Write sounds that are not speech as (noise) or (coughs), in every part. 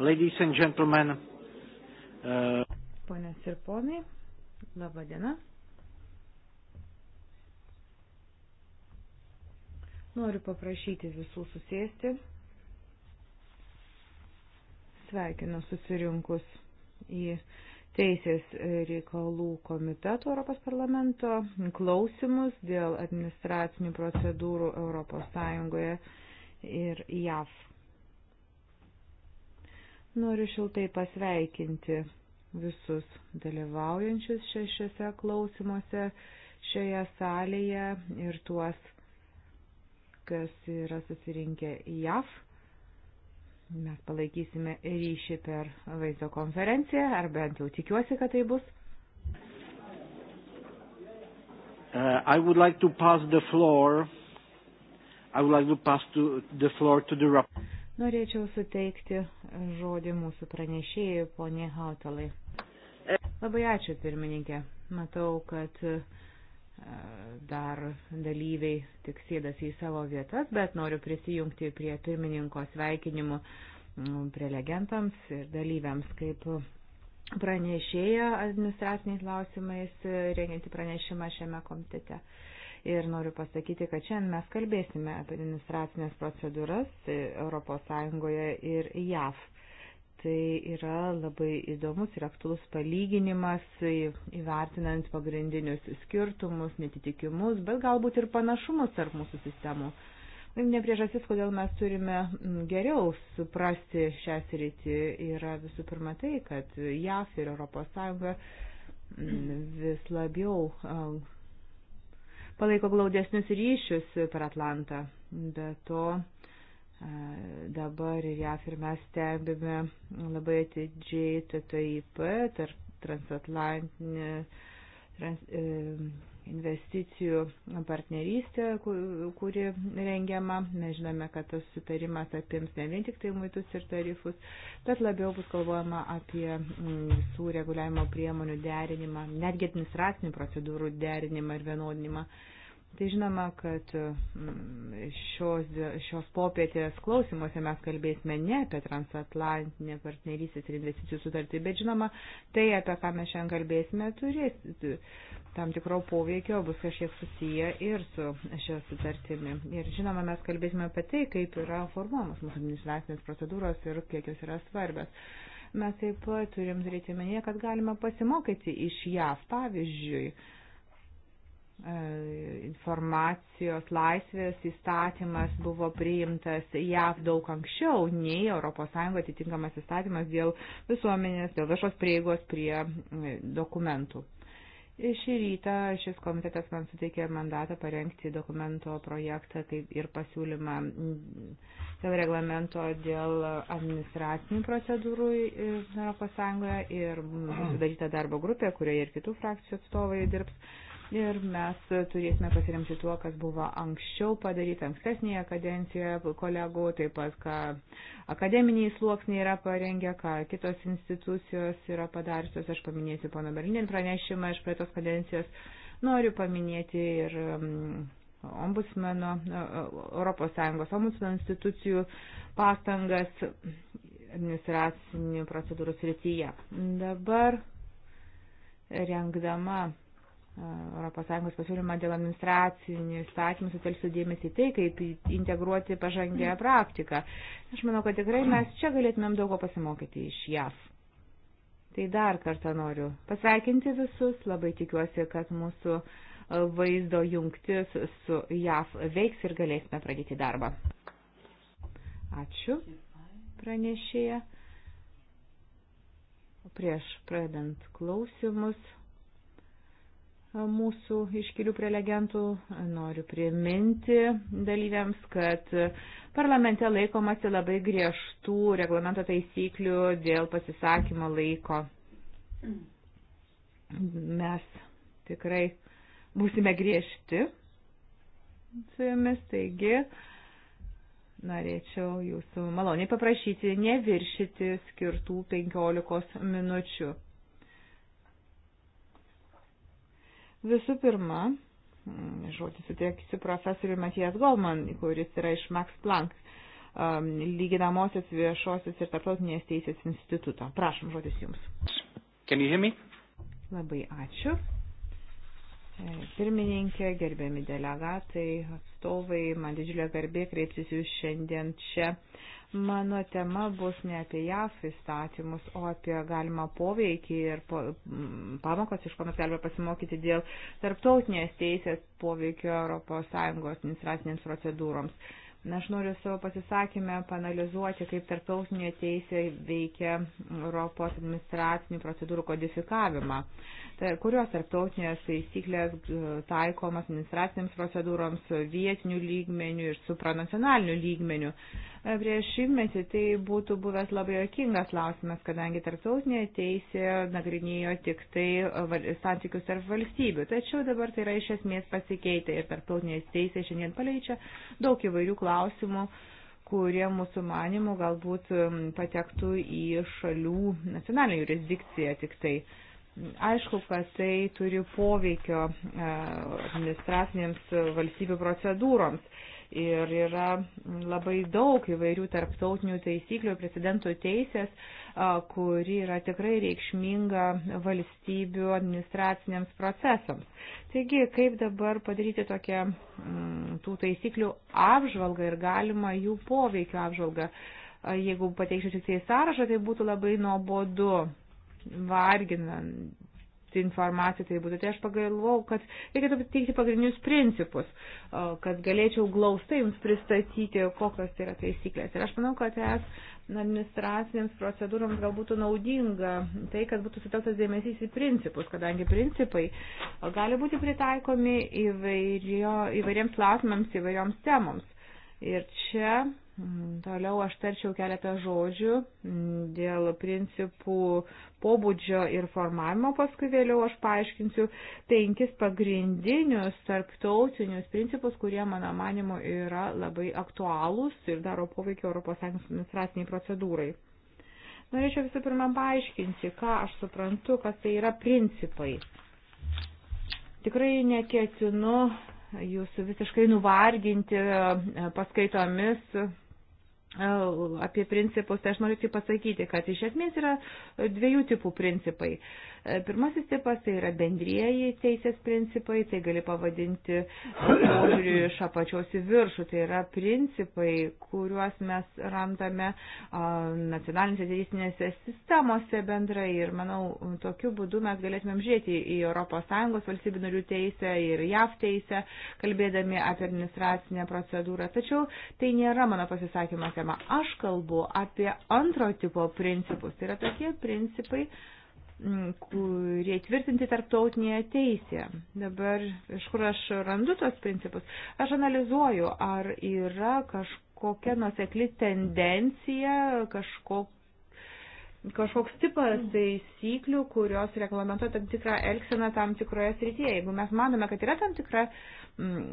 Ladies and gentlemen. Uh... Ponios ir ponai, laba diena. Noriu paprašyti visų susėsti. Sveikinu susirinkus į Teisės reikalų komiteto Europos parlamento klausimus dėl administracinių procedūrų Europos Sąjungoje ir JAV Noriu šiltai pasveikinti visus dalyvaujančius šešiuose klausimuose šioje salėje ir tuos, kas yra susirinkę į JAV. Mes palaikysime ryšį per vaizdo konferenciją, ar bent jau tikiuosi, kad tai bus. Uh, I would like to pass the floor. I would like to pass to the floor to the Norėčiau suteikti žodį mūsų pranešėjai, ponė Hautalai. Labai ačiū, pirmininkė. Matau, kad e, dar dalyviai tik sėdasi į savo vietas, bet noriu prisijungti prie pirmininko sveikinimų prelegentams ir dalyviams, kaip pranešėja administraciniais klausimais rengianti pranešimą šiame komitete. Ir noriu pasakyti, kad šiandien mes kalbėsime apie administracinės procedūras ES ir JAV. Tai yra labai įdomus ir aktuolus palyginimas, e, įvertinant pagrindinius skirtumus, netitikimus, bet galbūt ir panašumus tarp mūsų sistemų pagrindinė priežastis, kodėl mes turime geriau suprasti šią sritį, yra visų pirma tai, kad JAF ir ES vis labiau palaiko glaudesnius ryšius per Atlantą. Be to, e, dabar ir JAF ir mes stebime labai atidžiai TTIP, tarp transatlantinį trans, e, investicijų partnerystė, kuri rengiama. Mes žinome, kad tas sutarimas apims ne vien tik tai muitus ir tarifus, bet labiau bus kalbama apie mm, visų reguliavimo priemonių derinimą, netgi administracinių procedūrų derinimą ir vienodinimą. Tai žinoma, kad mm, šios, šios popietės klausimuose mes kalbėsime ne apie transatlantinę partnerystės ir investicijų sutartį, bet žinoma, tai, apie ką mes šiandien kalbėsime, turės tam tikro poveikio, bus kažkiek susiję ir su šia sutartimi. Ir žinoma, mes kalbėsime apie tai, kaip yra formuomas mūsų administracinės procedūros ir kiek jos yra svarbios. Mes taip pat turim turėti menė, kad galima pasimokyti iš JAV, pavyzdžiui E, informacijos laisvės įstatymas buvo priimtas JAV daug anksčiau nei ES atitinkamas įstatymas dėl visuomenės, dėl viešos prieigos prie e, dokumentų. Šį rytą šis komitetas man suteikė mandatą parengti dokumento projektą kaip ir pasiūlymą dėl reglamento dėl administracinių procedūrų ES ir sudaryta darbo grupė, kurioje ir kitų frakcijų atstovai dirbs ir mes turėsime pasiremti tuo, kas buvo anksčiau padaryta ankstesnėje kadencijoje kolegų, taip pat ką akademiniai sluoksniai yra parengę, ką kitos institucijos yra padarytos. Aš paminėsiu pono Berlinin pranešimą iš praeitos kadencijos. Noriu paminėti ir mm, ombudsmeno, ES ombudsmeno institucijų pastangas administracinių procedūrų srityje. Dabar rengdama ES pasiūlymą dėl administracinių įstatymų sutelsiu dėmesį tai, kaip integruoti pažangę praktiką. Aš manau, kad tikrai mes čia galėtumėm daug ko pasimokyti iš JAV. Tai dar kartą noriu pasveikinti visus, labai tikiuosi, kad mūsų vaizdo jungtis su JAV veiks ir galėsime pradėti darbą. Ačiū pranešėja. Prieš pradant klausimus mūsų iškilių prelegentų. Noriu priminti dalyviams, kad parlamente laikomasi labai griežtų reglamento taisyklių dėl pasisakymo laiko. Mes tikrai būsime griežti su jumis, taigi norėčiau jūsų maloniai paprašyti neviršyti skirtų 15 minučių. Visų pirma, mm, žodį suteiksiu profesoriui Matijas Golman, kuris yra iš Max Planck um, lyginamosios viešosios ir tarptautinės teisės instituto. Prašom, žodis jums. Labai ačiū pirmininkė, gerbiami delegatai, atstovai, man didžiulė garbė kreiptis jūs šiandien čia. Mano tema bus ne apie JAF įstatymus, o apie galimą poveikį ir po, pamokas, iš ko mes galime pasimokyti dėl tarptautinės teisės poveikio ES administracinėms procedūroms. Na, aš noriu savo pasisakymę panalizuoti, kaip tarptautinė teisė veikia Europos administracinių procedūrų kodifikavimą. Tai, kurios tarptautinės taisyklės e, taikomas administracinėms procedūroms vietinių lygmenių ir supranacionalinių lygmenių. E, prieš šimtmetį tai būtų buvęs labai jokingas klausimas, kadangi tarptautinė teisė nagrinėjo tik tai e, santykius tarp valstybių. Tačiau dabar tai yra iš esmės pasikeitę ir tarptautinės teisė šiandien paleičia daug įvairių klausimų klausimų, kurie mūsų manimų galbūt um, patektų į šalių nacionalinę jurisdikciją tik tai. Aišku, kad tai turi poveikio uh, administracinėms valstybių procedūroms ir yra labai daug įvairių tarptautinių taisyklių, precedentų teisės, kuri yra tikrai reikšminga valstybių administraciniams procesams. Taigi, kaip dabar padaryti tokią mm, tų taisyklių apžvalgą ir galima jų poveikio apžvalgą. Jeigu pateikčiau tik tai sąrašą, tai būtų labai nuobodu, varginant informacija tai būtų. Tai aš pagalvau, kad reikėtų teikti pagrindinius principus, kad galėčiau glaustai jums pristatyti, kokios tai yra taisyklės. Ir aš manau, kad es administracinėms procedūrams gal būtų naudinga tai, kad būtų sutelktas dėmesys į principus, kadangi principai gali būti pritaikomi įvairio, įvairiems klausimams, įvairioms temoms. Ir čia Mm, toliau aš tarčiau keletą žodžių mm, dėl principų pobūdžio ir formavimo, paskui vėliau aš paaiškinsiu penkis pagrindinius tarptautinius principus, kurie mano manimo yra labai aktualūs ir daro poveikį ES administraciniai procedūrai. Norėčiau visų pirma paaiškinti, ką aš suprantu, kas tai yra principai. Tikrai neketinu jūsų visiškai nuvarginti e, paskaitomis apie principus, tai aš noriu tik pasakyti, kad iš esmės yra dviejų tipų principai. E, pirmasis tipas tai yra bendrieji teisės principai, tai gali pavadinti požiūrį iš apačios į viršų, tai yra principai, kuriuos mes randame nacionalinėse teisinėse sistemose bendrai ir manau, tokiu būdu mes galėtumėm žiūrėti į ES valstybių narių teisę ir JAV teisę, kalbėdami apie administracinę procedūrą. Tačiau tai nėra mano pasisakymas suvokiama. Aš kalbu apie antro tipo principus. Tai yra tokie principai, kurie tvirtinti tarptautinėje teisėje. Dabar iš kur aš randu tos principus? Aš analizuoju, ar yra kažkokia nusekli tendencija, kažkokia kažkoks tipas taisyklių, kurios reglamentuoja tam tikrą elgseną tam tikroje srityje. Jeigu mes manome, kad yra tam tikra uh, Mm,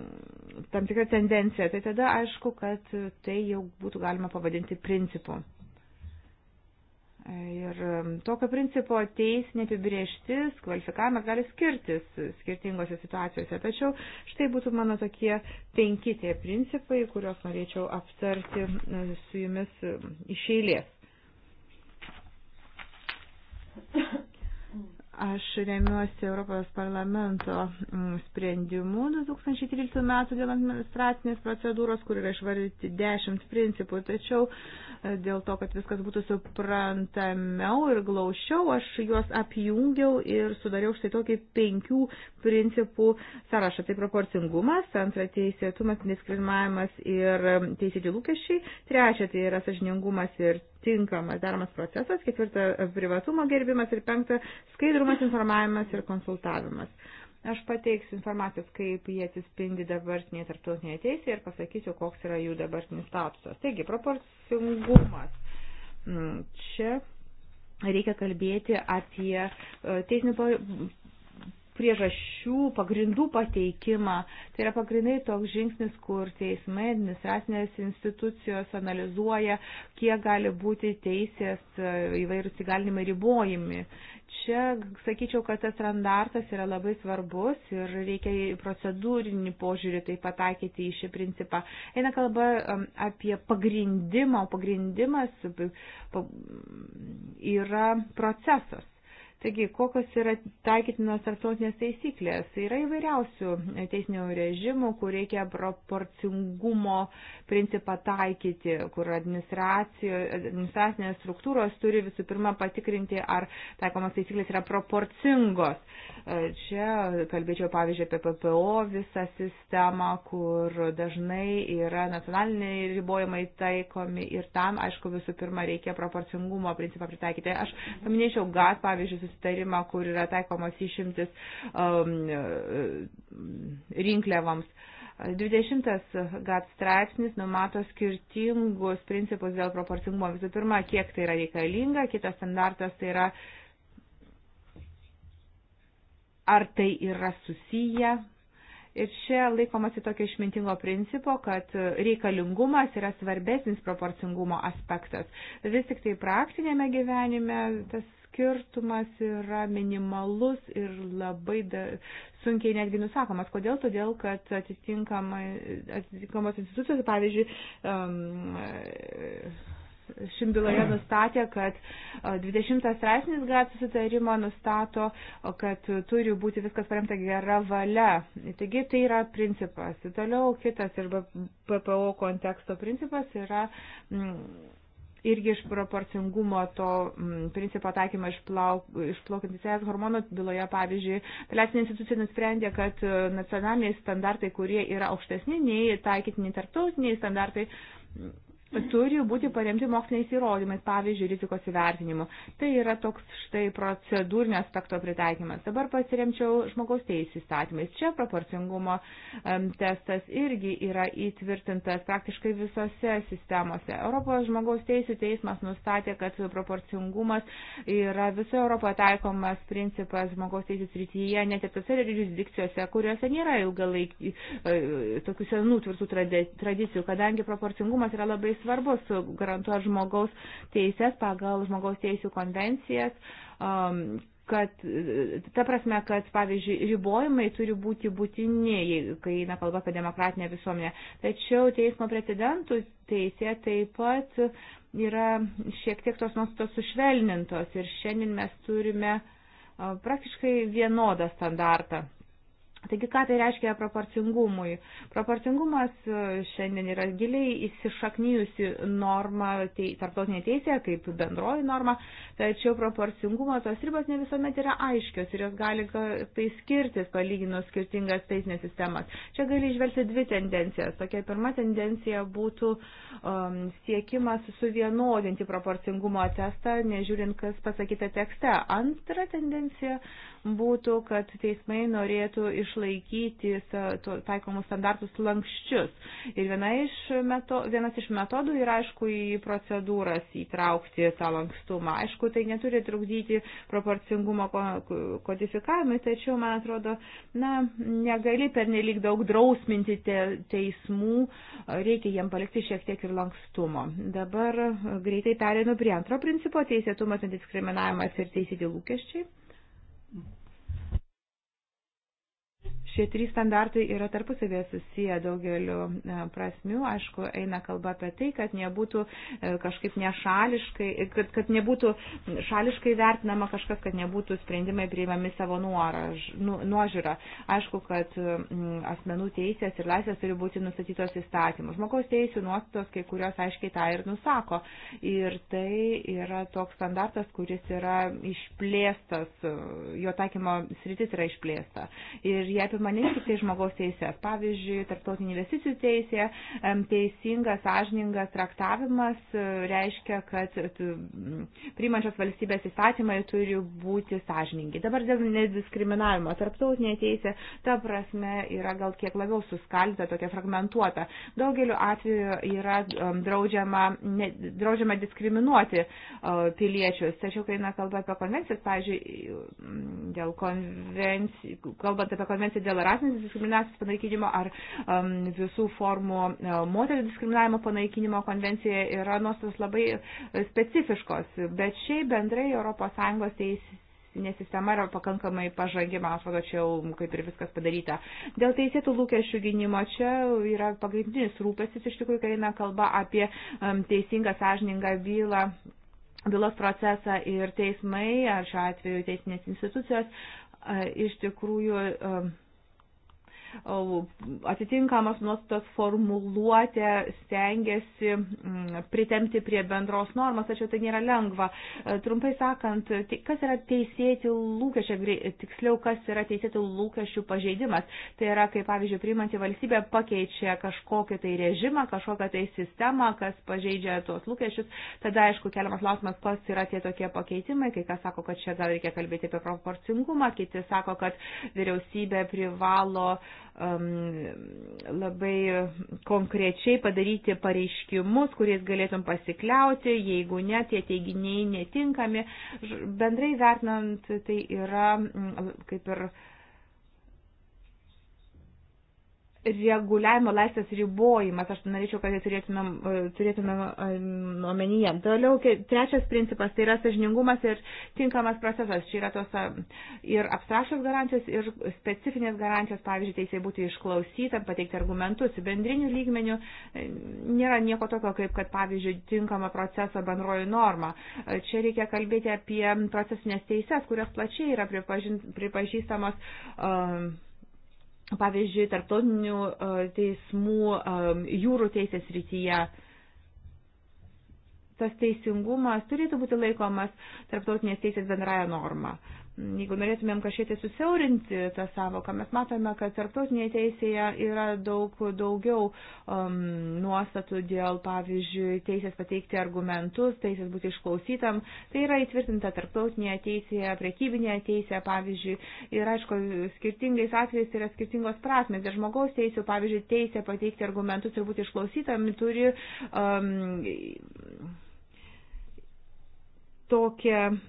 tam tikrą tendenciją, tai tada aišku, kad tai jau būtų galima pavadinti principu. Ir mm, tokio principo teisinė apibrieštis, kvalifikavimas gali skirtis skirtingose situacijose. Tačiau štai būtų mano tokie penki tie principai, kuriuos norėčiau aptarti mm, su jumis iš eilės. (coughs) Aš remiuosi Europos parlamento mm, sprendimu 2013 metų dėl administracinės procedūros, kur yra išvardyti 10 principų, tačiau e, dėl to, kad viskas būtų suprantamiau ir glaušiau, aš juos apjungiau ir sudariau štai tokį penkių principų sąrašą. Tai proporcingumas, antra teisėtumas, diskriminavimas ir e, teisėti lūkesčiai, trečia tai yra sažiningumas ir tinkamas daromas procesas, ketvirta privatumo gerbimas ir penkta skaidrumas, informavimas ir konsultavimas. Aš pateiksiu informacijos, kaip jie atsispindi dabartinėje tarptautinėje teisėje ir pasakysiu, koks yra jų dabartinis statusas. Taigi, proporcingumas. Mm, čia reikia kalbėti apie e, teisinių priežasčių, pagrindų pateikimą. Tai yra pagrindai toks žingsnis, kur teismai, administracinės institucijos analizuoja, kiek gali būti teisės e, įvairūs įgalinimai ribojami. Čia sakyčiau, kad tas standartas yra labai svarbus ir reikia procedūrinį požiūrį taip pataikyti į šį principą. Eina kalba um, apie pagrindimą, o pagrindimas yra procesas Taigi, kokios yra taikytinos tarptautinės taisyklės? Yra įvairiausių teisinių režimų, kur reikia proporcingumo principą taikyti, kur administracinės struktūros turi visų pirma patikrinti, ar taikomas taisyklės yra proporcingos. Čia kalbėčiau pavyzdžiui apie PPO visą sistemą, kur dažnai yra nacionaliniai ribojimai taikomi ir tam, aišku, visų pirma reikia proporcingumo principą pritaikyti. Aš paminėčiau GAT, pavyzdžiui, susitarimą, kur yra taikomas išimtis um, e, rinkliavams. 20 GAT straipsnis numato skirtingus principus dėl proporcingumo. Visų pirma, kiek tai yra reikalinga, kitas standartas tai yra, ar tai yra susiję Ir čia laikomasi tokio išmintingo principo, kad reikalingumas yra svarbesnis proporcingumo aspektas. Vis tik tai praktinėme gyvenime tas skirtumas yra minimalus ir labai da, sunkiai netgi nusakomas. Kodėl? Todėl, kad atitinkamos institucijos, pavyzdžiui, um, Šimbiloje nustatė, kad 20 straipsnis GAT susitarimo nustato, kad turi būti viskas paremta gera valia. Taigi tai yra principas. Toliau kitas ir PPO konteksto principas yra. Mm, irgi iš proporcingumo to m, mm, principo taikymą išplaukiantis ES hormonų byloje, pavyzdžiui, apeliacinė institucija nusprendė, kad e, nacionaliniai standartai, kurie yra aukštesni nei taikytini tarptautiniai standartai, m, turi būti paremti moksliniais įrodymais, pavyzdžiui, rizikos įvertinimu. Tai yra toks štai procedūrinio aspekto pritaikymas. Dabar pasiremčiau žmogaus teisų įstatymais. Čia proporcingumo um, testas irgi yra įtvirtintas praktiškai visose sistemose. Europos žmogaus teisų teismas nustatė, kad proporcingumas yra viso Europoje taikomas principas žmogaus teisų srityje, net ir tose jurisdikcijose, kuriuose nėra ilgalaikį e, tokių senų tvirtų tradicijų, kadangi proporcingumas yra labai svarbus, garantuoja žmogaus teises pagal žmogaus teisų konvencijas. Um, kad ta prasme, kad, pavyzdžiui, ribojimai turi būti būtini, kai eina kalba apie demokratinę visuomenę. Tačiau teismo precedentų teisė taip pat yra šiek tiek tos nuostatos sušvelnintos ir šiandien mes turime uh, praktiškai vienodą standartą. Taigi, ką tai reiškia proporcingumui? Proporcingumas e, šiandien yra giliai įsišaknyjusi norma tei, tarptautinė teisė, kaip bendroji norma, tačiau proporcingumo tos ribos ne visuomet yra aiškios ir jos gali tai skirtis palyginus skirtingas teisinės sistemas. Čia gali išvelgti dvi tendencijas. Tokia pirma tendencija būtų um, siekimas suvienodinti proporcingumo testą, nežiūrint, kas pasakyta tekste. Antra tendencija būtų, kad teismai norėtų išlaikyti taikomus standartus lankščius. Ir viena iš meto, vienas iš metodų yra, aišku, į procedūras įtraukti tą lankstumą. Aišku, tai neturi trukdyti proporcingumo kodifikavimui, tačiau, man atrodo, na, negali per nelik daug drausminti te, teismų, reikia jiem palikti šiek tiek ir lankstumo. Dabar greitai perėnu prie antro principo - teisėtumas, nediskriminavimas ir teisėti lūkesčiai. Šie trys standartai yra tarpusavėje susiję daugeliu e, prasmių. Aišku, eina kalba apie tai, kad nebūtų e, kažkaip nešališkai, kad, kad nebūtų šališkai vertinama kažkas, kad nebūtų sprendimai priimami savo nu, nuožiūrą. Aišku, kad asmenų teisės ir laisvės turi būti nustatytos įstatymų. Žmogaus teisų nuostatos kai kurios aiškiai tą ir nusako. Ir tai yra toks standartas, kuris yra išplėstas, jo taikymo sritis yra išplėsta. Ir jie apima taikoma ne tik tai žmogaus teisės, pavyzdžiui, tarptautinių investicijų teisė, teisingas, sąžiningas traktavimas e, reiškia, kad priimančios valstybės įstatymai turi būti sąžiningi. Dabar dėl nediskriminavimo tarptautinė teisė, ta prasme, yra gal kiek labiau suskaldyta, tokia fragmentuota. Daugeliu atveju yra draudžiama, ne, draudžiama diskriminuoti e, piliečius, tačiau kai eina kalba apie konvencijas, pavyzdžiui, dėl konvencijų, kalbant apie konvenciją dėl dėl rasinės diskriminacijos panaikinimo ar um, visų formų um, moterų diskriminavimo panaikinimo konvencija yra nuostatos labai uh, specifiškos, bet šiaip bendrai ES teisės teisinė sistema yra pakankamai pažangi, man atrodo, čia jau kaip ir viskas padaryta. Dėl teisėtų lūkesčių gynimo čia yra pagrindinis rūpesis, iš tikrųjų, kai eina kalba apie um, teisingą, sąžiningą bylą bylos procesą ir teismai, ar šiuo atveju teisinės institucijos, uh, iš tikrųjų um, atitinkamas nuostatas formuluotė stengiasi mm, pritemti prie bendros normos, tačiau tai nėra lengva. E, trumpai sakant, kas yra teisėti lūkesčiai, tiksliau, kas yra teisėti lūkesčių pažeidimas. Tai yra, kai pavyzdžiui, priimanti valstybė pakeičia kažkokį tai režimą, kažkokią tai sistemą, kas pažeidžia tuos lūkesčius, tada aišku keliamas klausimas, kas yra tie tokie pakeitimai, kai kas sako, kad čia gal reikia kalbėti apie proporcingumą, kiti sako, kad vyriausybė privalo uh, Um, labai konkrečiai padaryti pareiškimus, kuriais galėtum pasikliauti, jeigu ne, tie teiginiai netinkami. Bendrai vertinant, tai yra mm, kaip ir reguliavimo laisvės ribojimas. Aš norėčiau, kad jį turėtumėm, e, turėtumėm e, omenyje. Toliau, trečias principas tai yra sažiningumas ir tinkamas procesas. Čia yra tos e, ir abstrakčios garantijos, ir specifinės garantijos, pavyzdžiui, teisė būti išklausytam, pateikti argumentus. Bendrinių lygmenių nėra nieko tokio, kaip, kad, pavyzdžiui, tinkama proceso bendroji norma. Čia reikia kalbėti apie procesinės teises, kurios plačiai yra pripažįstamos. Um, pavyzdžiui, tarptautinių e, teismų e, jūrų teisės rytyje. Tas teisingumas turėtų būti laikomas tarptautinės teisės bendraja norma jeigu norėtumėm kažkiek tai susiaurinti tą savoką, mes matome, kad tarptautinėje teisėje yra daug daugiau um, nuostatų dėl, pavyzdžiui, teisės pateikti argumentus, teisės būti išklausytam. Tai yra įtvirtinta tarptautinėje teisėje, prekybinėje teisėje, pavyzdžiui. Ir aišku, skirtingais atvejais yra skirtingos prasmės. Ir žmogaus teisų, pavyzdžiui, teisė pateikti argumentus ir būti išklausytam turi. Um, tokią mm,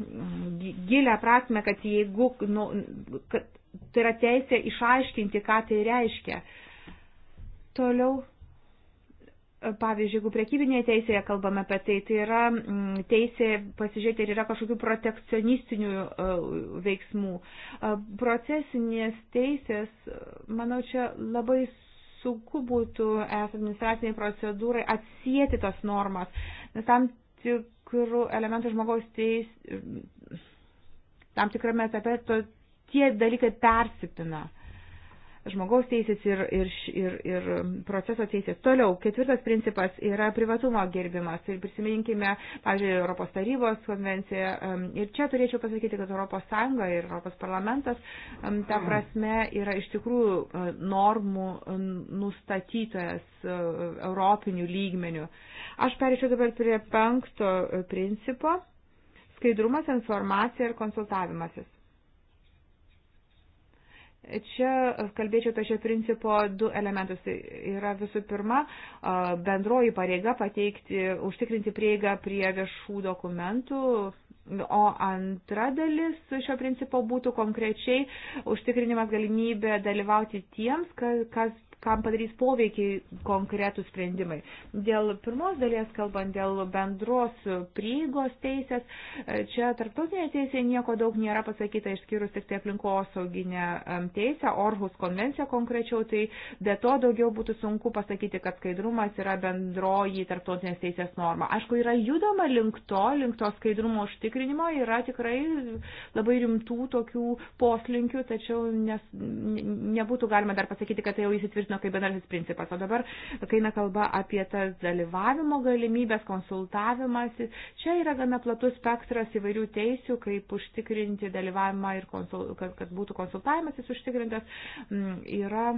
gilę prasme, kad jeigu, nu, kad tai yra teisė išaiškinti, ką tai reiškia. Toliau, pavyzdžiui, jeigu priekybinėje teisėje kalbame apie tai, tai yra mm, teisė pasižiūrėti, ar yra kažkokių protekcionistinių e, veiksmų. E, procesinės teisės, manau, čia labai sunku būtų e, administraciniai procedūrai atsijėti tas normas, nes tam tik tikrų elementų žmogaus teis, tam tikrame etape to, tie dalykai persipina žmogaus teisės ir, ir, ir, ir proceso teisės. Toliau, ketvirtas principas yra privatumo gerbimas. Ir prisiminkime, pavyzdžiui, Europos tarybos konvenciją. Ir čia turėčiau pasakyti, kad Europos Sąjunga ir Europos parlamentas, ta mm. prasme, yra iš tikrųjų e, normų e, nustatytojas e, europinių lygmenių. Aš perėčiau dabar prie penkto principo - skaidrumas, informacija ir konsultavimasis. Čia kalbėčiau tačio principo du elementus. Tai yra visų pirma bendroji pareiga pateikti, užtikrinti prieigą prie viešų dokumentų, o antra dalis šio principo būtų konkrečiai užtikrinimas galimybė dalyvauti tiems, kas kam padarys poveikiai konkretų sprendimai. Dėl pirmos dalies, kalbant dėl bendros prieigos teisės, čia tarptautinė teisė nieko daug nėra pasakyta, išskyrus tik tai aplinkosauginę teisę, Orhus konvenciją konkrečiau, tai be to daugiau būtų sunku pasakyti, kad skaidrumas yra bendroji tarptautinės teisės norma. Aišku, yra judama link to, link to skaidrumo užtikrinimo, yra tikrai labai rimtų tokių poslinkių, tačiau nes, nebūtų galima dar pasakyti, kad tai jau įsitvirtinti patvirtino kaip bendrasis principas. O dabar, kai eina kalba apie tas dalyvavimo galimybės, konsultavimas, čia yra gana platus spektras įvairių teisių, kaip užtikrinti dalyvavimą ir konsul, kad, kad būtų konsultavimas jis užtikrintas. Mm, yra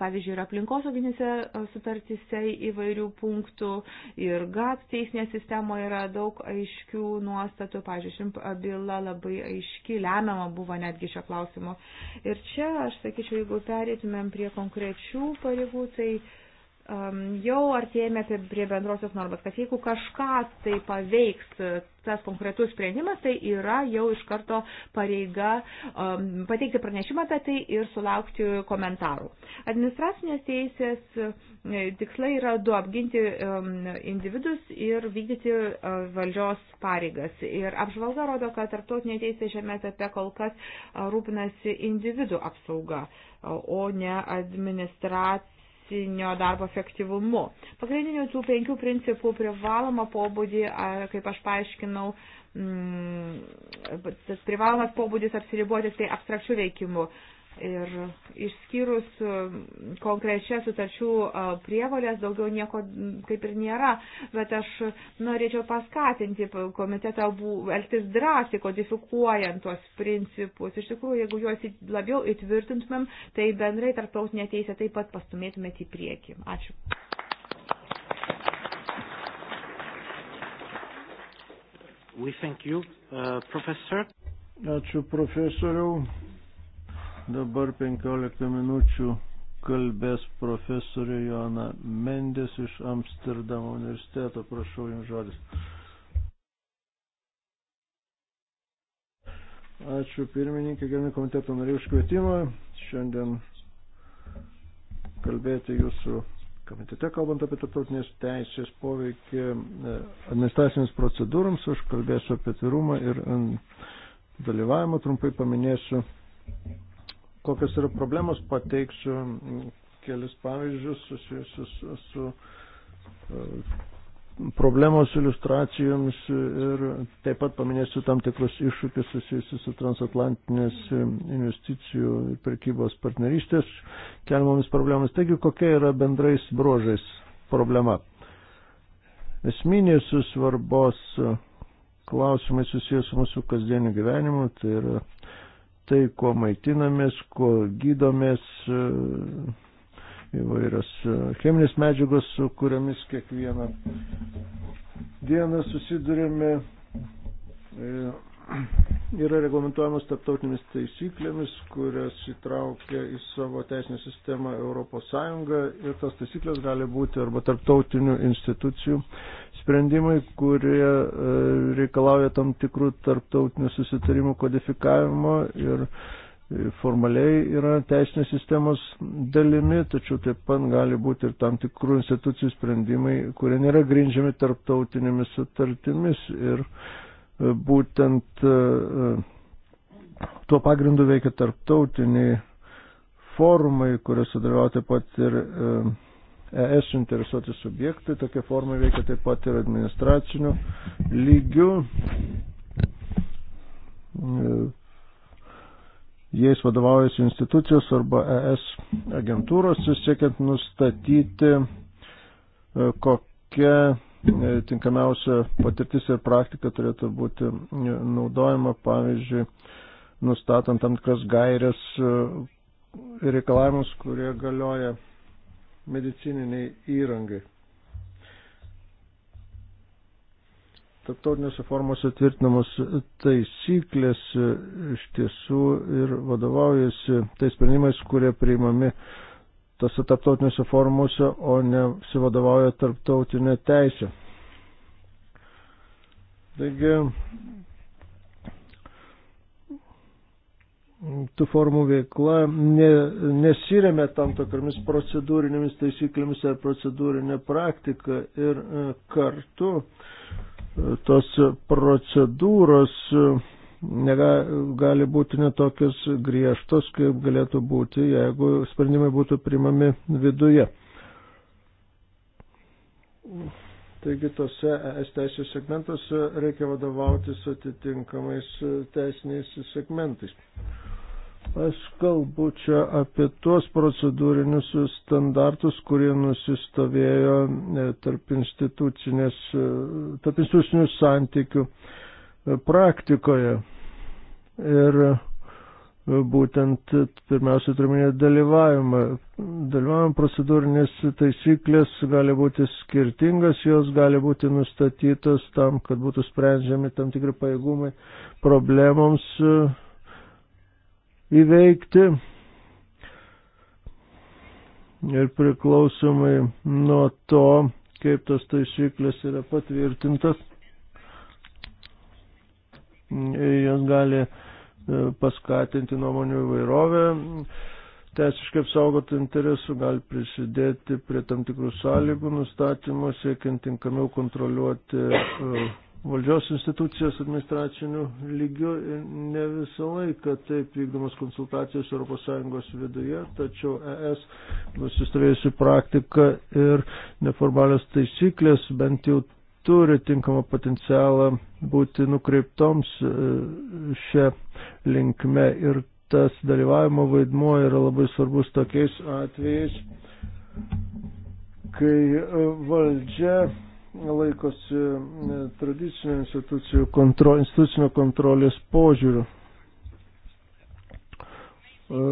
Pavyzdžiui, yra aplinkosauginėse e, sutartyse įvairių punktų ir GAT teisinė sistema yra daug aiškių nuostatų. Pavyzdžiui, šimp byla labai aiški, lemiama buvo netgi šio klausimo. Ir čia, aš sakyčiau, jeigu perėtumėm prie konkrečių pareigų, tai uh, um, jau artėjame prie bendrosios normos, kad jeigu kažką tai paveiks tas konkretus sprendimas, tai yra jau iš karto pareiga um, pateikti pranešimą apie tai ir sulaukti komentarų. Administracinės teisės e, tikslai yra du apginti um, individus ir vykdyti uh, valdžios pareigas. Ir apžvalga rodo, kad tarptautinė teisė šiame etape kol kas rūpinasi individų apsauga, o ne administracija teisinio darbo efektyvumu. Pagrindinių tų penkių principų privaloma pobūdį, kaip aš paaiškinau, mm, tas privalomas pobūdis apsiribuotis tai abstrakčių veikimų. Ir išskyrus e, konkrečias sutarčių e, prievalės daugiau nieko kaip ir nėra, bet aš norėčiau paskatinti komitetą elgtis drąsiai, kodifikuojant tuos principus. Iš tikrųjų, jeigu juos labiau įtvirtintumėm, tai bendrai tarptautinė teisė taip pat pastumėtumėte į priekį. Ačiū. We thank you, uh, professor. Ačiū profesoriau. Dabar 15 minučių kalbės profesorė Joana Mendes iš Amsterdamo universiteto. Prašau jums žodis. Ačiū pirmininkė, gerbimi komiteto nariai už kvietimą. Šiandien kalbėti jūsų komitete, kalbant apie tarptautinės teisės poveikį e, administracinėms procedūrams, aš kalbėsiu apie atvirumą ir dalyvavimą, trumpai paminėsiu kokios yra problemos, pateiksiu kelis pavyzdžius susijusius su e, problemos iliustracijomis ir taip pat paminėsiu tam tikrus iššūkius susijusius su transatlantinės investicijų ir prekybos partnerystės keliamomis problemomis. Taigi, kokia yra bendrais bruožais problema? Esminės svarbos klausimai susijęs su mūsų kasdieniu gyvenimu, tai yra tai, kuo maitinamės, kuo gydomės, e, įvairios e, cheminės medžiagos, su kuriamis kiekvieną dieną susidurėme, e, yra reglamentuojamos tarptautinėmis taisyklėmis, kurias įtraukia į savo teisinę sistemą ES ir tas taisyklės gali būti arba tarptautinių institucijų sprendimai, kurie e, reikalauja tam tikrų tarptautinių susitarimų kodifikavimo ir e, formaliai yra teisinės sistemos dalimi, tačiau taip pat gali būti ir tam tikrų institucijų sprendimai, kurie nėra grindžiami tarptautinėmis sutartimis ir e, būtent tuo pagrindu veikia tarptautiniai forumai, kuriuose dalyvauja taip pat ir ES suinteresuoti subjektai. Tokia forma veikia taip pat ir administracinių lygių. E, jais vadovaujasi institucijos arba ES agentūros, siekiant nustatyti, e, kokia e, tinkamiausia patirtis ir praktika turėtų būti naudojama, pavyzdžiui, nustatant tam tikras gairias reikalavimus, kurie galioja medicininiai įrangai. Tarptautinėse formose tvirtinamos taisyklės iš tiesų ir vadovaujasi tais sprendimais, kurie priimami tose tarptautinėse formose, o ne sivadovauja tarptautinė teisė. Taigi tų formų veikla ne, nesiremia tam tokiamis procedūrinėmis taisyklėmis ar procedūrinė praktika ir e, kartu e, tos procedūros e, nega, gali būti netokios griežtos, kaip galėtų būti, jeigu sprendimai būtų primami viduje. Taigi tose ES teisės segmentuose reikia vadovautis atitinkamais teisiniais segmentais. Aš kalbu čia apie tuos procedūrinius standartus, kurie nusistovėjo e, tarp, e, tarp institucinių santykių e, praktikoje. Ir būtent pirmiausia turminė dalyvavimą. Dalyvavimo procedūrinės taisyklės gali būti skirtingas, jos gali būti nustatytos tam, kad būtų sprendžiami tam tikri pajėgumai problemoms įveikti ir priklausomai nuo to, kaip tos taisyklės yra patvirtintas, jos gali e, paskatinti nuomonių įvairovę, teisiškai apsaugoti interesų gali prisidėti prie tam tikrų sąlygų nustatymo, siekiant tinkamiau kontroliuoti e, valdžios institucijos administracinių lygių ir ne visą laiką taip vykdomas konsultacijos ES viduje, tačiau ES nusistovėjusi praktika ir neformalios taisyklės bent jau turi tinkamą potencialą būti nukreiptoms e, šią linkme ir tas dalyvavimo vaidmuo yra labai svarbus tokiais atvejais, kai e, valdžia laikosi e, tradicinio institucijų kontro, institucinio kontrolės požiūrių. E,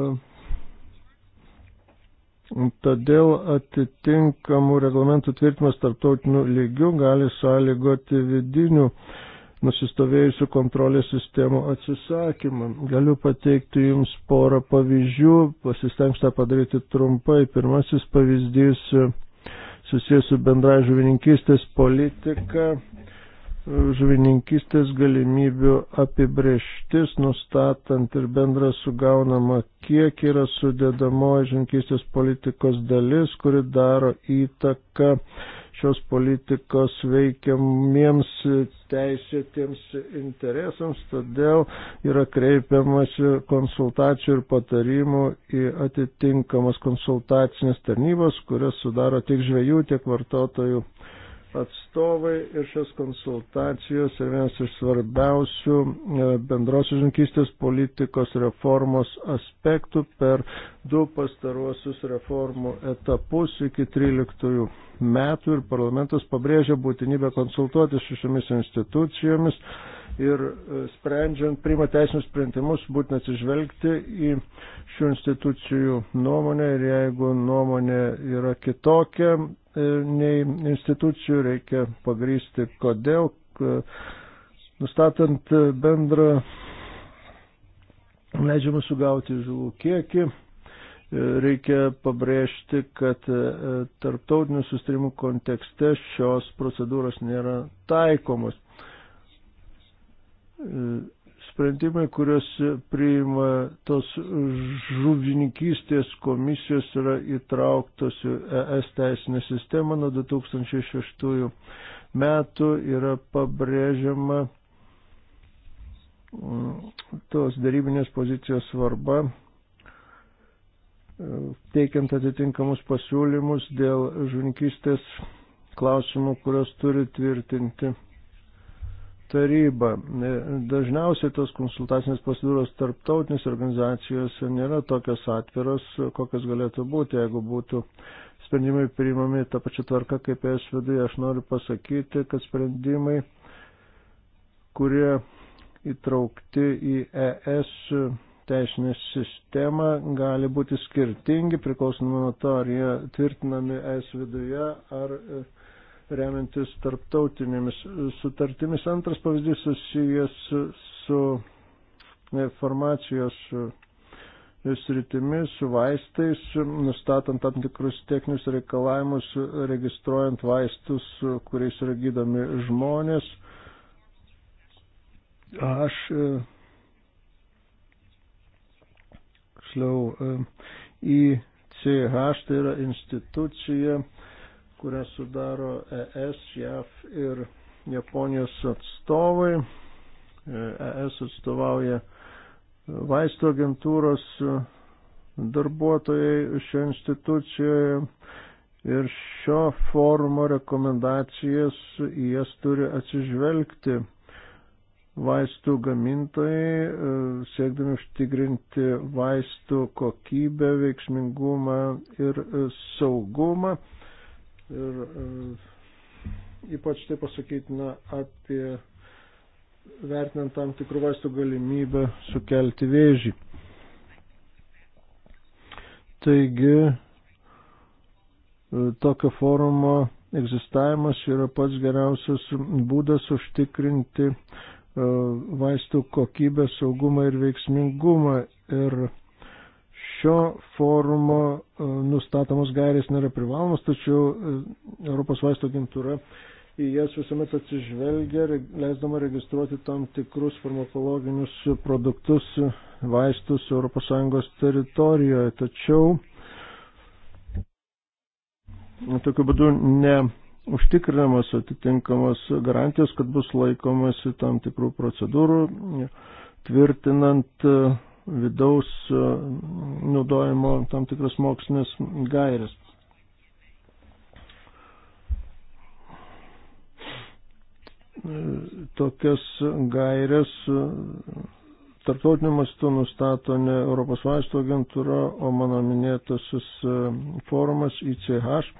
todėl atitinkamų reglamentų tvirtimas tarptautinių lygių gali sąlygoti vidinių nusistovėjusių kontrolės sistemų atsisakymą. Galiu pateikti Jums porą pavyzdžių, pasistengsiu tą padaryti trumpai. Pirmasis pavyzdys susijęs su bendra žuvininkistės politika, žuvininkistės galimybių apibrieštis, nustatant ir bendrą sugaunamą, kiek yra sudėdamoji žuvininkistės politikos dalis, kuri daro įtaką šios politikos veikiamiems teisėtiems interesams, todėl yra kreipiamasi konsultacijų ir patarimų į atitinkamas konsultacinės tarnybos, kurias sudaro tiek žvėjų, tiek vartotojų atstovai ir šios konsultacijos yra vienas iš svarbiausių e, bendrosios žinkistės politikos reformos aspektų per du pastaruosius reformų etapus iki 13 metų ir parlamentas pabrėžia būtinybę konsultuoti su šiomis institucijomis ir e, sprendžiant, priima teisinius sprendimus, būtina atsižvelgti į šių institucijų nuomonę ir jeigu nuomonė yra kitokia e, nei institucijų, reikia pagrysti, kodėl, nustatant bendrą leidžiamą sugauti žuvų kiekį. E, reikia pabrėžti, kad tarptautinių sustarimų kontekste šios procedūros nėra taikomos. Sprendimai, kuriuos priima tos žuvininkystės komisijos, yra įtrauktos į ES teisinę sistemą nuo 2006 metų, yra pabrėžiama mm, tos darybinės pozicijos svarba, e, teikiant atitinkamus pasiūlymus dėl žuvininkystės klausimų, kurios turi tvirtinti taryba. Dažniausiai tos konsultacinės procedūros tarptautinės organizacijose nėra tokios atviros, kokios galėtų būti, jeigu būtų sprendimai priimami tą pačią tvarką kaip es viduje. Aš noriu pasakyti, kad sprendimai, kurie įtraukti į ES teisinę sistemą gali būti skirtingi, priklausomai nuo to, ar jie tvirtinami ES viduje ar e, remiantis tarptautinėmis sutartimis. Antras pavyzdys susijęs su e, farmacijos e, sritimi, su vaistais, nustatant tam tikrus techninius reikalavimus, registruojant vaistus, kuriais yra gydomi žmonės. Aš, e, tiksliau, ICH tai yra institucija, kurią sudaro ES, JAF ir Japonijos atstovai. ES e atstovauja vaisto agentūros darbuotojai šioje institucijoje ir šio forumo rekomendacijas į jas turi atsižvelgti vaistų gamintojai, e, siekdami užtikrinti vaistų kokybę, veiksmingumą ir saugumą. Ir e, ypač tai pasakytina apie vertinant tam tikrų vaistų galimybę sukelti vėžį. Taigi, e, tokio forumo egzistavimas yra pats geriausias būdas užtikrinti e, vaistų kokybę, saugumą ir veiksmingumą. Ir Šio forumo e, nustatomos gairės nėra privalomos, tačiau e, Europos vaisto agentūra į jas visuomet atsižvelgia, leisdama registruoti tam tikrus farmakologinius produktus, e, vaistus ES teritorijoje. Tačiau tokiu būdu neužtikrinamos atitinkamos garantijos, kad bus laikomasi tam tikrų procedūrų, tvirtinant vidaus e, naudojimo tam tikras mokslinės gairės. E, tokias gairės e, tarptautiniu mastu nustato ne Europos vaistų agentūra, o mano minėtasis forumas ICH.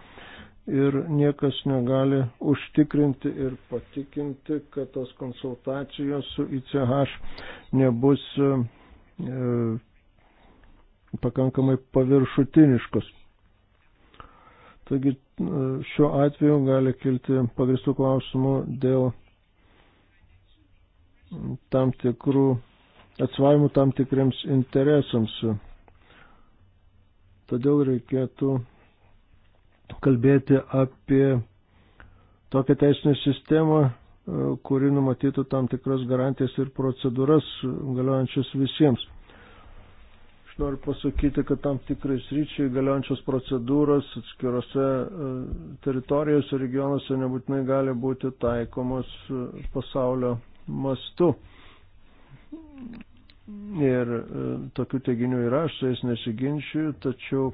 Ir niekas negali užtikrinti ir patikinti, kad tos konsultacijos su ICH nebus E, pakankamai paviršutiniškos. Taigi e, šiuo atveju gali kilti pagristų klausimų dėl tam tikrų atsvaimų tam tikriems interesams. Todėl reikėtų kalbėti apie tokią teisinę sistemą, E, kuri numatytų tam tikras garantijas ir procedūras galiojančias visiems. Aš noriu pasakyti, kad tam tikrai sryčiai galiojančios procedūros atskirose e, teritorijose, regionuose nebūtinai gali būti taikomos e, pasaulio mastu. Ir tokių teiginių yra, aš su jais nesiginčiu, tačiau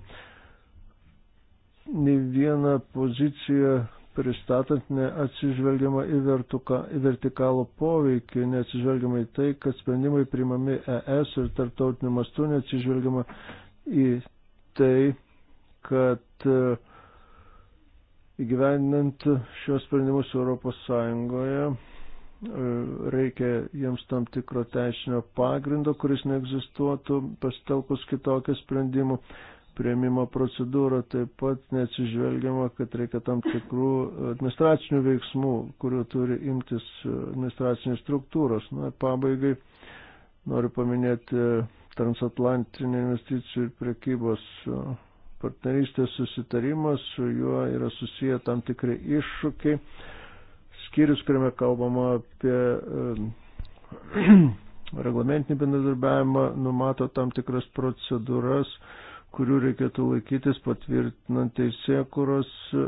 ne viena pozicija pristatant neatsižvelgiama į, vertuka, į vertikalų poveikį, neatsižvelgiama į tai, kad sprendimai primami ES ir tarptautiniu mastu, neatsižvelgiama į tai, kad e, įgyvendinant šios sprendimus Europos Sąjungoje e, reikia jiems tam tikro teisinio pagrindo, kuris neegzistuotų pasitelkus kitokią sprendimų prieimimo procedūrą, taip pat neatsižvelgiama, kad reikia tam tikrų administracinių veiksmų, kurių turi imtis administracinės struktūros. Na, pabaigai noriu paminėti transatlantinį investicijų ir prekybos partnerystės susitarimą, su juo yra susiję tam tikri iššūkiai. Skyrius, kuriame kalbama apie (clears throat) reglamentinį bendradarbiavimą, numato tam tikras procedūras, kurių reikėtų laikytis patvirtinant teisėkuros e,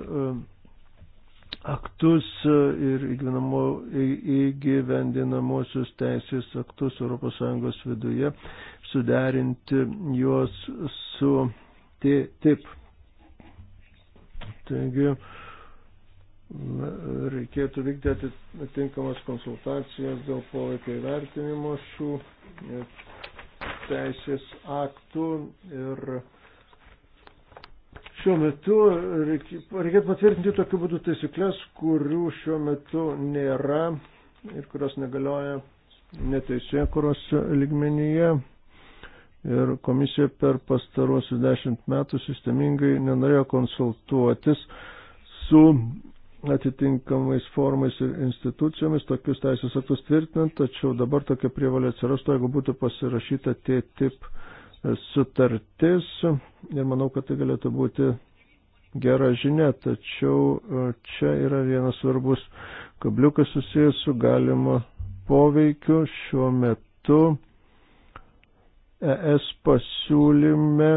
aktus e, ir įgyvendinamosius teisės aktus ES viduje, suderinti juos su TTIP. Taigi, reikėtų vykti atitinkamas konsultacijas dėl poveikio įvertinimo šių teisės aktų ir Šiuo metu reikėtų patvirtinti tokiu būdu taisyklės, kurių šiuo metu nėra ir kurios negalioja neteisėje kuros ligmenyje. Ir komisija per pastaruosius dešimt metų sistemingai nenorėjo konsultuotis su atitinkamais formais ir institucijomis tokius teisės aktus tvirtinant, tačiau dabar tokia prievalė atsirastų, jeigu būtų pasirašyta T-tip sutartis ir manau, kad tai galėtų būti gera žinia, tačiau e, čia yra vienas svarbus kabliukas susijęs su galimo poveikiu šiuo metu ES pasiūlyme.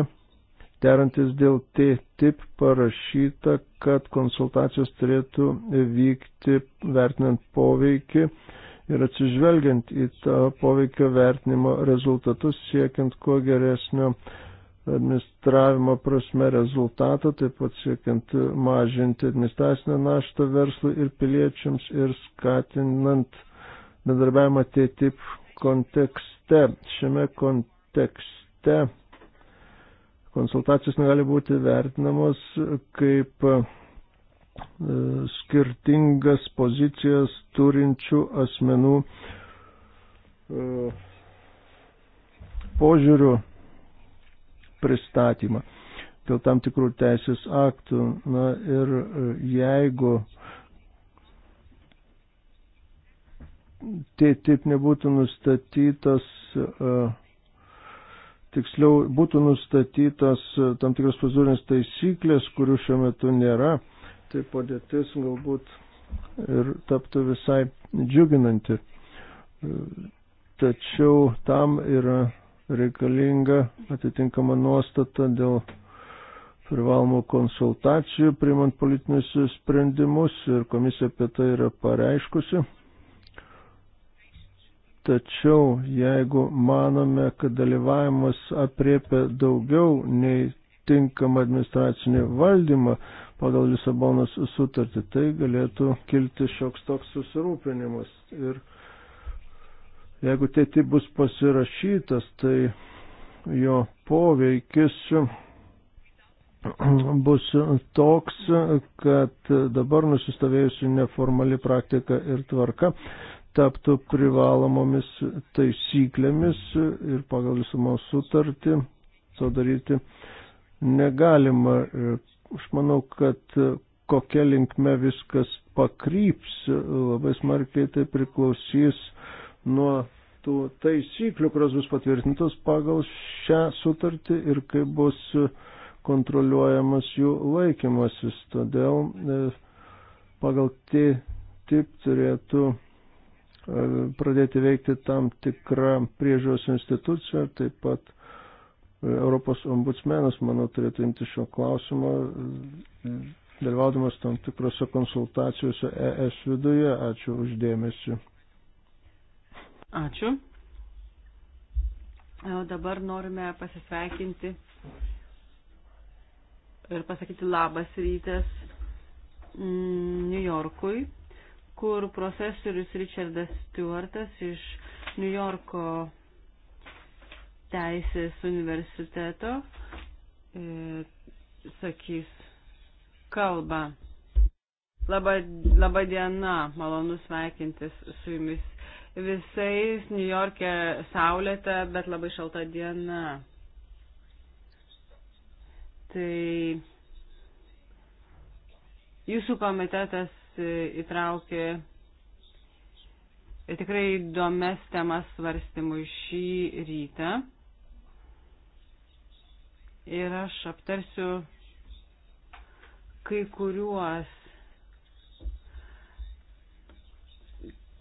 Derantis dėl T-tip parašyta, kad konsultacijos turėtų vykti vertinant poveikį ir atsižvelgiant į tą poveikio vertinimo rezultatus, siekiant kuo geresnio administravimo prasme rezultato, taip pat siekiant mažinti administracinę naštą verslui ir piliečiams ir skatinant bendarbiavimą TTIP kontekste. Šiame kontekste konsultacijos negali būti vertinamos kaip E, skirtingas pozicijas turinčių asmenų e, požiūrių pristatymą dėl tam tikrų teisės aktų. Na ir e, jeigu tai taip nebūtų nustatytas, tiksliau būtų nustatytas tam tikras pazūrinės taisyklės, kurių šiuo metu nėra, tai padėtis galbūt ir taptų visai džiuginanti. Tačiau tam yra reikalinga atitinkama nuostata dėl privalomų konsultacijų, priimant politinius sprendimus ir komisija apie tai yra pareiškusi. Tačiau jeigu manome, kad dalyvavimas apriepia daugiau nei tinkamą administracinį valdymą, pagal Lisabonos sutartį. Tai galėtų kilti šioks toks susirūpinimas. Ir jeigu tėti bus pasirašytas, tai jo poveikis (clears throat) bus toks, kad dabar nusistovėjusi neformali praktika ir tvarka taptų privalomomis taisyklėmis ir pagal visumos sutartį to daryti negalima. Aš manau, kad e, kokia linkme viskas pakryps, e, labai smarkiai tai priklausys nuo tų taisyklių, kurios bus patvirtintos pagal šią sutartį ir kaip bus e, kontroliuojamas jų laikymasis. Todėl pagal TIP turėtų pradėti veikti tam tikrą priežiūros instituciją, taip pat Europos ombudsmenas, manau, turėtų imti šio klausimo, dalyvaudamas tam tikrose konsultacijose ES viduje. Ačiū uždėmesi. Ačiū. O e, dabar norime pasisveikinti ir pasakyti labas rytas mm, New Yorkui, kur profesorius Richardas Stewartas iš New Yorko teisės universiteto ir e, sakys kalbą. Labą, labą dieną, malonu sveikintis su jumis visais New York'e saulėta, bet labai šalta diena. Tai jūsų komitetas e, įtraukė e, tikrai įdomias temas svarstymui šį rytą ir aš aptarsiu kai kuriuos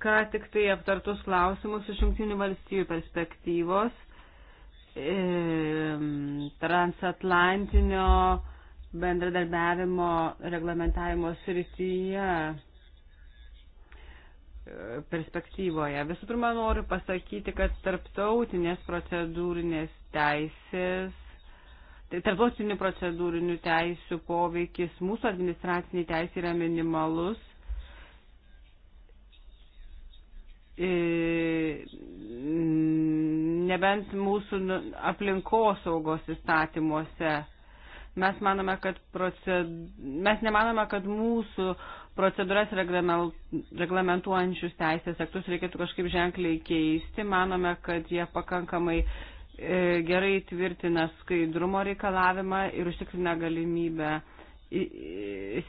ką tik tai aptartus klausimus iš jungtinių valstybių perspektyvos e, transatlantinio bendradarbiavimo reglamentavimo srityje e, perspektyvoje. Visų pirma, noriu pasakyti, kad tarptautinės procedūrinės teisės tarptautinių procedūrinių teisių poveikis mūsų administraciniai teisė yra minimalus. E, nebent mūsų nu, aplinkosaugos įstatymuose. Mes, manome, kad proced... Mes nemanome, kad mūsų procedūras reglamentuojančius teisės aktus reikėtų kažkaip ženkliai keisti. Manome, kad jie pakankamai uh, E, gerai tvirtina skaidrumo reikalavimą ir užtikrina galimybę e,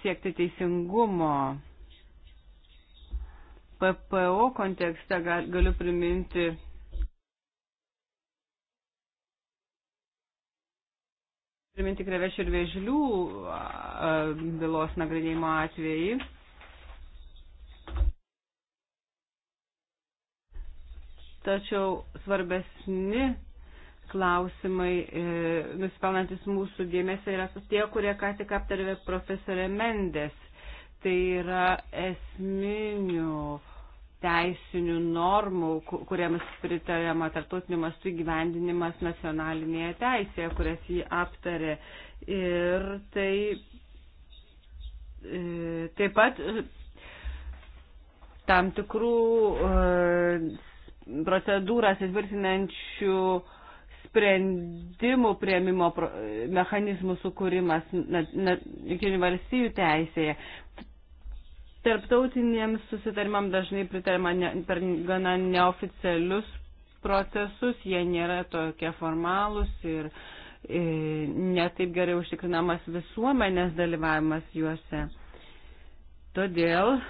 siekti teisingumo. PPO kontekste galiu priminti priminti krevečių ir vėžlių bylos nagrinėjimo atvejai. Tačiau svarbesni klausimai e, nusipelnantis mūsų dėmesio yra tie, kurie ką tik aptarė profesorė Mendes. Tai yra esminių teisinių normų, kuriems pritarėma tartutiniu mastu įgyvendinimas nacionalinėje teisėje, kurias jį aptarė. Ir tai e, taip pat e, tam tikrų e, procedūras įtvirtinančių sprendimų prieimimo mechanizmų sukūrimas jungtinių valstybių teisėje. Tarptautiniams susitarimams dažnai pritarima ne, per gana neoficialius procesus, jie nėra tokie formalūs ir e, netaip gerai užtikrinamas visuomenės dalyvavimas juose. Todėl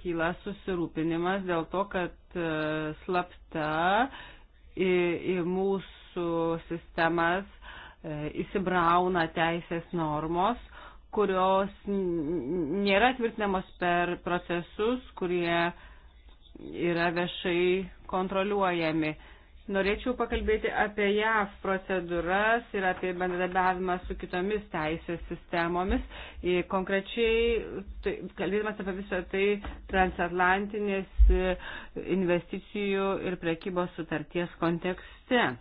kyla susirūpinimas dėl to, kad e, slapta į, į mūsų mūsų sistemas e, įsibrauna teisės normos, kurios nėra tvirtinamos per procesus, kurie yra viešai kontroliuojami. Norėčiau pakalbėti apie JAV procedūras ir apie bendradarbiavimą su kitomis teisės sistemomis. Ir e, konkrečiai, tai, kalbėdamas apie visą tai, transatlantinės investicijų ir prekybos sutarties kontekste.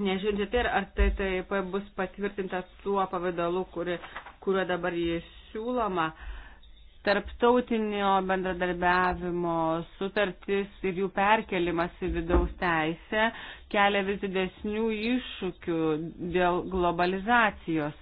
Nežiūrint į tai, ar TTIP tai bus patvirtinta tuo pavydalu, kuri, kuriuo dabar jis siūloma, tarptautinio bendradarbiavimo sutartis ir jų perkelimas į vidaus teisę kelia vis didesnių iššūkių dėl globalizacijos.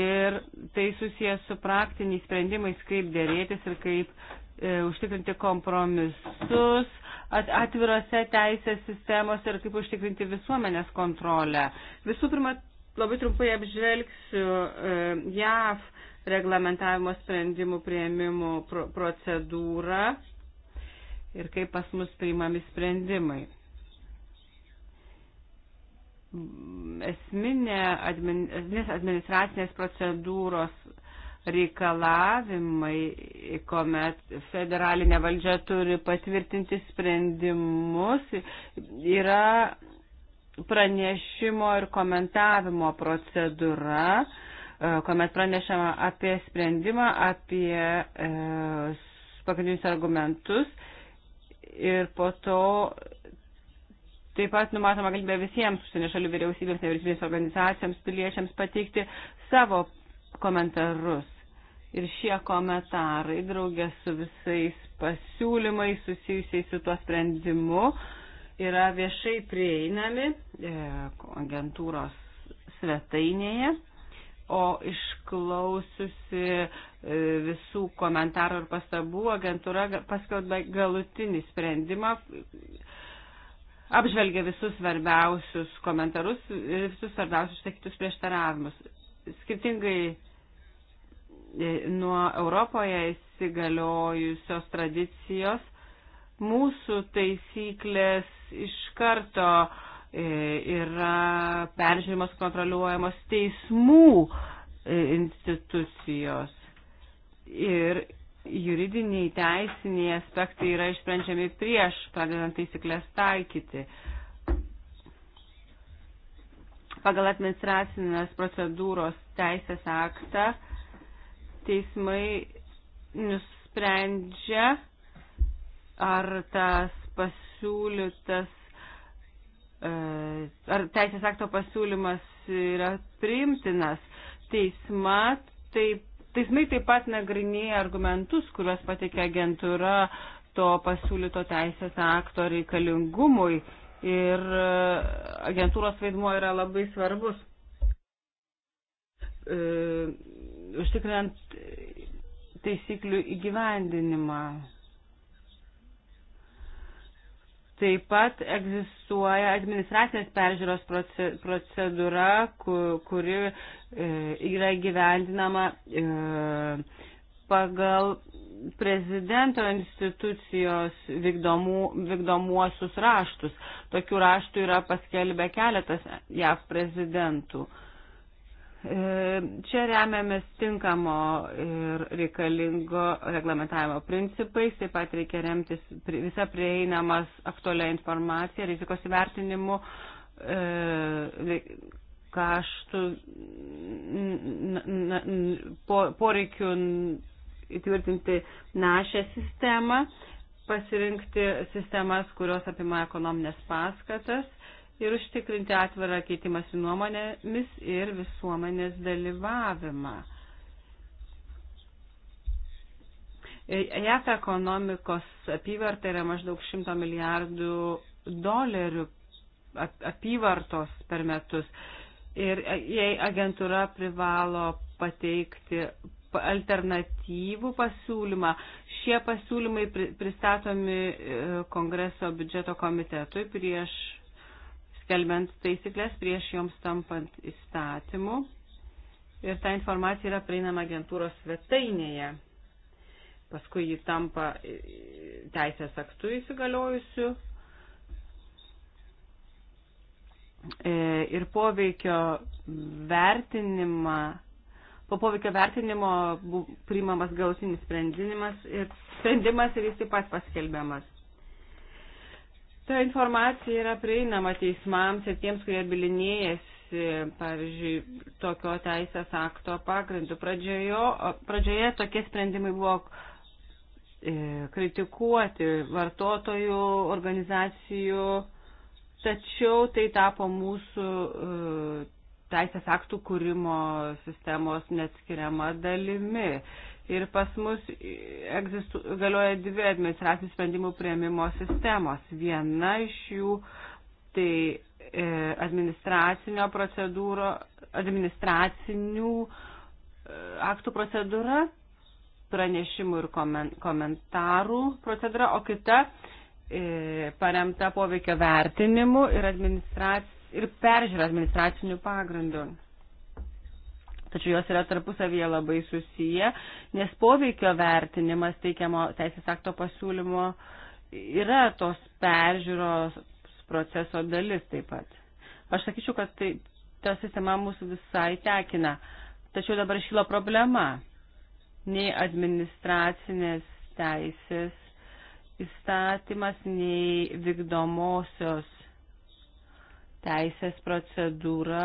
Ir tai susijęs su praktiniais sprendimais, kaip dėrėtis ir kaip e, užtikrinti kompromisus atvirose teisės sistemos ir kaip užtikrinti visuomenės kontrolę. Visų pirma, labai trumpai apžvelgsiu e, JAV reglamentavimo sprendimų prieimimų procedūrą ir kaip pas mus priimami sprendimai. Esminė administracinės procedūros reikalavimai, kuomet federalinė valdžia turi patvirtinti sprendimus, yra pranešimo ir komentavimo procedūra, e, kuomet pranešama apie sprendimą, apie e, pagrindinius argumentus ir po to Taip pat numatoma galimybė visiems užsienio šalių vyriausybėms, nevyriausybės organizacijoms, piliečiams pateikti savo komentarus. Ir šie komentarai, draugė su visais pasiūlymais susijusiais su tuo sprendimu, yra viešai prieinami e, agentūros svetainėje. O išklausiusi e, visų komentarų ir pastabų, agentūra paskelbė galutinį sprendimą, apžvelgia visus svarbiausius komentarus ir visus svarbiausius sakytus prieštaravimus skirtingai e, nuo Europoje įsigaliojusios tradicijos, mūsų taisyklės iš karto e, yra peržiūrimos kontroliuojamos teismų e, institucijos. Ir juridiniai teisiniai aspektai yra išsprendžiami prieš pradedant taisyklės taikyti. Uh, pagal administracinės procedūros teisės aktą teismai nusprendžia, ar tas pasiūlytas, e, ar teisės akto pasiūlymas yra priimtinas. Teisma, taip, teismai taip pat nagrinėja argumentus, kuriuos pateikia agentūra to pasiūlyto teisės akto reikalingumui ir e, agentūros vaidmuo yra labai svarbus. E, užtikrinant taisyklių įgyvendinimą. Taip pat egzistuoja administracinės peržiūros procedūra, kuri e, yra gyvendinama pagal prezidento institucijos vykdomų, vykdomuosius raštus. Tokių raštų yra paskelbę keletas JAV prezidentų. E, čia remiamės tinkamo ir reikalingo reglamentavimo principais, taip pat reikia remtis visą prieinamas aktualią informaciją, rizikos įvertinimu, e, kaštų, poreikių įtvirtinti našę sistemą, pasirinkti sistemas, kurios apima ekonominės paskatas ir užtikrinti atvirą keitimąsi nuomonėmis ir visuomenės dalyvavimą. JAF e, e ekonomikos apyvarta yra maždaug 100 milijardų dolerių apyvartos per metus. Ir jei agentūra privalo pateikti alternatyvų pasiūlymą. Šie pasiūlymai pristatomi e, Kongreso biudžeto komitetui prieš skelbiant taisyklės, prieš joms tampant įstatymu. Ir ta informacija yra prieinama agentūros svetainėje. Paskui ji tampa e, teisės aktų įsigaliojusiu. E, ir poveikio vertinimą Po poveikio vertinimo priimamas galutinis sprendimas ir, sprendimas ir jis taip pat paskelbiamas. Ta informacija yra prieinama teismams ir tiems, kurie bilinėjasi, pavyzdžiui, tokio teisės akto pagrindu. Pradžiojo, pradžioje tokie sprendimai buvo e, kritikuoti vartotojų organizacijų, tačiau tai tapo mūsų e, teisės aktų kūrimo sistemos neatskiriama dalimi. Ir pas mus egzistu, galioja dvi administracinių sprendimų prieimimo sistemos. Viena iš jų tai e, administracinio procedūro, administracinių e, aktų procedūra, pranešimų ir komentarų procedūra, o kita e, paremta poveikio vertinimu ir administraciniu ir peržiūrą administracinių pagrindų. Tačiau jos yra tarpusavyje labai susiję, nes poveikio vertinimas teikiamo teisės akto pasiūlymo yra tos peržiūros proceso dalis taip pat. Aš sakyčiau, kad tai, ta sistema mūsų visai tekina. Tačiau dabar iškyla problema. Nei administracinės teisės įstatymas, nei vykdomosios teisės procedūra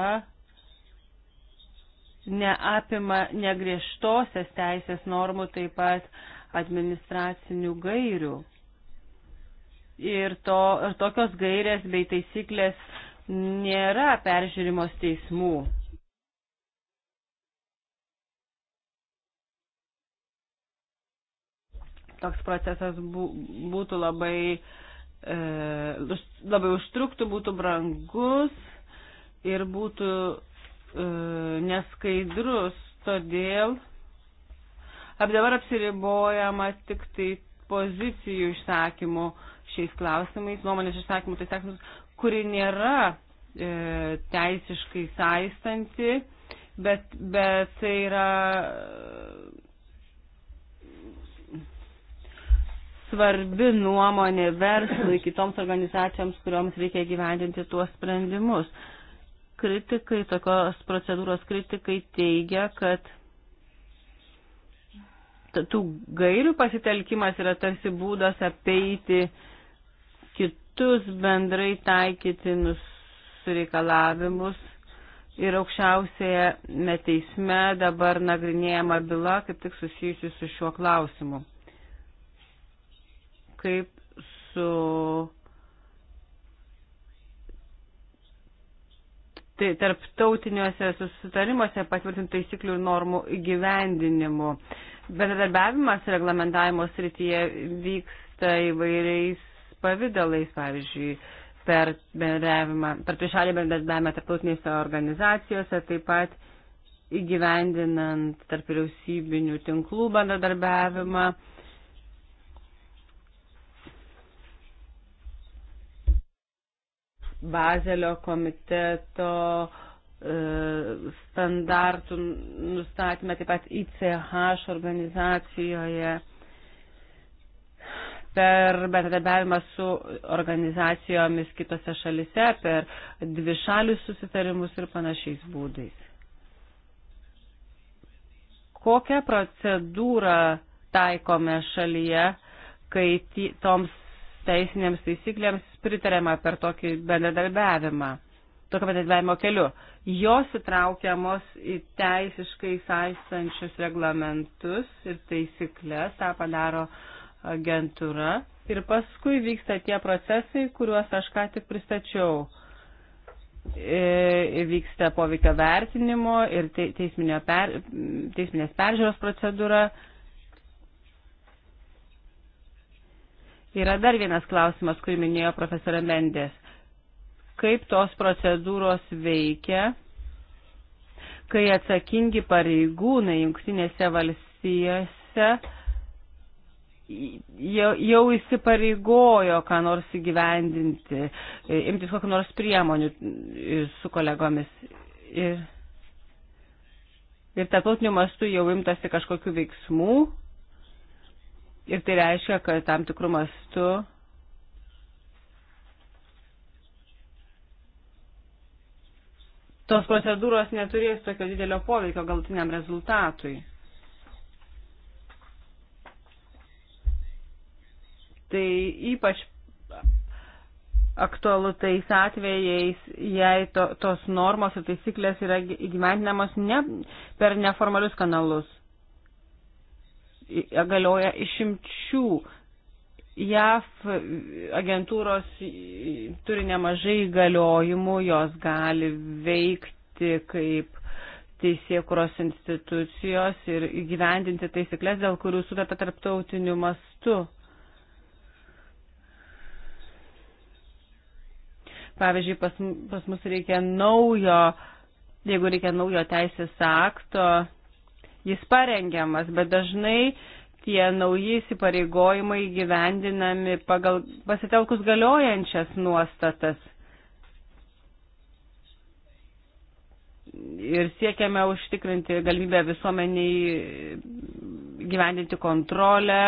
neapima negriežtosios teisės normų, taip pat administracinių gairių. Ir, to, ir tokios gairės bei taisyklės nėra peržiūrimos teismų. Toks procesas bū, būtų labai uh, E, labai užtruktų, būtų brangus ir būtų e, neskaidrus. Todėl ap dabar apsiribojama tik tai pozicijų išsakymų šiais klausimais, nuomonės išsakymų, tai sakymus, kuri nėra e, teisiškai saistanti, bet, bet tai yra svarbi nuomonė verslui, kitoms organizacijoms, kurioms reikia gyvendinti tuos sprendimus. Kritikai, tokios procedūros kritikai teigia, kad tų gairių pasitelkimas yra tarsi būdas apeiti kitus bendrai taikytinus reikalavimus. Ir aukščiausioje neteisme dabar nagrinėjama byla kaip tik susijusi su šiuo klausimu kaip su tai tarptautiniuose susitarimuose patvirtintų taisyklių ir normų įgyvendinimu. Bendradarbiavimas reglamentavimo srityje vyksta įvairiais pavydalais, pavyzdžiui, per, per trišalį bendradarbiavimą tarptautinėse organizacijose, taip pat įgyvendinant tarp vyriausybinių tinklų bendradarbiavimą. Mhm Bazelio komiteto e, standartų nustatymę, taip pat ICH organizacijoje per bendradarbiavimą su organizacijomis kitose šalise, per dvišalius susitarimus ir panašiais būdais. Kokią procedūrą taikome šalyje, kai toms teisinėms taisyklėms pritarėma per tokį bendradarbiavimą, tokio bendradarbiavimo keliu. Jos įtraukiamos į teisiškai saistančius reglamentus ir taisyklės, tą padaro agentūra. Ir paskui vyksta tie procesai, kuriuos aš ką tik pristačiau. E, vyksta poveikio vertinimo ir teisminės peržiūros procedūra Yra dar vienas klausimas, kurį minėjo profesorė Mendės. Kaip tos procedūros veikia, kai atsakingi pareigūnai jungtinėse valstijose jau, jau įsipareigojo, ką nors įgyvendinti, e, imtis kokiu nors priemonių e, su kolegomis. Ir, ir tarptautiniu mastu jau imtasi kažkokiu veiksmu, Ir tai reiškia, kad tam tikrų mastų tos procedūros neturės tokio didelio poveikio galutiniam rezultatui. Tai ypač aktualu tais atvejais, jei to, tos normos ir taisyklės yra įgyvendinamos ne per neformalius kanalus galioja išimčių. JAF agentūros turi nemažai galiojimų, jos gali veikti kaip teisėkuros institucijos ir įgyvendinti taisyklės, dėl kurių sutarta tarptautiniu mastu. Pavyzdžiui, pas, pas mus reikia naujo, jeigu reikia naujo teisės akto, jis parengiamas, bet dažnai tie nauji įsipareigojimai gyvendinami pagal pasitelkus galiojančias nuostatas. Ir siekiame užtikrinti galimybę visuomeniai gyvendinti kontrolę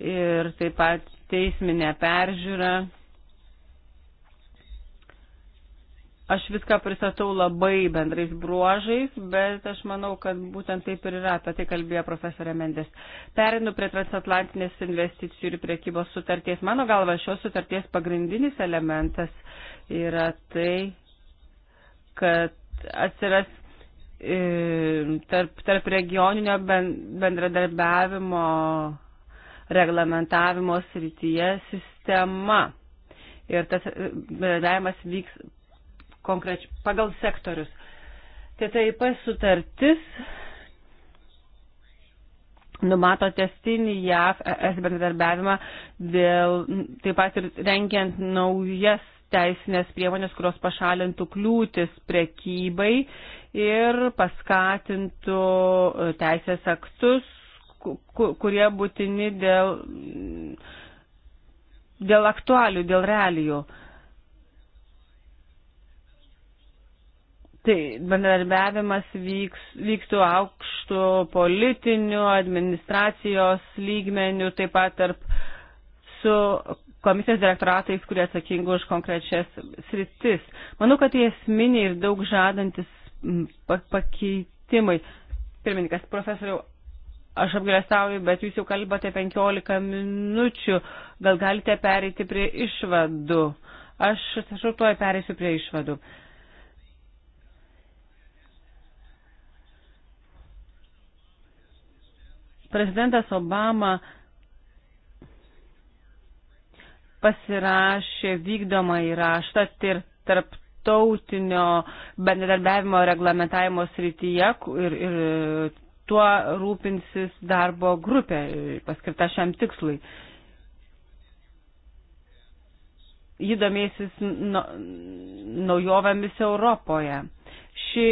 ir taip pat teisminę peržiūrą. Aš viską pristatau labai bendrais bruožais, bet aš manau, kad būtent taip ir yra, apie tai kalbėjo profesorė Mendes. Perinu prie transatlantinės investicijų ir priekybos sutarties. Mano galva, šios sutarties pagrindinis elementas yra tai, kad atsiras e, tarp, tarp regioninio bendradarbiavimo reglamentavimo srityje sistema ir tas e, bendradavimas vyks konkreč, pagal sektorius. TTIP sutartis numato testinį JAF ES bendradarbiavimą dėl taip pat ir rengiant naujas teisinės priemonės, kurios pašalintų kliūtis prekybai ir paskatintų e, teisės aktus, kurie būtini dėl, dėl aktualių, dėl realijų. Uh, Tai bendradarbiavimas vyks, vyktų aukštų politinių, administracijos lygmenių, taip pat tarp su komisijos direktoratais, kurie atsakingi už konkrečias sritis. Manau, kad tai esminiai ir daug žadantis pakeitimai. Pirmininkas, profesoriau, aš apgalėstauju, bet jūs jau kalbate 15 minučių, gal galite pereiti prie išvadų. Aš, atsiprašau, tuoj pereisiu prie išvadų. Uh, Prezidentas Obama pasirašė vykdomą įraštą ir tarptautinio bendradarbiavimo reglamentavimo srityje ir, ir tuo rūpinsis darbo grupė paskirta šiam tikslui. Ji domėsis naujovėmis Europoje ši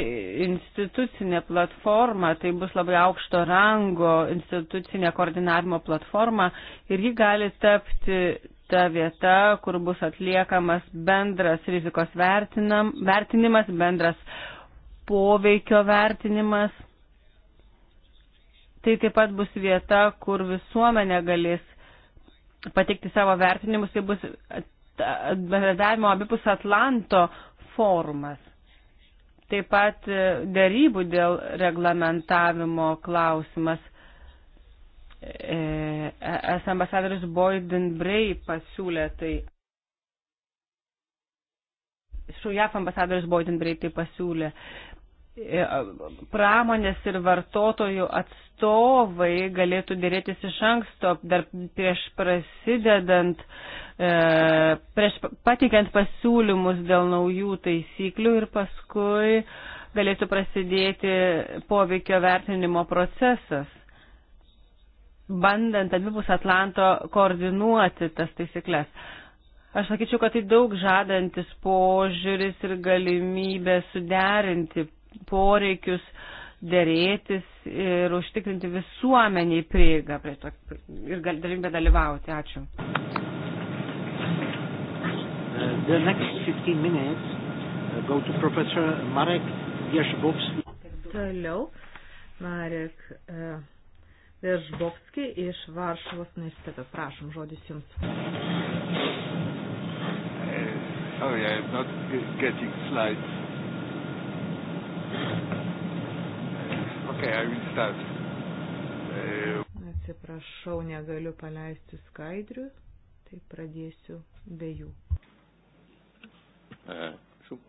institucinė platforma, tai bus labai aukšto rango institucinė koordinavimo platforma ir ji gali tapti ta vieta, kur bus atliekamas bendras rizikos vertinam, vertinimas, bendras poveikio vertinimas. Tai taip pat bus vieta, kur visuomenė galės patikti savo vertinimus, tai bus bendradavimo abipus Atlanto forumas. Taip pat e, darybų dėl reglamentavimo klausimas. E, es ambasadoris Boyden Bray pasiūlė tai. Su JAF ambasadoris Boyden Bray tai pasiūlė. E, pramonės ir vartotojų atstovai galėtų dėrėtis iš anksto, dar prieš prasidedant uh, E, prieš pateikiant pasiūlymus dėl naujų taisyklių ir paskui galėtų prasidėti poveikio vertinimo procesas, bandant abipus Atlanto koordinuoti tas taisyklės. Aš sakyčiau, kad tai daug žadantis požiūris ir galimybė suderinti poreikius, dėrėtis ir užtikrinti visuomeniai prieigą prie to ir galimybę dalyvauti. Ačiū the next 15 minutes uh, go to Professor Marek Wierzbowski. Toliau Marek uh, Wierzbowski iš Varšuvos universiteto. Prašom, žodis jums. Uh, sorry, I'm not getting slides. Uh, okay, I will start. Uh, Atsiprašau, negaliu paleisti skaidrių, tai pradėsiu be jų. Euh, je vous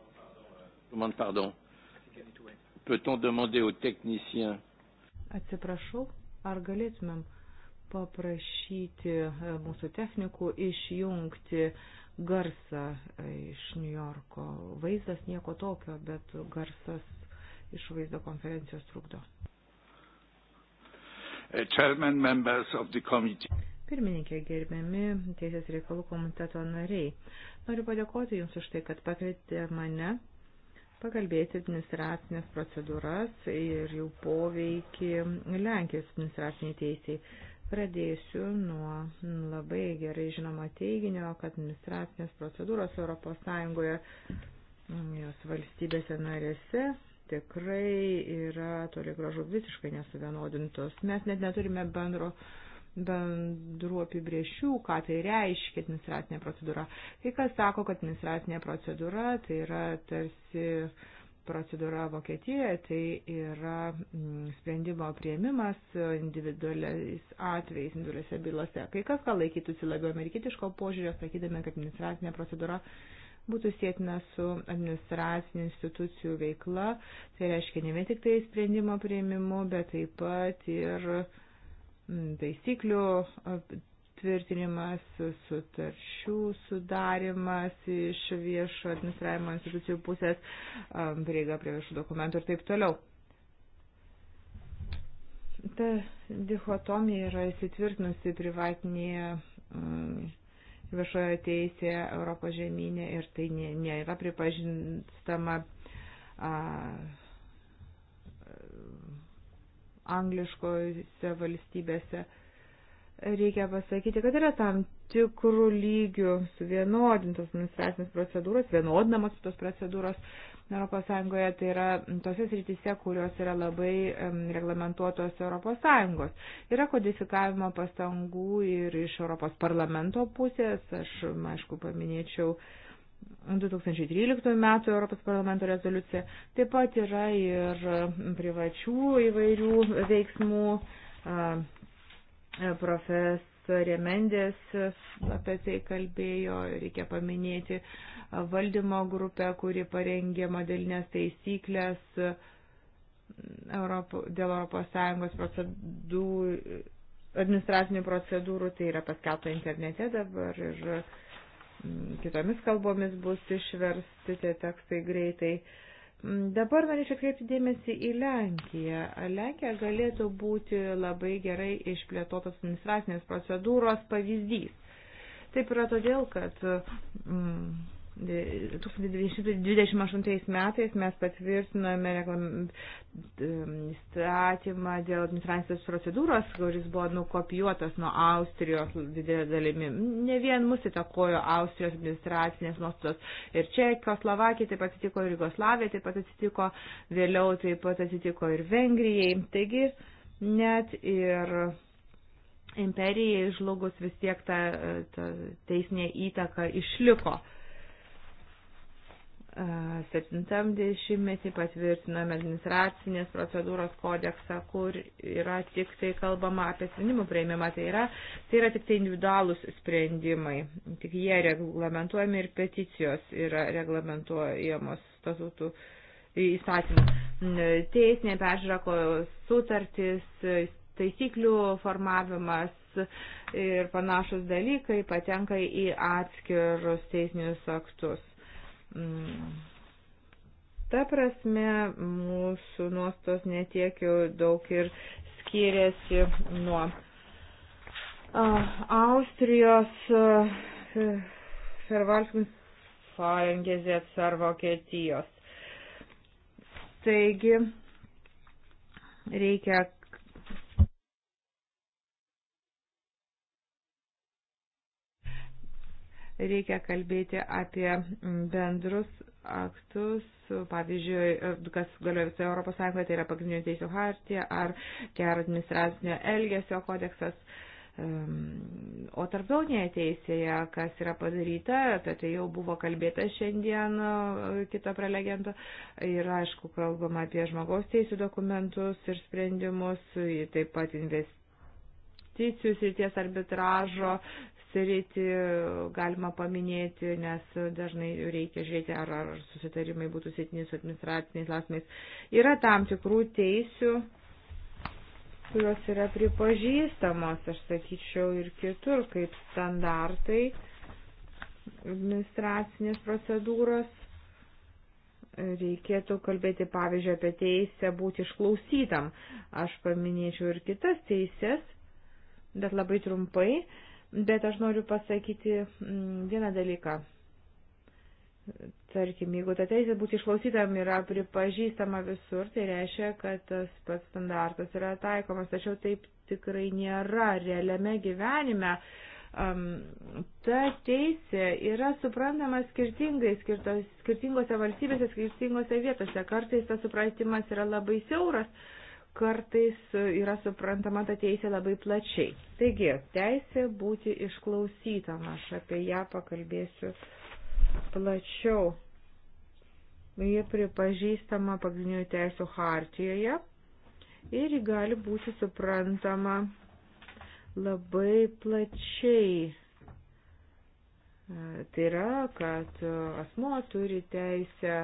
demande pardon. Peut-on demander aux techniciens Atsiprašau, ar galėtumėm paprašyti e, mūsų technikų išjungti garsą e, iš New Yorko. Vaizdas nieko tokio, bet garsas iš vaizdo konferencijos trukdo. Uh, chairman members of the committee. Pirmininkė, gerbiami Teisės reikalų komiteto nariai, noriu padėkoti Jums už tai, kad pakvietė mane pakalbėti administracinės procedūras ir jų poveikį Lenkijos administraciniai teisiai. Pradėsiu nuo labai gerai žinoma teiginio, kad administracinės procedūros ES, mm, jos valstybėse narėse tikrai yra toli gražu visiškai nesuvienodintos. Mes net neturime bendro uh, bendrų apibriešių, ką tai reiškia administracinė procedūra. Kai kas sako, kad administracinė procedūra tai yra tarsi procedūra Vokietijoje, tai yra mm, sprendimo prieimimas individualiais atvejais, individualiuose bylose. Kai kas ką laikytųsi labiau amerikietiško požiūrio, sakydami, kad administracinė procedūra būtų sėtina su administracinių institucijų veikla, tai reiškia ne vien tik tai sprendimo prieimimu, bet taip pat ir uh, taisyklių e, tvirtinimas, sutarčių sudarimas iš viešo administravimo institucijų pusės, e, prieiga prie viešų dokumentų ir taip toliau. Ta dichotomija yra įsitvirtinusi privatinėje mm, viešojo teisėje Europos žemynė ir tai nėra pripažinstama angliškose valstybėse. Reikia pasakyti, kad yra tam tikrų lygių suvienodintos administracinės procedūros, vienodinamos tos procedūros ES, tai yra tose srityse, kurios yra labai reglamentuotos ES. Yra kodifikavimo pastangų ir iš ES parlamento pusės, aš, aišku, paminėčiau uh, 2013 metų Europos parlamento rezoliucija. Taip pat yra ir privačių įvairių veiksmų. Profesorė Mendės apie tai kalbėjo, reikia paminėti valdymo grupę, kuri parengė modelinės taisyklės Europo, dėl ES procedūrų, administracinių procedūrų, tai yra paskelbta internete dabar ir kitomis kalbomis bus išversti tie tekstai greitai. Dabar norėčiau kreipti dėmesį į Lenkiją. Lenkija galėtų būti labai gerai išplėtotos administracinės procedūros pavyzdys. Taip yra todėl, kad mm, 1928 metais mes patvirtinome įstatymą dėl administracinės procedūros, kuris buvo nukopijuotas nuo Austrijos didelė dalimi. Ne vien mus įtakojo Austrijos administracinės nuostatos ir Čekoslovakija, taip pat atsitiko ir Jugoslavija, taip pat atsitiko vėliau, taip pat atsitiko ir Vengrijai. Taigi net ir imperijai žlugus vis tiek ta, ta teisinė įtaka išliko. 70-metį patvirtinome administracinės procedūros kodeksą, kur yra tik tai kalbama apie sprendimų prieimimą. Tai yra, tai yra tik tai individualūs sprendimai, tik jie reglamentuojami ir peticijos yra reglamentuojamos statutų įstatymų. Teisinė peržako sutartis, taisyklių formavimas ir panašus dalykai patenka į atskirus teisinius aktus. Mm. Ta prasme, mūsų nuostos netiek jau daug ir skiriasi nuo Austrijos Fervalskins ar Vokietijos. Taigi, reikia reikia kalbėti apie bendrus aktus, pavyzdžiui, kas galioja visoje Europos Sąjungoje, tai yra pagrindinių teisų hartija ar gero administracinio elgesio kodeksas. O tarptautinėje teisėje, kas yra padaryta, apie tai jau buvo kalbėta šiandien e, kito prelegento, ir aišku, kalbama apie žmogaus teisų dokumentus ir sprendimus, taip pat investicijų srities arbitražo sritį galima paminėti, nes dažnai reikia žiūrėti, ar, ar susitarimai būtų sėtini su administraciniais lasmais. Yra tam tikrų teisių, kurios yra pripažįstamos, aš sakyčiau, ir kitur, kaip standartai administracinės procedūros. Reikėtų kalbėti, pavyzdžiui, apie teisę būti išklausytam. Aš paminėčiau ir kitas teises, bet labai trumpai. Uh, Bet aš noriu pasakyti mm, vieną dalyką. Tarkim, jeigu ta teisė būti išklausytam yra pripažįstama visur, tai reiškia, kad tas pats standartas yra taikomas, tačiau taip tikrai nėra realiame gyvenime. Um, ta teisė yra suprantama skirtingai, skirtos, skirtingose valstybėse, skirtingose vietose. Kartais tas supratimas yra labai siauras. Uh, kartais yra suprantama ta teisė labai plačiai. Taigi, teisė būti išklausytam, aš apie ją pakalbėsiu plačiau. Jie pripažįstama pagrindinių teisų hartijoje ir ji gali būti suprantama labai plačiai. E, tai yra, kad asmo turi teisę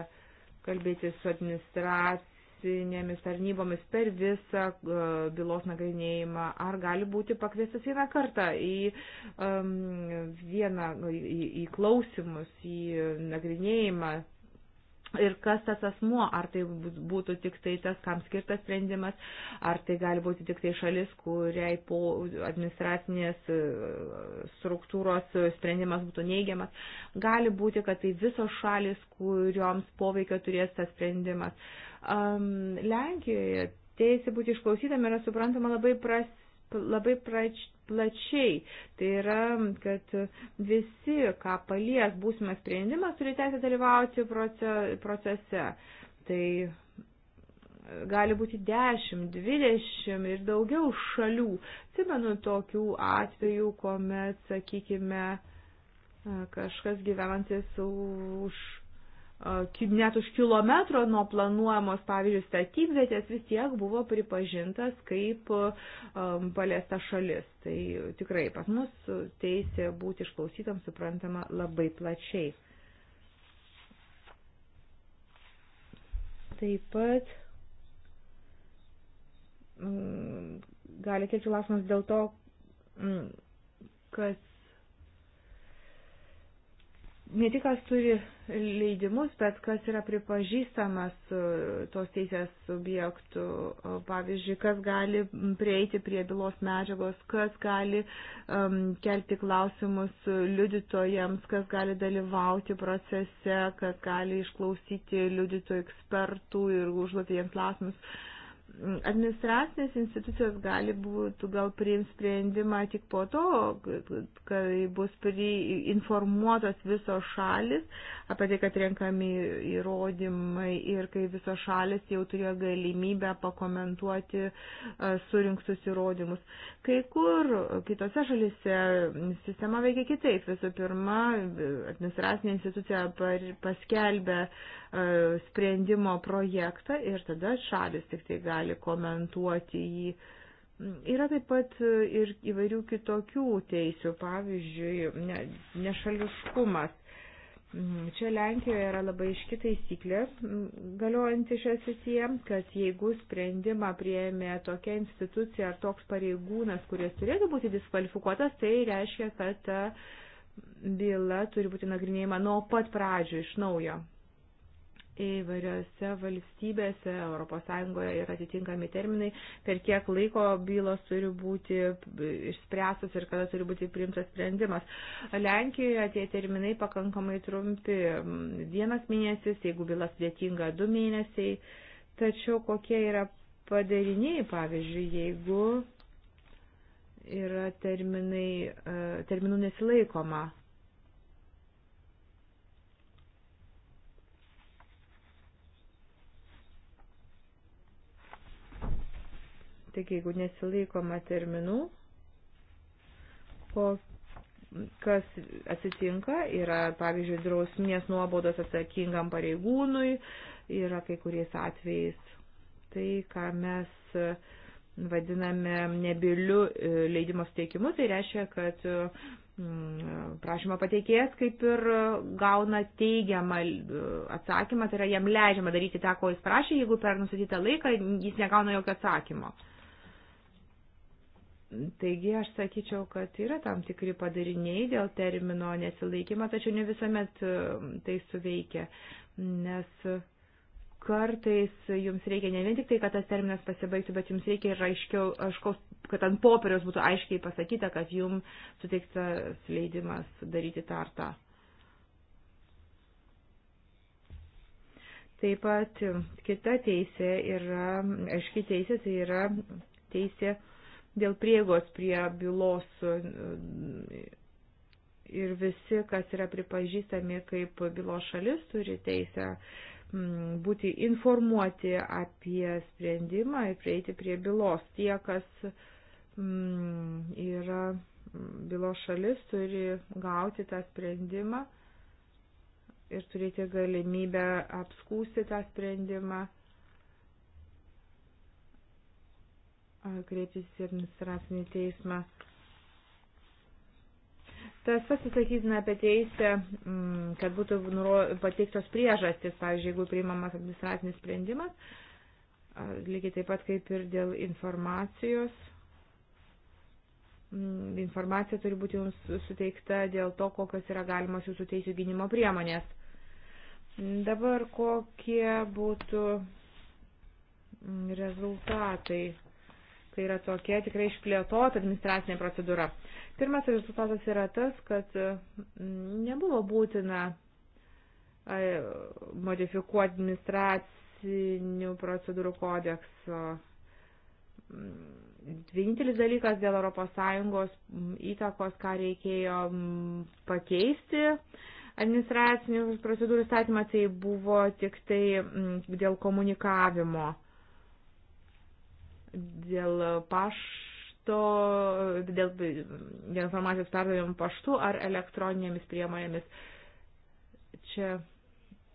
kalbėti su administracija teisinėmis tarnybomis per visą e, bylos nagrinėjimą, ar gali būti pakviestas vieną kartą į um, vieną, į, į klausimus, į nagrinėjimą ir kas tas asmuo, ar tai būtų tik tai tas, kam skirtas sprendimas, ar tai gali būti tik tai šalis, kuriai po administracinės e, struktūros sprendimas būtų neigiamas. Gali būti, kad tai visos šalis, kurioms poveikio turės tas sprendimas. Um, Lenkijoje teisė būti išklausytam yra suprantama labai pras, labai plačiai. Tai yra, kad visi, ką palies būsimas sprendimas, turi teisę dalyvauti procese. Tai e, gali būti 10, 20 ir daugiau šalių. Atsimenu tokių atvejų, kuomet, sakykime, e, kažkas gyvenantis už net už kilometro nuo planuojamos, pavyzdžiui, statybvietės vis tiek buvo pripažintas kaip um, paliesta šalis. Tai tikrai pas mus teisė būti išklausytam suprantama labai plačiai. Taip pat um, gali kilti klausimas dėl to, um, kas ne tik kas turi leidimus, bet kas yra pripažįstamas e, tos teisės subjektų, e, pavyzdžiui, kas gali prieiti prie bylos medžiagos, kas gali um, kelti klausimus liudytojams, kas gali dalyvauti procese, kas gali išklausyti liudytojų ekspertų ir užduoti jiems klausimus administracinės institucijos gali būtų gal priims sprendimą tik po to, kai bus informuotos visos šalis apie tai, kad renkami įrodymai ir kai visos šalis jau turėjo galimybę pakomentuoti e, surinktus įrodymus. Kai kur kitose šalise sistema veikia kitaip. Visų pirma, administracinė institucija paskelbė E, sprendimo projektą ir tada šalis tik tai gali komentuoti jį. Yra taip pat e, ir įvairių kitokių teisių, pavyzdžiui, ne, nešališkumas. Mm, čia Lenkijoje yra labai iški taisyklė mm, galiojanti šią sitiją, kad jeigu sprendimą prieėmė tokia institucija ar toks pareigūnas, kuris turėtų būti diskvalifikuotas, tai reiškia, kad ta byla turi būti nagrinėjama nuo pat pradžio iš naujo įvairiose valstybėse, ES yra atitinkami terminai, per kiek laiko bylos turi būti išspręstas ir kada turi būti priimtas sprendimas. Lenkijoje tie terminai pakankamai trumpi - vienas mėnesis, jeigu byla sudėtinga - du mėnesiai. Tačiau kokie yra padariniai, pavyzdžiui, jeigu yra terminai, e, terminų nesilaikoma? Taigi, jeigu nesilaikoma terminų, po kas atsitinka, yra, pavyzdžiui, drausminės nuobodos atsakingam pareigūnui, yra kai kuriais atvejais tai, ką mes e, vadiname nebiliu e, leidimo suteikimu, tai reiškia, kad e, prašymą pateikėjas kaip ir gauna teigiamą atsakymą, tai yra jam leidžiama daryti tą, ko jis prašė, jeigu per nusatytą laiką jis negauna jokio atsakymo. Taigi aš sakyčiau, kad yra tam tikri padariniai dėl termino nesilaikymo, tačiau ne visuomet e, tai suveikia, nes kartais jums reikia ne vien tik tai, kad tas terminas pasibaigtų, bet jums reikia ir aiškiau, aiškaus, kad ant popieriaus būtų aiškiai pasakyta, kad jums suteiktas leidimas daryti tartą. Taip pat kita teisė yra, aiški teisė, tai yra teisė dėl priegos prie bylos e, ir visi, kas yra pripažįstami kaip bylos šalis, turi teisę būti informuoti apie sprendimą ir prieiti prie bylos. Tie, kas yra bylos šalis, turi gauti tą sprendimą ir turėti galimybę apskūsti tą sprendimą kreiptis į administracinį teismą. Tas pasisakytina apie teisę, mm, kad būtų pateiktos priežastys, pavyzdžiui, jeigu priimamas administracinis sprendimas, lygiai taip pat kaip ir dėl informacijos. Mm, informacija turi būti jums suteikta dėl to, kokios yra galimos jūsų teisų gynimo priemonės. Dabar kokie būtų mm, rezultatai tai yra tokia tikrai išplėtota administracinė procedūra. Pirmas rezultatas yra tas, kad mm, nebuvo būtina modifikuoti administracinių procedūrų kodekso. Mm, vienintelis dalykas dėl ES mm, įtakos, ką reikėjo pakeisti administracinių procedūrų statymą, tai buvo tik tai dėl komunikavimo dėl pašto, dėl, dėl informacijos perdavimo paštu ar elektroninėmis priemonėmis. Čia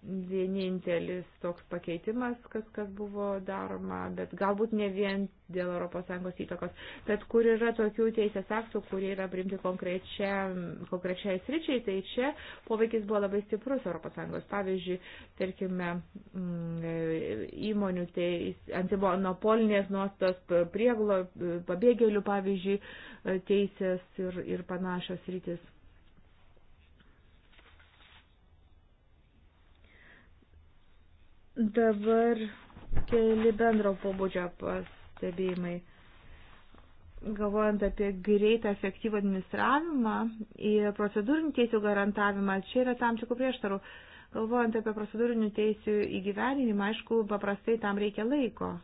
vienintelis toks pakeitimas, kas, kas buvo daroma, bet galbūt ne vien dėl ES įtakos, bet kur yra tokių teisės aktų, kurie yra priimti konkrečiai sričiai, tai čia poveikis buvo labai stiprus ES. Pavyzdžiui, tarkime, mm, įmonių teis, antimonopolinės nuostos prieglo, pabėgėlių, pavyzdžiui, teisės ir, ir panašios rytis. Dabar keli bendro pobūdžio pastebėjimai. Galvojant apie greitą efektyvų administravimą ir procedūrinių teisų garantavimą, čia yra tam tikrų prieštarų. Galvojant apie procedūrinių teisų įgyveninimą, aišku, paprastai tam reikia laiko.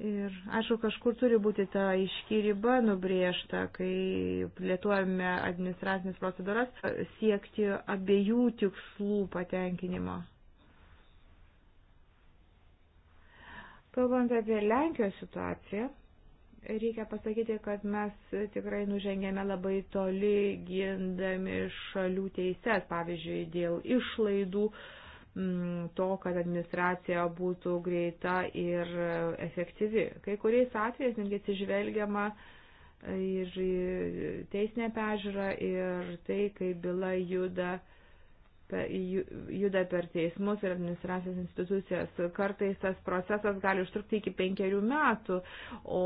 Ir aišku, kažkur turi būti ta aiški riba nubriežta, kai plėtuojame administracinės procedūras, siekti abiejų tikslų patenkinimo. Kalbant apie Lenkijos situaciją, reikia pasakyti, kad mes tikrai nužengėme labai toli gindami šalių teises, pavyzdžiui, dėl išlaidų uh, Mm, to, kad administracija būtų greita ir efektyvi. Kai kuriais atvejais netgi atsižvelgiama ir teisinė pežiūra ir tai, kai byla juda juda per teismus ir administracijos institucijas. Kartais tas procesas gali užtrukti iki penkerių metų, o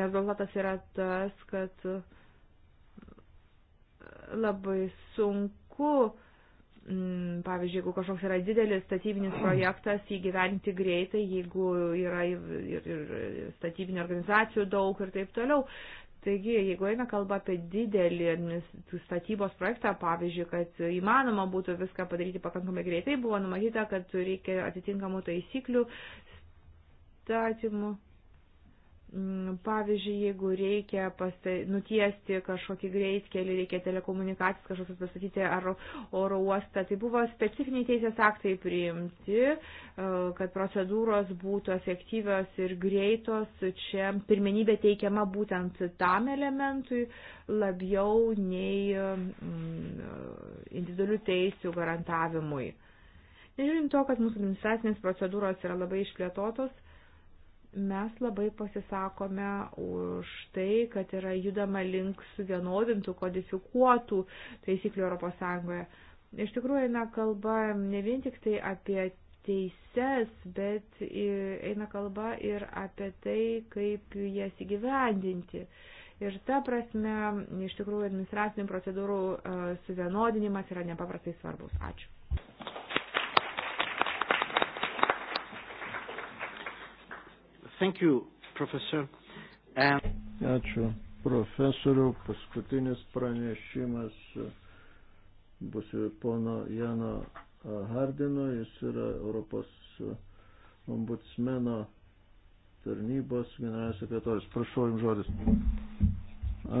rezultatas yra tas, kad labai sunku uh, Mm, pavyzdžiui, jeigu kažkoks yra didelis statybinis projektas, įgyventi greitai, jeigu yra ir, ir statybinių organizacijų daug ir taip toliau. Taigi, jeigu eina kalba apie didelį statybos projektą, pavyzdžiui, kad įmanoma būtų viską padaryti pakankamai greitai, buvo numatyta, kad reikia atitinkamų taisyklių statymų Mm, pavyzdžiui, jeigu reikia pastai, nutiesti kažkokį greitkelį, reikia telekomunikacijas kažkokius pastatyti ar oro uostą, tai buvo specifiniai teisės aktai priimti, e, kad procedūros būtų efektyvios ir greitos. Čia pirmenybė teikiama būtent tam elementui labiau nei mm, individualių teisių garantavimui. Nežiūrint to, kad mūsų administracinės procedūros yra labai išplėtotos, mes labai pasisakome už tai, kad yra judama link suvienodintų, kodifikuotų taisyklių ES. Iš tikrųjų eina kalba ne vien tik tai apie teises, bet eina kalba ir apie tai, kaip jas įgyvendinti. Ir ta prasme, iš tikrųjų, administracinių procedūrų e, suvienodinimas yra nepaprastai svarbus. Ačiū. Thank you, professor. And... Ačiū, profesoriu. Paskutinis pranešimas bus pono Jano Hardino. Jis yra Europos ombudsmeno tarnybos generalinis sekretorius. Prašau, jums žodis.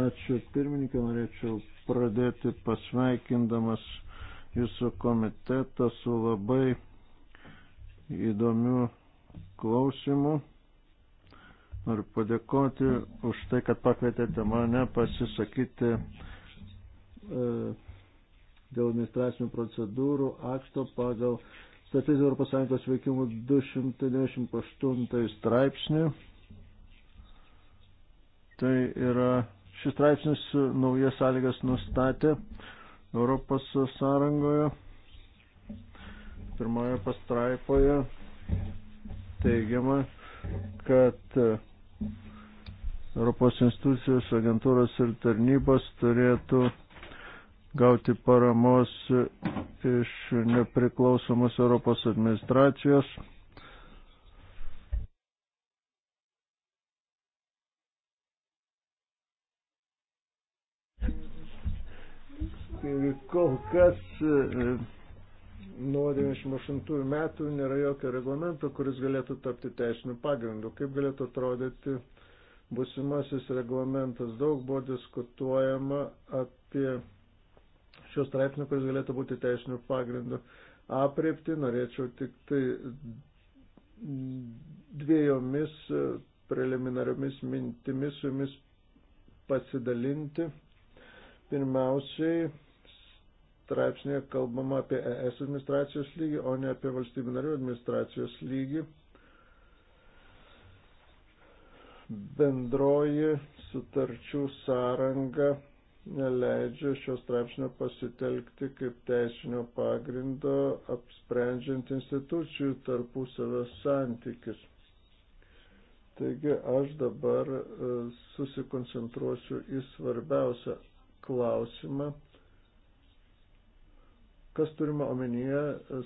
Ačiū pirmininkė, norėčiau pradėti pasveikindamas jūsų komitetą su labai įdomiu klausimu. Noriu padėkoti už tai, kad pakvietėte mane pasisakyti e, dėl administracinių procedūrų akto pagal Statys Europos Sąjungos veikimų 298 straipsnį. Tai yra, šis straipsnis naujas sąlygas nustatė Europos Sąrangoje. Pirmoje pastraipoje teigiama, kad Europos institucijos, agentūros ir tarnybos turėtų gauti paramos iš nepriklausomos Europos administracijos. Kol kas e, nuo 98 metų nėra jokio reglamento, kuris galėtų tapti teisiniu pagrindu. Kaip galėtų atrodyti busimasis reglamentas. Daug buvo diskutuojama apie šios straipsnių, kuris galėtų būti teisinių pagrindų apriepti. Norėčiau tik tai dviejomis preliminariomis mintimis su jumis pasidalinti. Pirmiausiai, straipsnėje kalbama apie ES administracijos lygį, o ne apie valstybių narių administracijos lygį. Bendroji sutarčių sąranga neleidžia šio straipsnio pasitelkti kaip teisinio pagrindo apsprendžiant institucijų tarpusavio santykius. Taigi aš dabar e, susikoncentruosiu į svarbiausią klausimą kas turima omenyje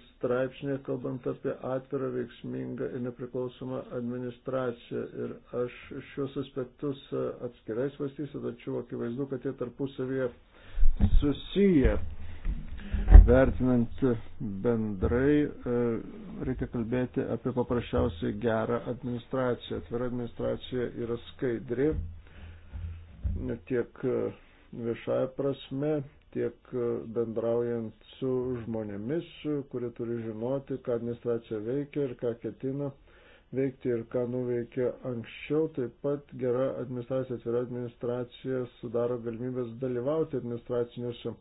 straipsnė, kalbant apie atvirą, veiksmingą ir nepriklausomą administraciją. Ir aš šios aspektus atskirai svarstysiu, tačiau akivaizdu, kad jie tarpusavėje susiję. Vertinant bendrai, reikia kalbėti apie paprasčiausiai gerą administraciją. Atvira administracija yra skaidri tiek viešąją prasme, tiek bendraujant su žmonėmis, kurie turi žinoti, ką administracija veikia ir ką ketina veikti ir ką nuveikia anksčiau. Taip pat gera administracija, atvira administracija sudaro galimybės dalyvauti administraciniuose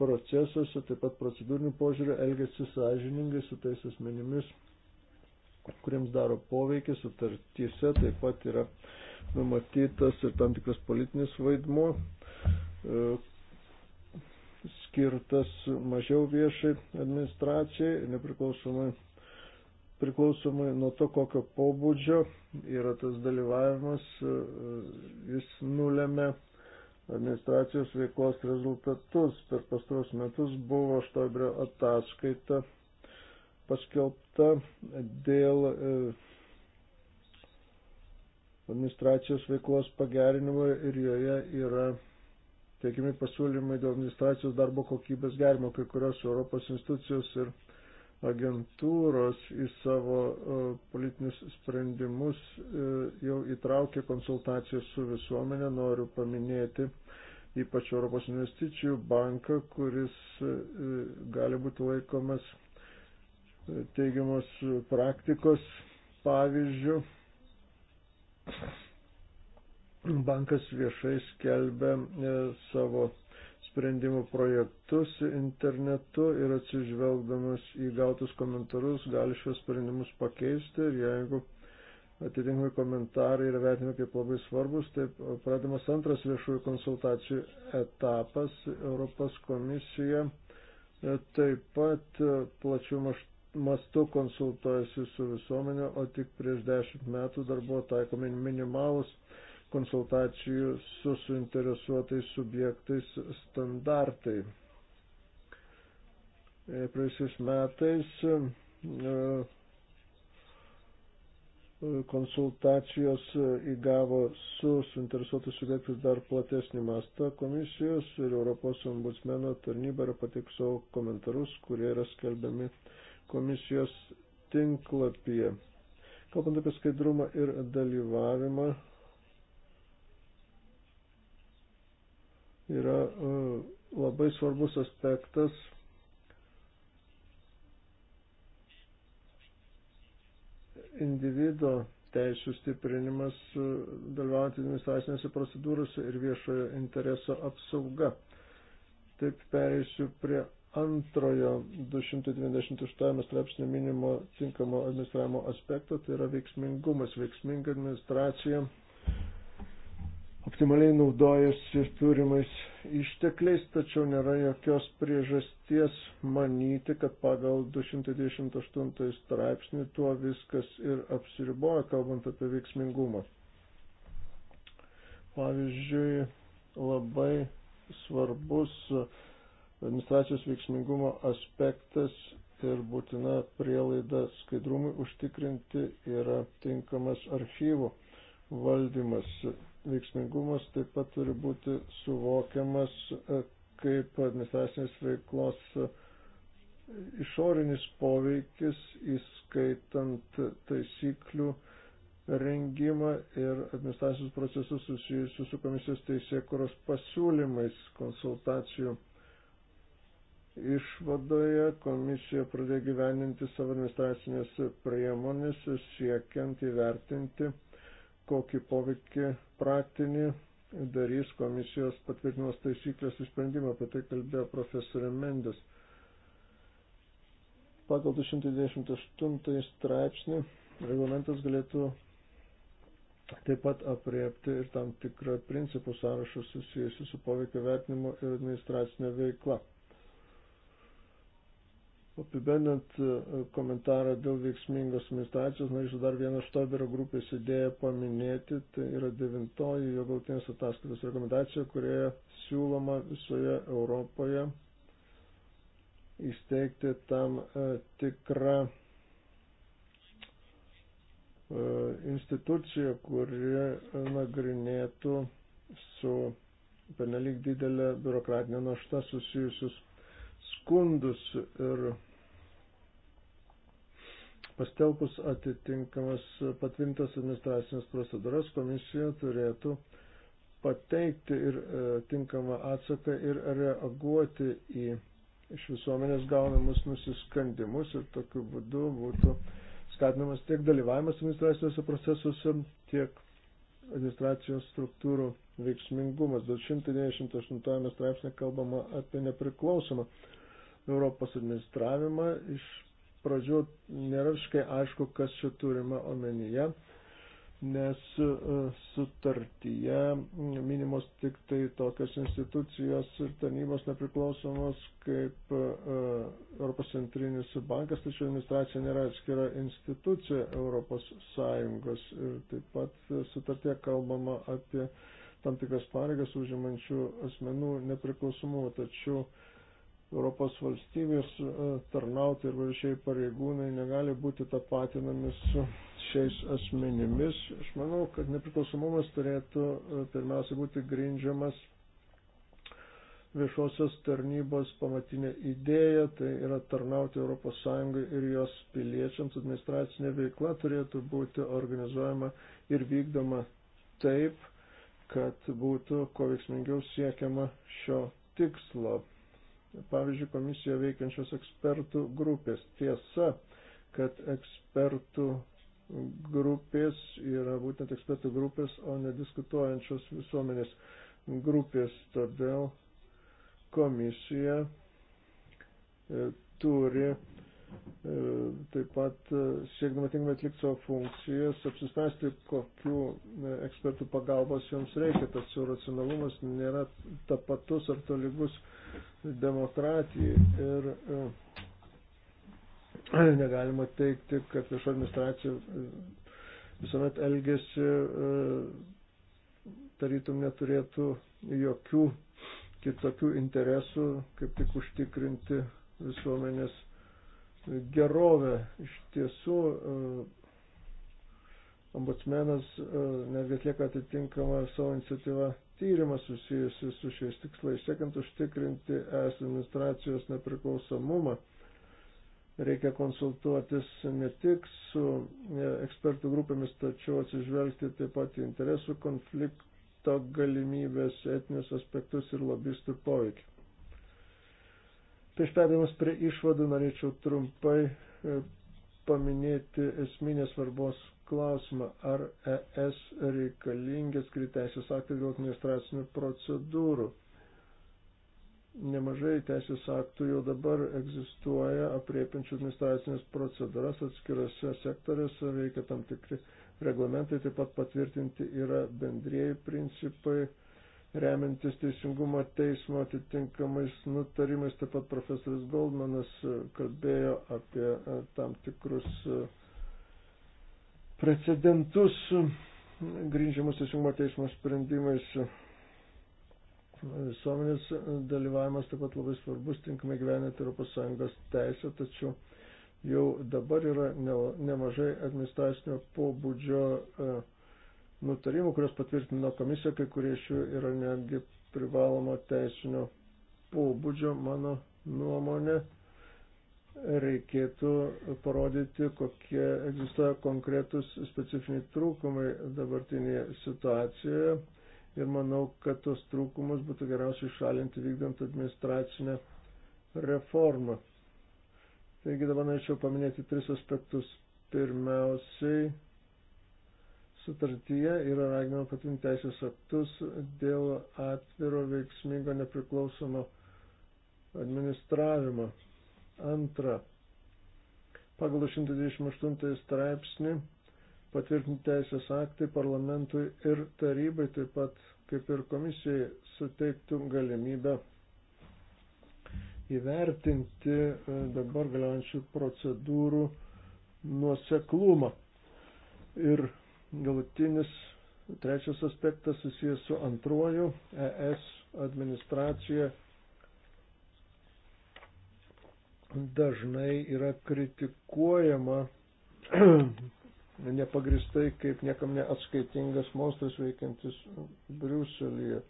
procesuose, taip pat procedūrinių požiūrių elgesi sąžiningai su tais asmenimis, kuriems daro poveikį, sutartyse taip pat yra numatytas ir tam tikras politinis vaidmuo, skirtas mažiau viešai administracijai, nepriklausomai priklausomai nuo to, kokio pobūdžio yra tas dalyvavimas, jis nulėmė administracijos veiklos rezultatus. Per pastaros metus buvo Štobrio ataskaita paskelbta dėl e, administracijos veiklos pagerinimo ir joje yra teikiami pasiūlymai dėl administracijos darbo kokybės gerimo, kai kurios Europos institucijos ir agentūros į savo e, politinius sprendimus e, jau įtraukė konsultacijas su visuomenė, noriu paminėti ypač Europos investicijų banką, kuris e, gali būti laikomas teigiamos praktikos pavyzdžių bankas viešai skelbia e, savo sprendimų projektus internetu ir atsižvelgdamas į gautus komentarus gali šios sprendimus pakeisti ir jeigu atitinkami komentarai yra vertinami kaip labai svarbus, tai pradamas antras viešųjų konsultacijų etapas Europos komisija e, taip pat e, plačių mastų konsultuojasi su visuomenė, o tik prieš dešimt metų dar buvo taikomi minimalus konsultacijų su suinteresuotais subjektais standartai. E, praėjusiais metais e, konsultacijos įgavo su suinteresuotais subjektais dar platesnį mastą komisijos ir Europos ombudsmeno tarnyba yra patik savo komentarus, kurie yra skelbiami komisijos tinklapyje. Kalbant apie skaidrumą ir dalyvavimą, yra e, labai svarbus aspektas individo teisų stiprinimas, e, dalyvaujant administracinėse procedūrose ir viešojo intereso apsauga. Taip pereisiu prie antrojo 228 straipsnio minimo tinkamo administravimo aspekto, tai yra veiksmingumas, veiksminga administracija optimaliai naudojasi turimais ištekliais, tačiau nėra jokios priežasties manyti, kad pagal 228 straipsnį tuo viskas ir apsiriboja, kalbant apie veiksmingumą. Pavyzdžiui, labai svarbus administracijos veiksmingumo aspektas ir būtina prielaida skaidrumui užtikrinti yra tinkamas archyvų valdymas veiksmingumas taip pat turi būti suvokiamas e, kaip administracinės veiklos e, išorinis poveikis, įskaitant taisyklių rengimą ir administracinius procesus susijusius su komisijos teisėkuros pasiūlymais konsultacijų išvadoje komisija pradėjo gyveninti savo administracinės priemonės siekiant įvertinti kokį poveikį praktinį darys komisijos patvirtinimas taisyklės įsprendimą, apie tai kalbėjo profesorė Mendes. Pagal 228 straipsnį reglamentas galėtų taip pat apriepti ir tam tikrą principų sąrašą susijusiu su poveikio vertinimu ir administracinė veikla. Apibendant e, e, komentarą dėl veiksmingos administracijos, norėčiau dar vieną Štoberio grupės idėją paminėti. Tai yra devintoji jo galtinės ataskaitos rekomendacija, kurioje siūloma visoje Europoje įsteigti tam e, tikrą instituciją, kuri nagrinėtų su pernelyg didelė biurokratinė našta susijusius skundus ir Pastelkus atitinkamas patvirtintas administracinės procedūras, komisija turėtų pateikti ir e, tinkamą atsaką ir reaguoti į iš visuomenės gaunamus nusiskandimus ir tokiu būdu būtų skatinamas tiek dalyvavimas administracijose procesuose, tiek administracijos struktūrų veiksmingumas. 298 straipsnė kalbama apie nepriklausomą Europos administravimą iš pradžių nėra visiškai aišku, kas čia turima omenyje, nes e, sutartyje minimos tik tai tokios institucijos ir tarnybos nepriklausomos kaip e, Europos centrinis bankas, tačiau administracija nėra atskira institucija Europos Sąjungos ir taip pat sutartyje kalbama apie tam tikras pareigas užimančių asmenų nepriklausomumą, tačiau Europos valstybės e, tarnautai ir valšiai pareigūnai negali būti tapatinami su šiais asmenimis. Aš manau, kad nepriklausomumas turėtų e, pirmiausia būti grindžiamas viešosios tarnybos pamatinė idėja, tai yra tarnauti ES ir jos piliečiams. Administracinė veikla turėtų būti organizuojama ir vykdoma taip, kad būtų kuo veiksmingiau siekiama šio tikslo pavyzdžiui, komisijoje veikiančios ekspertų grupės. Tiesa, kad ekspertų grupės yra būtent ekspertų grupės, o nediskutuojančios visuomenės grupės. Todėl komisija e, turi E, taip pat e, siekdama tinkamai atlikti savo funkcijas, apsispręsti, kokių e, ekspertų pagalbos jums reikia. Tačiau racionalumas nėra tapatus ar tolygus demokratijai. Ir e, (clears throat) negalima teikti, kad viešo administracija visuomet elgesi, e, tarytum neturėtų jokių kitokių interesų, kaip tik užtikrinti visuomenės gerovę. Iš tiesų, e, ombudsmenas e, netgi atlieka atitinkamą savo iniciatyvą tyrimą susijusi su šiais tikslais, siekiant užtikrinti es administracijos nepriklausomumą. Reikia konsultuotis ne tik su e, ekspertų grupėmis, tačiau atsižvelgti taip pat į interesų konflikto galimybės, etinius aspektus ir lobistų poveikį. Prieš perėdamas prie išvadų norėčiau trumpai e, paminėti esminės svarbos klausimą, ar ES reikalingi atskiri teisės aktai dėl administracinių procedūrų. Nemažai teisės aktų jau dabar egzistuoja apriepiančių administracinės procedūras atskirose sektoriuose, veikia tam tikri reglamentai, taip pat patvirtinti yra bendrėjai principai remiantis teisingumo teismo atitinkamais nutarimais, taip pat profesorius Goldmanas e, kalbėjo apie e, tam tikrus e, precedentus grindžiamus teisingumo teismo sprendimais. Visuomenės dalyvavimas taip pat labai svarbus, tinkamai gyvenant ES teisę, tačiau jau dabar yra nemažai administracinio pobūdžio uh, nutarimų, kurios patvirtino komisija, kai kurie iš jų yra netgi privalomo teisinio pobūdžio, mano nuomonė, reikėtų parodyti, kokie egzistuoja konkretus specifiniai trūkumai dabartinėje situacijoje. Ir manau, kad tos trūkumus būtų geriausiai šalinti vykdant administracinę reformą. Taigi dabar norėčiau paminėti tris aspektus. Pirmiausiai, Sutartyje yra raginama patvirtinti teisės aktus dėl atviro veiksmingo nepriklausomo administravimo. Antra, pagal 128 straipsnį patvirtinti teisės aktai parlamentui ir tarybai taip pat kaip ir komisijai suteiktų galimybę įvertinti e, dabar galiojančių procedūrų nuoseklumą. Ir Galutinis trečias aspektas susijęs su antruoju ES administracija dažnai yra kritikuojama (clears throat) nepagristai kaip niekam neatskaitingas monstras veikiantis Briuselėje.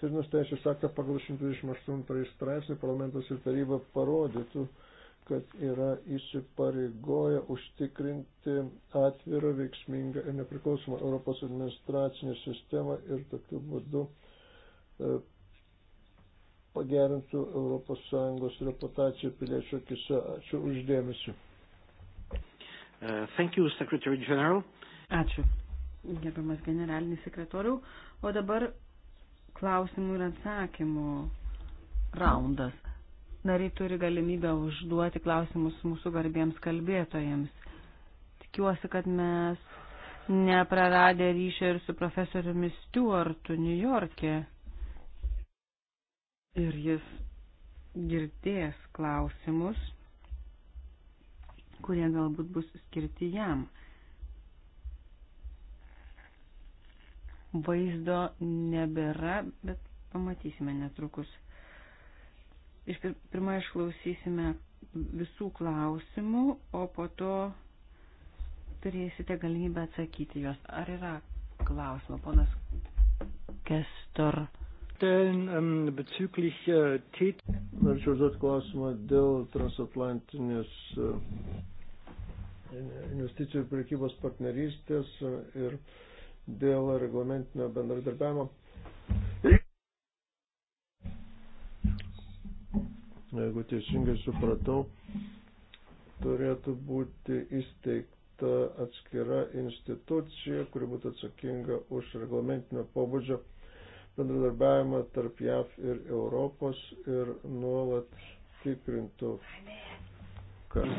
Turnos teisės aktą pagal 128 straipsnį parlamentas ir taryba parodytų, kad yra įsipareigoję užtikrinti atvirą, veiksmingą ir nepriklausomą Europos administracinę sistemą ir tokiu būdu e, pagerintų ES reputaciją piliečių akise. Ačiū uždėmesi. Uh, thank you, Secretary General. Ačiū, gerbiamas generalinis sekretoriau. O dabar klausimų ir atsakymų raundas nariai turi galimybę užduoti klausimus mūsų garbiems kalbėtojams. Tikiuosi, kad mes nepraradę ryšio ir su profesoriumi Stuartu New York'e. Ir jis girdės klausimus, kurie galbūt bus skirti jam. Vaizdo nebėra, bet pamatysime netrukus. Iš pirmą išklausysime visų klausimų, o po to turėsite galimybę atsakyti juos. Ar yra klausimų, ponas Kestor? Äh, Norėčiau užduoti klausimą dėl transatlantinės investicijų ir prekybos partnerystės ir dėl reglamentinio bendradarbiavimo jeigu teisingai supratau, turėtų būti įsteigta atskira institucija, kuri būtų atsakinga už reglamentinio pobūdžio bendradarbiavimą tarp JAV ir Europos ir nuolat tikrintų. Kad...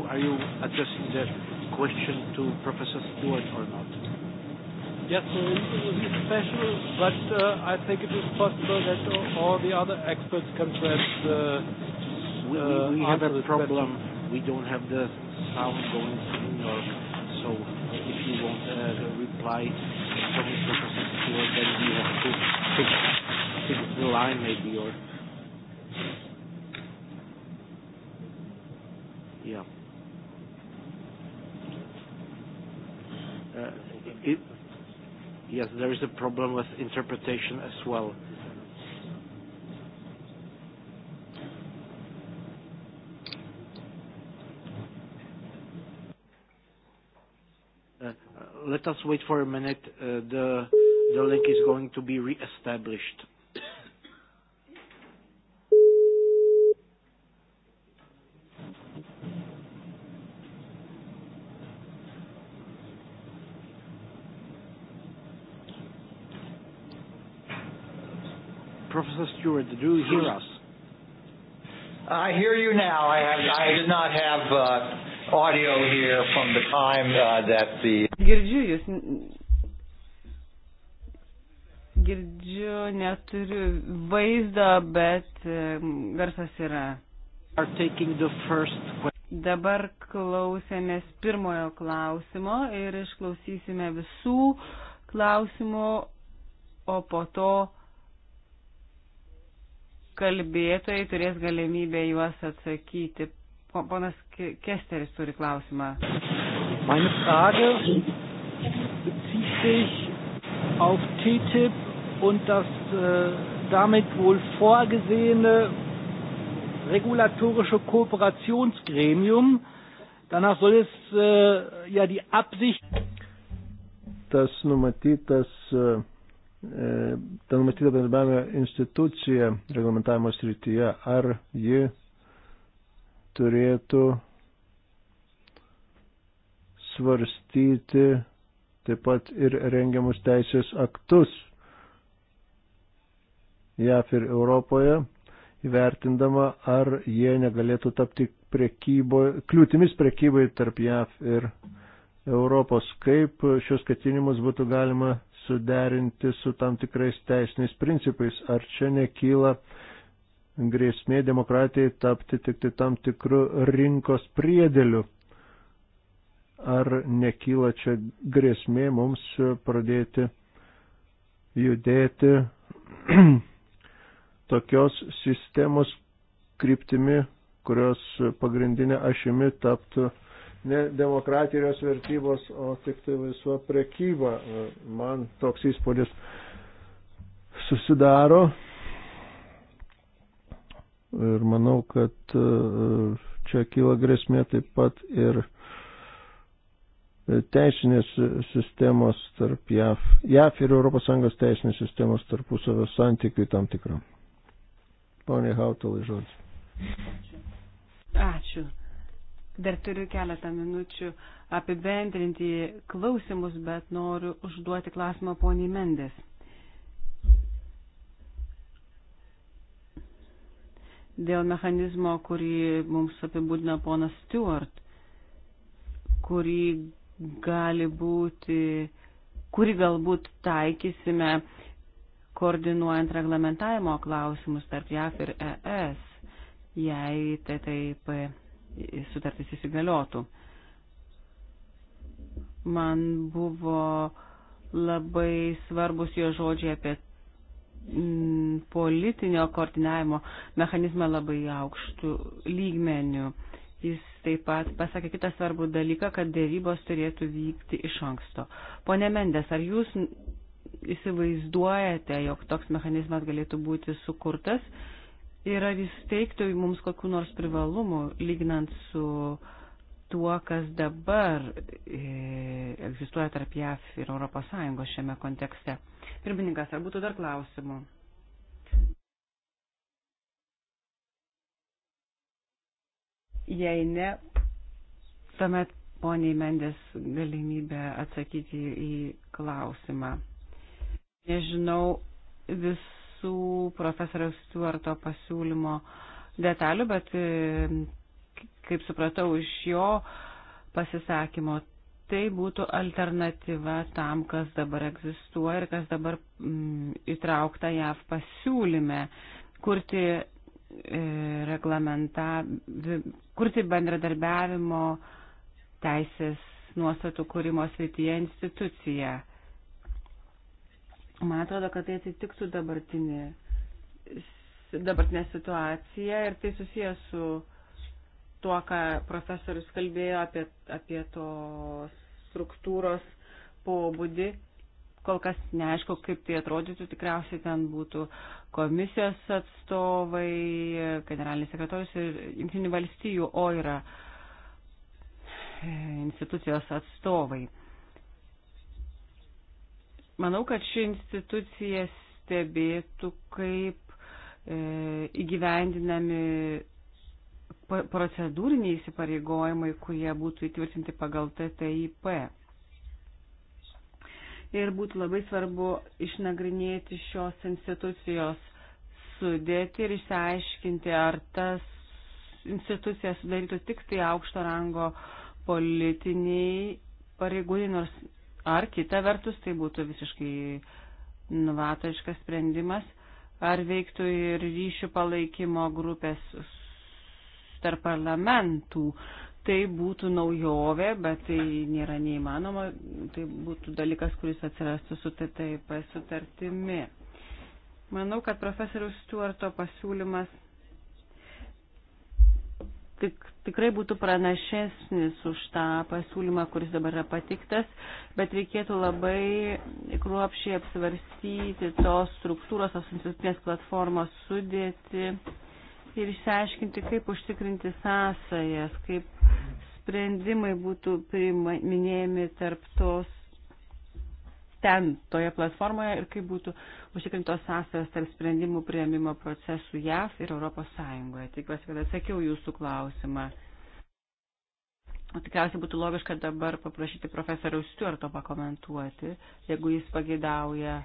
you, are you addressing the question to Professor Stewart or not? Yes, so it is special, but uh, I think it is possible that all the other experts can perhaps uh, we, we, we uh, have a problem. Question. We don't have the sound going through your. So if you want uh, the reply from Professor Stewart, then we have to fix, fix the line maybe or. Yeah. It, yes, there is a problem with interpretation as well. Uh, uh, let us wait for a minute. Uh, the, the link is going to be re-established. Stewart, do you hear us? I hear you now. I, have, I did not have uh, audio here from the time uh, that the. Girdžiu jūs. Girdžiu, neturiu vaizdo, bet um, garsas yra. Dabar klausėmės pirmojo klausimo ir išklausysime visų klausimų, o po to kalbėtojai turės galimybę juos atsakyti. Ponas Kesteris turi klausimą. Meine Frage bezieht sich auf TTIP und das äh, damit wohl vorgesehene regulatorische Kooperationsgremium. Danach soll es äh, ja die Absicht. Das numatytas äh, E, ten matyta bendradarbiavimo institucija reglamentavimo srityje, ar ji turėtų svarstyti taip pat ir rengiamus teisės aktus JAF ir Europoje, įvertindama, ar jie negalėtų tapti prekybo, kliūtimis prekybai tarp JAF ir Europos, kaip šios ketinimus būtų galima suderinti su tam tikrais teisiniais principais. Ar čia nekyla grėsmė demokratijai tapti tik tai tam tikru rinkos priedėliu? Ar nekyla čia grėsmė mums pradėti judėti (clears throat) tokios sistemos kryptimi, kurios pagrindinė ašimi taptų ne demokratijos vertybos, o tik tai laisva prekyba. E, man toks įspūdis susidaro. Ir manau, kad e, čia kyla grėsmė taip pat ir e, teisinės sistemos tarp JAF, JAF ir ES teisinės sistemos tarpusavio santykiui tam tikram. Pone Hautalai, žodžiu. Ačiū. Ačiū. Dar turiu keletą minučių apibendrinti klausimus, bet noriu užduoti klausimą poniai Mendės. Dėl mechanizmo, kurį mums apibūdina ponas Stewart, kurį gali būti, kurį galbūt taikysime koordinuojant reglamentavimo klausimus tarp JAF ir ES, jei TTIP tai sutartis įsigaliotų. Man buvo labai svarbus jo žodžiai apie mm, politinio koordinavimo mechanizmą labai aukštų lygmenių. Jis taip pat pasakė kitą svarbų dalyką, kad dėrybos turėtų vykti iš anksto. Pone Mendes, ar jūs įsivaizduojate, jog toks mechanizmas galėtų būti sukurtas? Uh, ir ar jis teiktų mums kokiu nors privalumu, lyginant su tuo, kas dabar e, egzistuoja tarp JAF ir ES šiame kontekste. Pirmininkas, ar būtų dar klausimų? Jei ne, tuomet poniai Mendės galimybę atsakyti į klausimą. Nežinau, vis visų profesoriaus Stuarto pasiūlymo detalių, bet e, kaip supratau iš jo pasisakymo, tai būtų alternatyva tam, kas dabar egzistuoja ir kas dabar mm, įtraukta JAV pasiūlyme kurti e, reglamentą, kurti bendradarbiavimo teisės nuostatų kūrimo srityje instituciją. Man atrodo, kad tai atitiktų dabartinį, dabartinę situaciją ir tai susijęs su tuo, ką profesorius kalbėjo apie, apie to struktūros pobūdį. Kol kas neaišku, kaip tai atrodytų, tikriausiai ten būtų komisijos atstovai, generalinis sekretorius ir jungtinių valstijų OIRA e, institucijos atstovai. Manau, kad ši institucija stebėtų, kaip e, įgyvendinami procedūriniai įsipareigojimai, kurie būtų įtvirtinti pagal TTIP. Ir būtų labai svarbu išnagrinėti šios institucijos sudėti ir išsiaiškinti, ar tas institucija sudarytų tik tai aukšto rango politiniai pareigūnai, nors Ar kita vertus tai būtų visiškai novatoriškas sprendimas, ar veiktų ir ryšių palaikymo grupės tarp parlamentų. Tai būtų naujovė, bet tai nėra neįmanoma, tai būtų dalykas, kuris atsirastų su TTIP sutartimi. Manau, kad profesorius Stuarto pasiūlymas tik, tikrai būtų pranašesnis už tą pasiūlymą, kuris dabar yra patiktas, bet reikėtų labai kruopšiai apsvarstyti tos struktūros, tos institucinės platformos sudėti ir išsiaiškinti, kaip užtikrinti sąsajas, kaip sprendimai būtų priminėjami tarp tos ten, toje platformoje ir kaip būtų užtikrintos sąsajos tarp sprendimų prieimimo procesų JAV ir Europos Sąjungoje. Tikiuosi, kad atsakiau jūsų klausimą. Tikriausiai būtų logiška dabar paprašyti profesoriaus Stuarto pakomentuoti, jeigu jis pageidauja.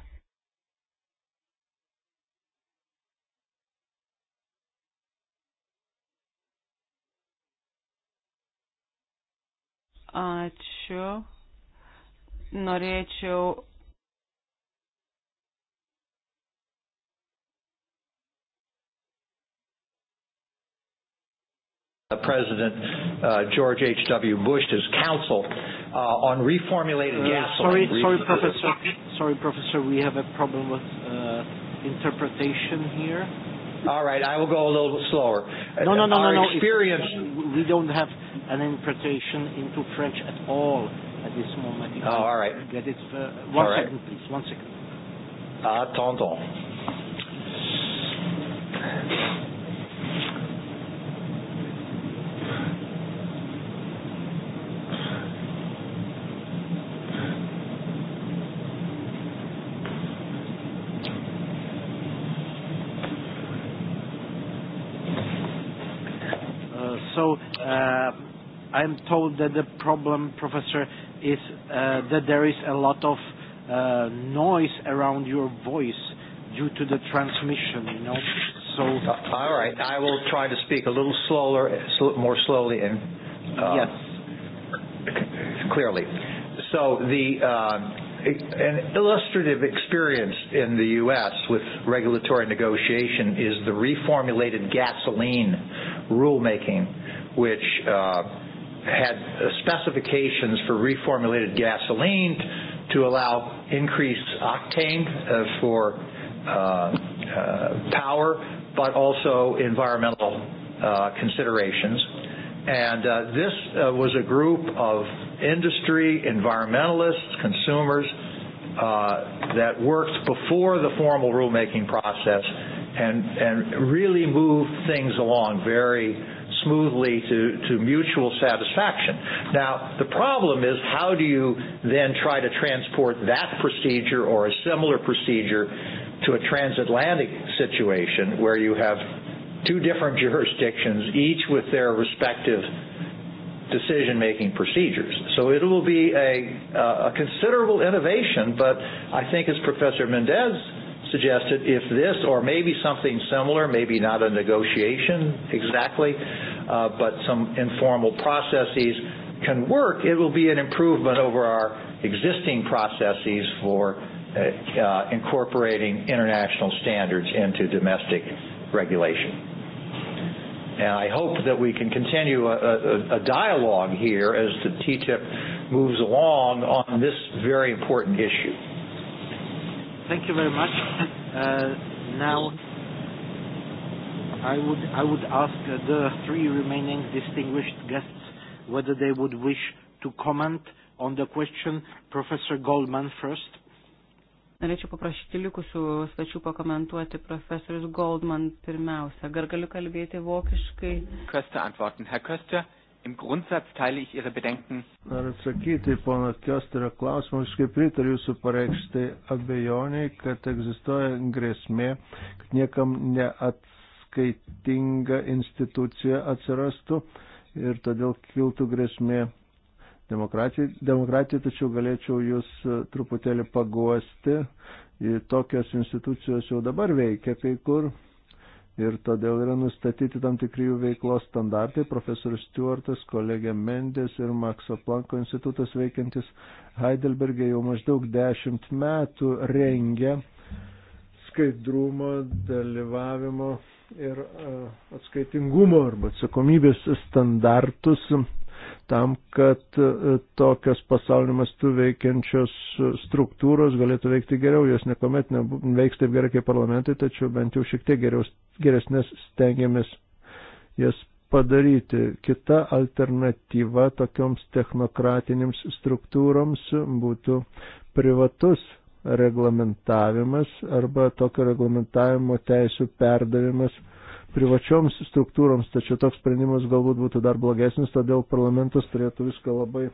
Ačiū norėčiau President uh, George H.W. Bush, his counsel, uh, on reformulated uh, gasoline. Sorry, sorry, Professor. Sorry, Professor, we have a problem with uh, interpretation here. All right, I will go a little bit slower. No, no, no, Our no, no. Experience. If we don't have an interpretation into French at all at this moment. Oh, all right. Get it. Uh, one all second, right. please. One second. Uh, attendons. Uh, so, uh, I'm told that the problem, Professor, is uh, that there is a lot of uh, noise around your voice due to the transmission, you know. So. Uh, all right, I will try to speak a little slower, sl- more slowly, and uh, yes, clearly. So the uh, an illustrative experience in the U.S. with regulatory negotiation is the reformulated gasoline rulemaking, which. Uh, had uh, specifications for reformulated gasoline to allow increased octane uh, for uh, uh power, but also environmental uh, considerations. And this was a group of industry, environmentalists, consumers that worked before the formal rulemaking process and, and really moved things along very smoothly to, to mutual satisfaction. Now, the problem is how do you then try to transport that procedure or a similar procedure to a transatlantic situation where you have two different (laughs) jurisdictions, each with their respective decision-making procedures. So it will be a, a considerable innovation, but I think as Professor Mendez suggested if this or maybe something similar, maybe not a negotiation exactly, uh, but some informal processes can work, it will be an improvement over our existing processes for uh, uh, incorporating international standards into domestic regulation. I hope that we can continue a dialogue here as the TTIP moves along on this very important issue. Thank you very much. Uh, now, I would, I would ask uh, the three remaining distinguished guests whether they would wish to comment on the question. Professor Goldman first. Norėčiau paprašyti likusių svečių pakomentuoti profesorius Goldman pirmiausia. Gar galiu kalbėti vokiškai? Köster antworten. Herr Köster, Im Grundsatz teile ich Ihre Bedenken. Noriu atsakyti į pono Kiosterio klausimą, visiškai pritariu jūsų pareikštai abejoniai, kad egzistuoja grėsmė, kad niekam neatskaitinga institucija atsirastų ir todėl kiltų grėsmė demokratijai. Demokratijai tačiau galėčiau jūs truputėlį paguosti. Tokios institucijos jau dabar veikia kai kur ir todėl yra nustatyti tam tikri jų veiklos standartai. Profesorius Stuartas, kolegė Mendes ir Makso Planko institutas veikiantis Heidelbergė jau maždaug dešimt metų rengia skaidrumo, dalyvavimo ir e, atskaitingumo arba atsakomybės standartus tam, kad e, tokios pasaulio mastu veikiančios e, struktūros galėtų veikti geriau. Jos niekuomet neveiks taip gerai kaip parlamentai, tačiau bent jau šiek tiek geriau, geresnės stengiamės jas padaryti. Kita alternatyva tokioms technokratinėms struktūroms būtų privatus reglamentavimas arba tokio reglamentavimo teisų perdavimas privačioms struktūroms, tačiau toks sprendimas galbūt būtų dar blogesnis, todėl parlamentas turėtų viską labai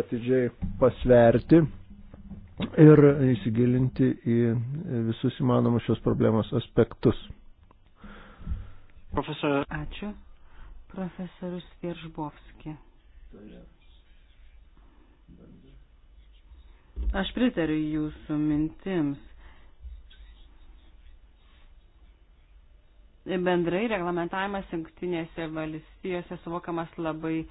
atidžiai pasverti ir įsigilinti į visus įmanomus šios problemos aspektus. Profesor... Ačiū. Profesorius Viržbovski. Aš pritariu jūsų mintims bendrai reglamentavimas jungtinėse valstijose suvokamas labai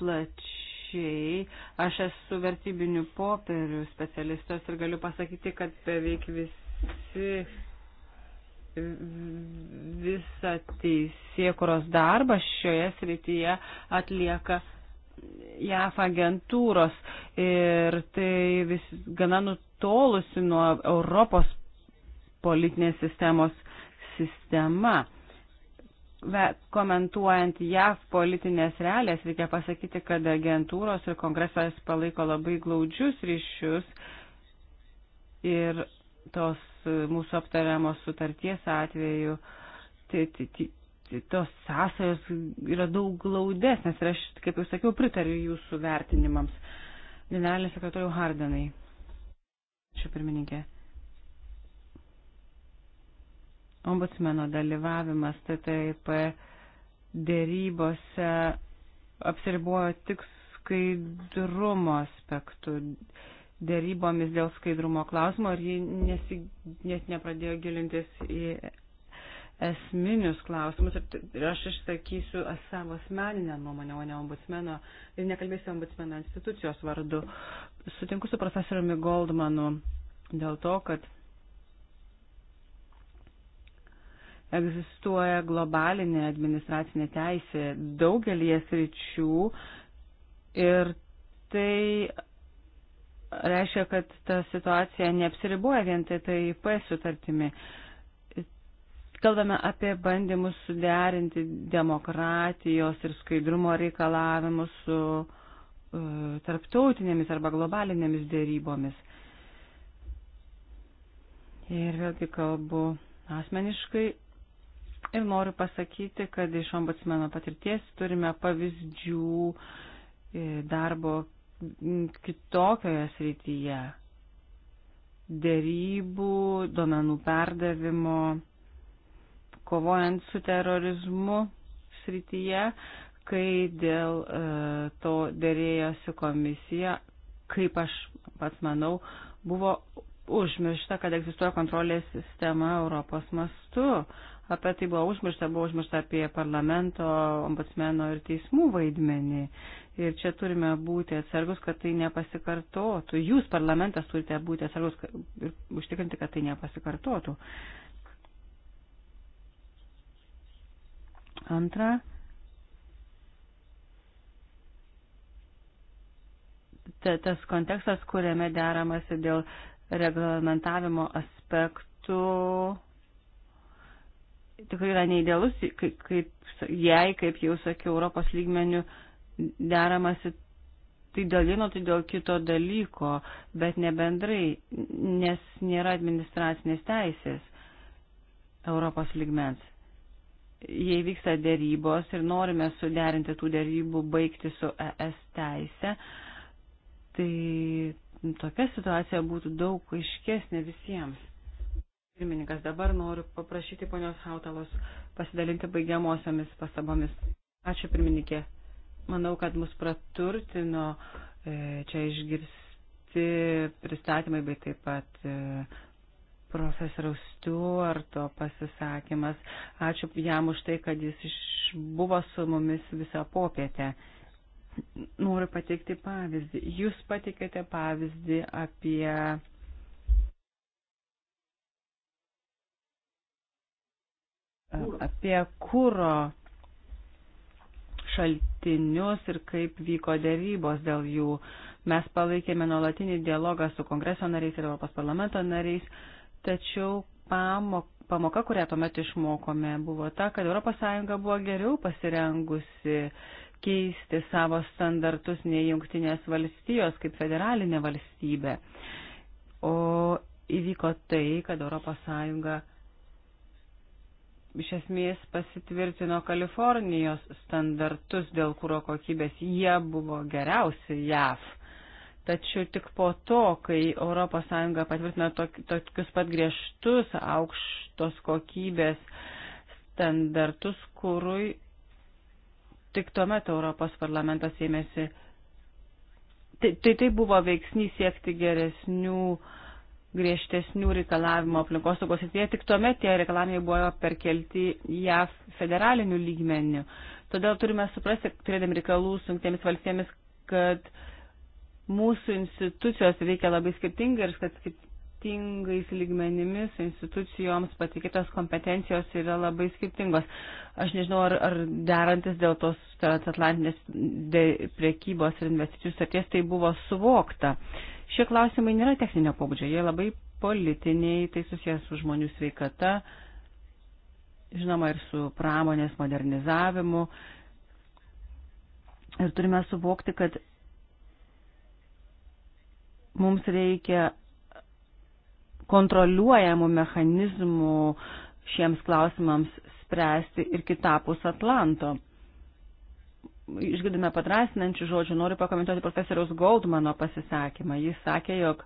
plačiai. Aš esu vertybinių popierių specialistas ir galiu pasakyti, kad beveik visi visą teisėkuros darbą šioje srityje atlieka JAF agentūros ir tai vis gana nutolusi nuo Europos politinės sistemos sistema. Komentuojant JAV politinės realės, reikia pasakyti, kad agentūros ir kongresas palaiko labai glaudžius ryšius ir tos mūsų aptariamos sutarties atveju tai, tai, tai, tos sąsajos yra daug glaudesnės ir aš, kaip jau sakiau, pritariu jūsų vertinimams. Generalinė sekretoriau Hardenai. Ačiū pirmininkė ombudsmeno dalyvavimas TTIP dėrybose apsiribuojo tik skaidrumo aspektu, dėrybomis dėl skaidrumo klausimo ir ji nesi, net nepradėjo gilintis į esminius klausimus ir aš išsakysiu savo asmeninę nuomonę, o ne ombudsmeno ir nekalbėsiu ombudsmeno institucijos vardu. Sutinku su profesoriumi Goldmanu dėl to, kad egzistuoja globalinė administracinė teisė daugelie sričių ir tai reiškia, kad ta situacija neapsiriboja vien tai TIP sutartimi. Kalbame apie bandymus suderinti demokratijos ir skaidrumo reikalavimus su uh, tarptautinėmis arba globalinėmis dėrybomis. Ir vėlgi kalbu asmeniškai Ir noriu pasakyti, kad iš ombudsmeno patirties turime pavyzdžių e, darbo kitokioje srityje - dėrybų, domenų perdavimo, kovojant su terorizmu srityje, kai dėl e, to dėrėjosi komisija, kaip aš pats manau, buvo užmiršta, kad egzistuoja kontrolės sistema Europos mastu apie tai buvo užmiršta, buvo užmiršta apie parlamento, ombudsmeno ir teismų vaidmenį. Ir čia turime būti atsargus, kad tai nepasikartotų. Jūs, parlamentas, turite būti atsargus ir užtikrinti, kad tai nepasikartotų. Antra. Tas kontekstas, kuriame deramasi dėl reglamentavimo aspektų tikrai yra neįdėlus, kaip, kaip jei, kaip jau sakiau, Europos lygmenių deramasi tai dėl vieno, tai dėl kito dalyko, bet ne bendrai, nes nėra administracinės teisės Europos lygmens. Jei vyksta dėrybos ir norime suderinti tų dėrybų baigti su ES teise, tai tokia situacija būtų daug aiškesnė visiems. Pirmininkas, dabar noriu paprašyti ponios Hautalos pasidalinti baigiamosiomis pastabomis. Ačiū, pirmininkė. Manau, kad mus praturtino e, čia išgirsti pristatymai, bet taip pat e, profesoriaus Stuarto pasisakymas. Ačiū jam už tai, kad jis buvo su mumis visą popietę. Noriu pateikti pavyzdį. Jūs pateikėte pavyzdį apie apie kūro šaltinius ir kaip vyko dėrybos dėl jų. Mes palaikėme nuolatinį dialogą su kongreso nariais ir Europos parlamento nariais, tačiau pamoka, kurią tuomet išmokome, buvo ta, kad ES buvo geriau pasirengusi keisti savo standartus nei jungtinės valstijos kaip federalinė valstybė. O įvyko tai, kad ES iš esmės pasitvirtino Kalifornijos standartus dėl kūro kokybės. Jie buvo geriausi JAV. Tačiau tik po to, kai ES patvirtino tokius pat griežtus aukštos kokybės standartus kūrui, tik tuomet Europos parlamentas ėmėsi. Tai, tai, tai buvo veiksnys siekti geresnių uh, griežtesnių reikalavimų aplinkosaugos srityje, tik tuomet tie reikalavimai buvo perkelti JAV federaliniu lygmeniu. Todėl turime suprasti, turėdami reikalų su jungtėmis valstybėmis, kad mūsų institucijos veikia labai skirtingai ir kad skirtingais lygmenimis institucijoms patikėtos kompetencijos yra labai skirtingos. Aš nežinau, ar, ar derantis dėl tos transatlantinės priekybos ir investicijų sarties tai buvo suvokta. Uh, Šie klausimai nėra techninio pobūdžio, jie labai politiniai, tai susijęs su žmonių sveikata, žinoma, ir su pramonės modernizavimu. Ir turime suvokti, kad mums reikia kontroliuojamų mechanizmų šiems klausimams spręsti ir kitapus Atlanto išgirdome padrasinančių žodžių, noriu pakomentuoti profesoriaus Goldmano pasisakymą. Jis sakė, jog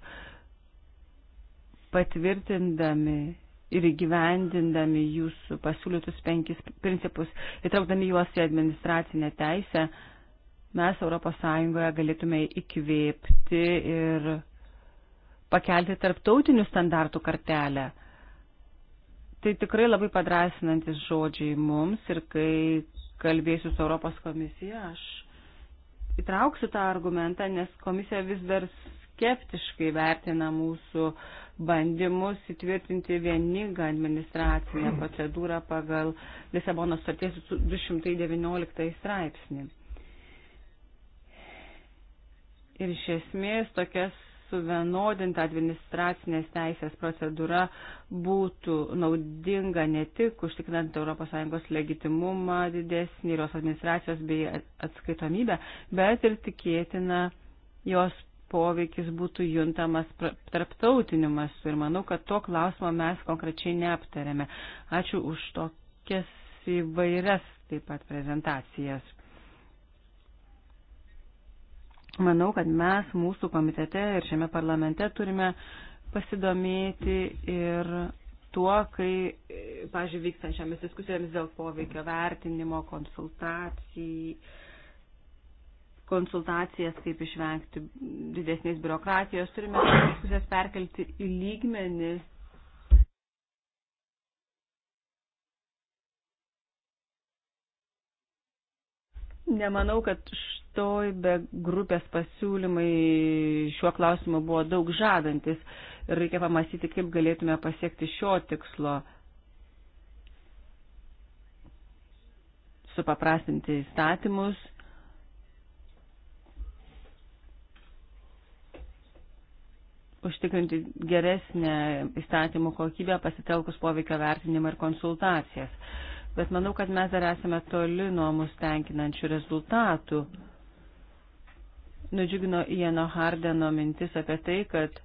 patvirtindami ir įgyvendindami jūsų pasiūlytus penkis principus, įtraukdami juos į administracinę teisę, mes ES galėtume įkvėpti ir pakelti tarptautinių standartų kartelę. Tai tikrai labai padrasinantis žodžiai mums ir kai kalbėsiu su Europos komisija, aš įtrauksiu tą argumentą, nes komisija vis dar skeptiškai vertina mūsų bandymus įtvirtinti vieningą administracinę procedūrą pagal Lisabono starties 219 straipsnį. Ir iš esmės tokias suvienodinta administracinės teisės procedūra būtų naudinga ne tik užtikrinant ES legitimumą didesnį ir jos administracijos bei atskaitomybę, bet ir tikėtina jos poveikis būtų juntamas tarptautiniu mastu. Ir manau, kad to klausimo mes konkrečiai neaptarėme. Ačiū už tokias įvairias taip pat prezentacijas. Manau, kad mes mūsų komitete ir šiame parlamente turime pasidomėti ir tuo, kai, pažiūrėjau, vykstančiamis diskusijomis dėl poveikio vertinimo, konsultacijai, konsultacijas, kaip išvengti didesnės biurokratijos, turime diskusijas perkelti į lygmenį. Nemanau, kad Stoibe grupės pasiūlymai šiuo klausimu buvo daug žadantis ir reikia pamastyti, kaip galėtume pasiekti šio tikslo. Supaprastinti įstatymus. Užtikrinti geresnę įstatymų kokybę pasitelkus poveikio vertinimą ir konsultacijas. Bet manau, kad mes dar esame toli nuo mus tenkinančių rezultatų. Nudžiugino Ieno Hardeno mintis apie tai, kad,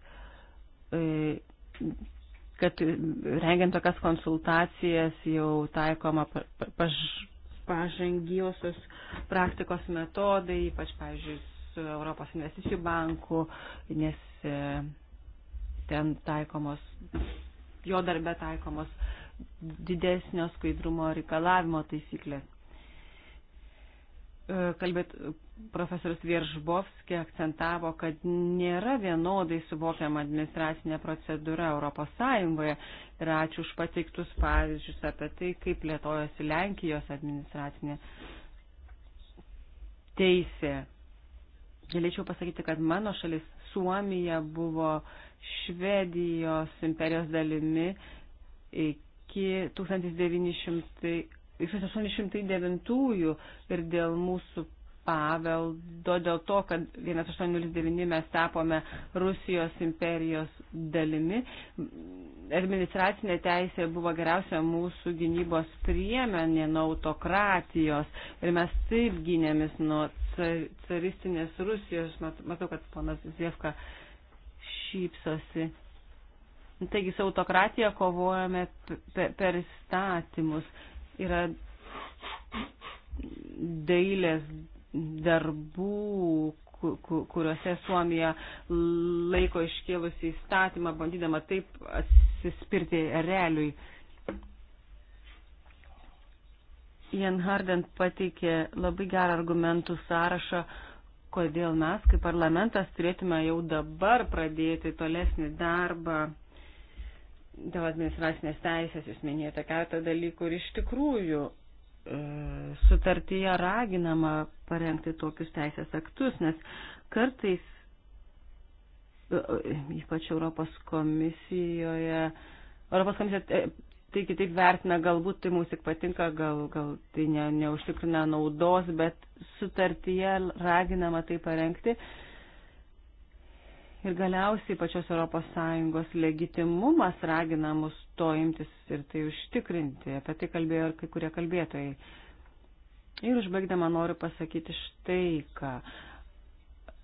e, kad rengiant tokias konsultacijas jau taikoma paž, pažangiosios praktikos metodai, ypač, pavyzdžiui, su Europos investicijų banku, nes e, ten taikomos, jo darbe taikomos didesnio skaidrumo reikalavimo taisyklės. E, kalbėt, profesorius Vieržbovski akcentavo, kad nėra vienodai suvokiama administracinė procedūra Europos Sąjungoje ir ačiū už pateiktus pavyzdžius apie tai, kaip plėtojasi Lenkijos administracinė teisė. Galėčiau pasakyti, kad mano šalis Suomija buvo Švedijos imperijos dalimi iki 1900, 1809 ir dėl mūsų paveldo dėl to, kad 1809 mes tapome Rusijos imperijos dalimi. Administracinė teisė buvo geriausia mūsų gynybos priemenė nuo autokratijos ir mes taip gynėmis nuo caristinės Rusijos. Matau, kad ponas Zievka šypsosi. Taigi su autokratija kovojame per įstatymus. Yra dailės darbų, kuriuose Suomija laiko iškėlusi įstatymą, bandydama taip atsispirti realiui. Ian Harden pateikė labai gerą argumentų sąrašą, kodėl mes kaip parlamentas turėtume jau dabar pradėti tolesnį darbą dėl administracinės teisės. Jūs minėjote keletą dalykų ir iš tikrųjų E, sutartyje raginama parengti tokius teisės aktus, nes kartais, e, e, ypač Europos komisijoje, Europos komisija tai kitaip vertina, galbūt tai mums tik patinka, gal, gal tai ne, neužtikrina naudos, bet sutartyje raginama tai parengti Ir galiausiai pačios ES legitimumas ragina mus to imtis ir tai užtikrinti. Apie tai kalbėjo ir kai kurie kalbėtojai. Ir užbaigdama noriu pasakyti štai ką.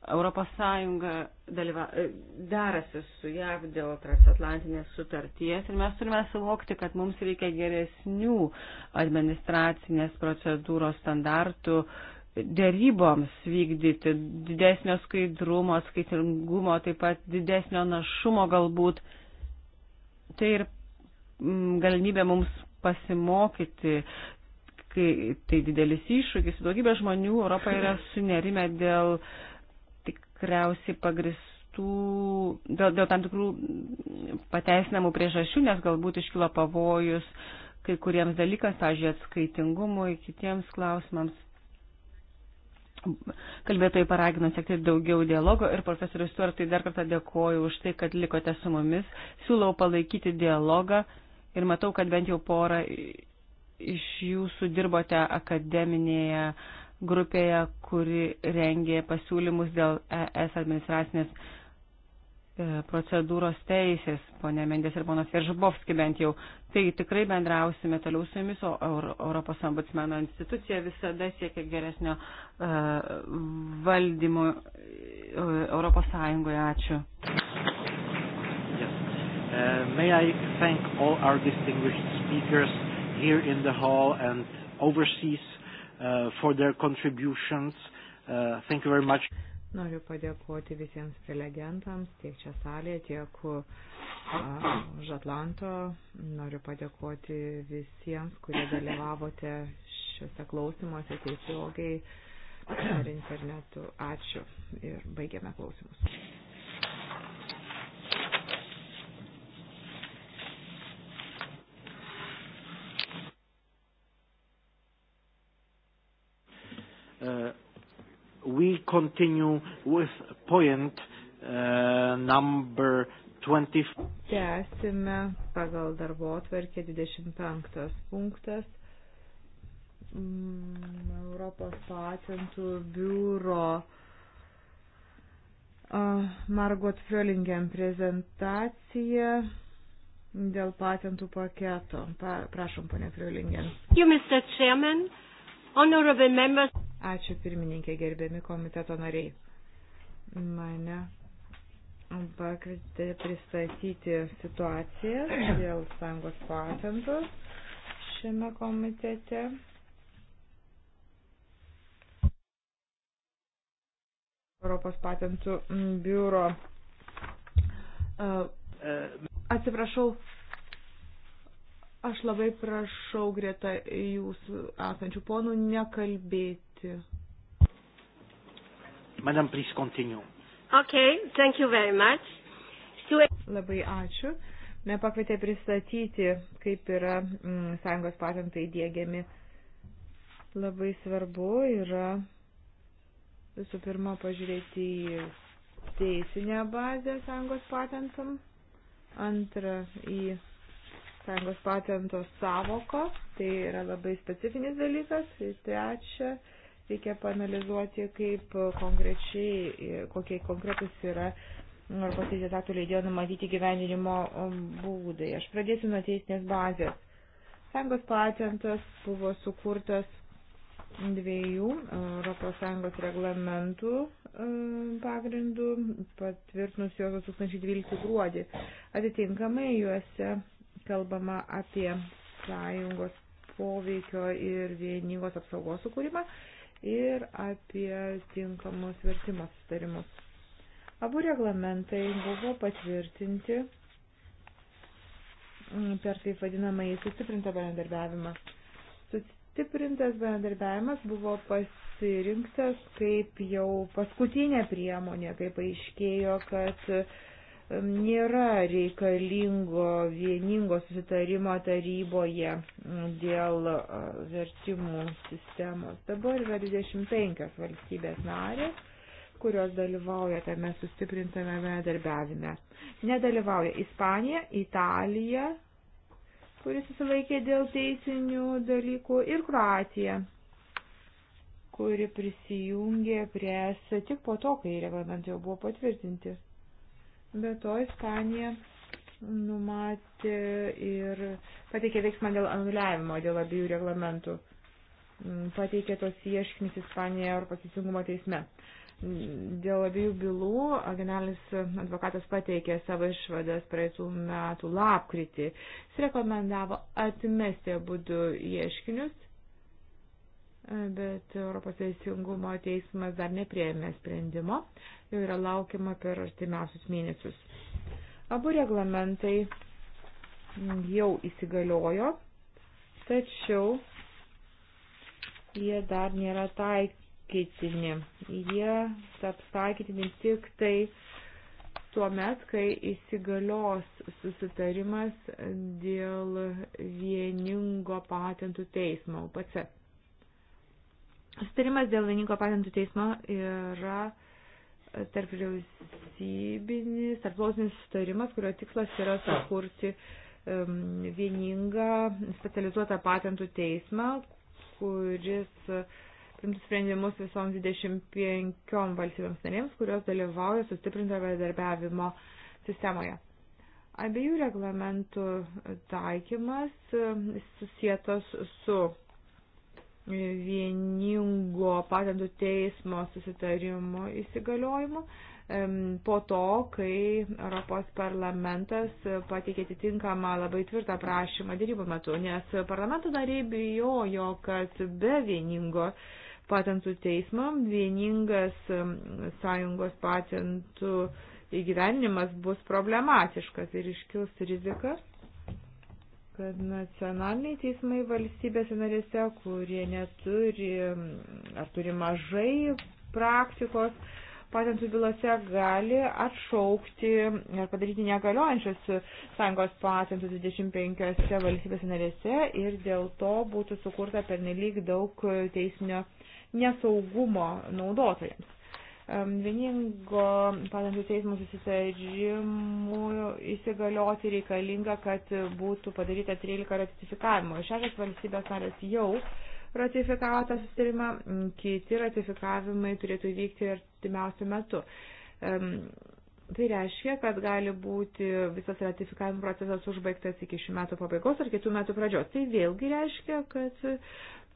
ES dalyva, e, darasi su JAV dėl transatlantinės sutarties ir mes turime suvokti, kad mums reikia geresnių administracinės procedūros standartų, uh, dėryboms vykdyti, didesnio skaidrumo, skaitingumo, taip pat didesnio našumo galbūt. Tai ir mm, galimybė mums pasimokyti, kai tai didelis iššūkis. Daugybė žmonių Europoje yra sunerime dėl tikriausiai pagristų, dėl, dėl tam tikrų pateisinamų priežasčių, nes galbūt iškilo pavojus kai kuriems dalykams, pažiūrėjau, atskaitingumui, kitiems klausimams Kalbėtojai paragino siekti daugiau dialogo ir profesorius Stuartai dar kartą dėkoju už tai, kad likote su mumis. Siūlau palaikyti dialogą ir matau, kad bent jau porą iš jūsų dirbote akademinėje grupėje, kuri rengė pasiūlymus dėl ES administracinės E, procedūros teisės, ponė Mendės ir ponas Jeržbovski bent jau. Tai tikrai bendrausime toliau su jumis, o Europos ombudsmeno institucija visada siekia geresnio uh, valdymo uh, Europos Sąjungoje. Ačiū. Yes. Uh, may I thank all our distinguished speakers here in the hall and overseas uh, for their contributions. Uh, thank you very much. Noriu padėkoti visiems prelegentams, tiek čia salėje, tiek už Atlanto. Noriu padėkoti visiems, kurie dalyvavote šiuose klausimuose tiesiogiai ar internetu. Ačiū ir baigiame klausimus. continue with point uh, number 20. Tęsime pagal darbo atverkę 25 punktas. Mm, Europos patentų biuro Margot Frölingen prezentacija dėl patentų paketo. Pa, prašom, ponė Frölingen. You, Mr. Chairman, honorable members. Ačiū pirmininkė, gerbiami komiteto nariai. Mane pakvietė pristatyti situaciją dėl sąjungos patentų šiame komitete. Europos patentų biuro. Atsiprašau, aš labai prašau greta jūsų esančių ponų nekalbėti balsuoti. Madam, please continue. Okay, thank you very much. Stu... Labai ačiū. Nepakvietė pristatyti, kaip yra mm, sąjungos patentai dėgiami. Labai svarbu yra visų pirma pažiūrėti į teisinę bazę sąjungos patentam, antrą į sąjungos patento savoką, tai yra labai specifinis dalykas, ir trečia reikia panalizuoti, kaip konkrečiai, kokie konkretus yra arba teisės aktų leidėjo numatyti gyvendinimo um, būdai. Aš pradėsiu nuo teisinės bazės. Sąjungos patentas buvo sukurtas dviejų uh, ES reglamentų uh, pagrindų, patvirtinus juos 2012 gruodį. Atitinkamai juose kalbama apie sąjungos poveikio ir vieningos apsaugos sukūrimą ir apie tinkamus vertimo sustarimus. Abu reglamentai buvo patvirtinti per taip vadinamąjį sustiprintą bendradarbiavimą. Sustiprintas bendradarbiavimas buvo pasirinktas kaip jau paskutinė priemonė, kaip aiškėjo, kad nėra reikalingo vieningo susitarimo taryboje dėl vertimų sistemos. Dabar yra 25 valstybės narės kurios dalyvauja tame sustiprintame bendarbiavime. Nedalyvauja Ispanija, Italija, kuris susilaikė dėl teisinių dalykų, ir Kroatija, kuri prisijungė prie S tik po to, kai reglamentai jau buvo patvirtinti. Be to, Ispanija numatė ir pateikė veiksmą dėl anuliavimo, dėl abiejų reglamentų. Mm, pateikė tos ieškinius Ispanija Europos teisingumo teisme. Mm, dėl abiejų bylų generalinis advokatas pateikė savo išvadas praeitų metų lapkritį. Jis rekomendavo atmesti abu du ieškinius bet Europos teisingumo teismas dar neprieėmė sprendimo, jau yra laukiama per artimiausius mėnesius. Abu reglamentai jau įsigaliojo, tačiau jie dar nėra taikytini. Jie taps taikytini tik tai tuo met, kai įsigalios susitarimas dėl vieningo patentų teismo UPC. Sustarimas dėl vieningo patentų teismo yra e, tarp vyriausybinis, tarp klausinis sustarimas, kurio tikslas yra sukurti um, vieningą specializuotą patentų teismą, kuris e, primtų sprendimus visoms 25 valstybėms narėms, kurios dalyvauja sustiprinto bendarbiavimo sistemoje. Abiejų reglamentų taikymas e, susijęs su vieningo patentų teismo susitarimo įsigaliojimu po to, kai Europos parlamentas pateikė atitinkamą labai tvirtą prašymą dėrybų metu, nes parlamento nariai bijojo, kad be vieningo patentų teismo vieningas sąjungos patentų įgyvenimas bus problematiškas ir iškils rizika kad nacionaliniai teismai valstybėse narėse, kurie neturi ar turi mažai praktikos patentų bylose, gali atšaukti ir padaryti negaliojančius sąjungos patentus 25 valstybėse narėse ir dėl to būtų sukurta pernelyg daug teisinio nesaugumo naudotojams vieningo palankių teismų susitarimų įsigalioti reikalinga, kad būtų padaryta 13 ratifikavimo. Šešias valstybės narės jau ratifikavo tą susitarimą, kiti ratifikavimai turėtų vykti artimiausių metų. Tai reiškia, kad gali būti visas ratifikavimo procesas užbaigtas iki šių metų pabaigos ar kitų metų pradžios. Tai vėlgi reiškia, kad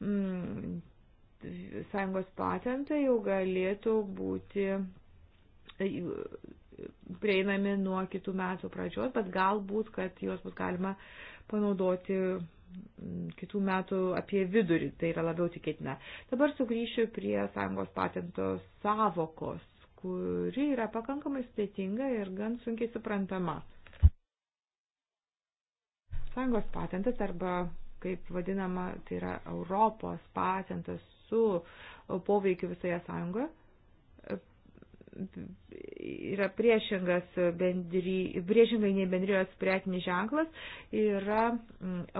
mm, sąjungos patentai jau galėtų būti e, prieinami nuo kitų metų pradžios, bet galbūt, kad juos bus galima panaudoti kitų metų apie vidurį, tai yra labiau tikėtina. Dabar sugrįšiu prie sąjungos patento savokos, kuri yra pakankamai sudėtinga ir gan sunkiai suprantama. Sąjungos patentas arba kaip vadinama, tai yra Europos patentas su poveikiu visoje sąjungoje yra priešingas bendry, priešingai nei bendrijos prekinis ženklas, yra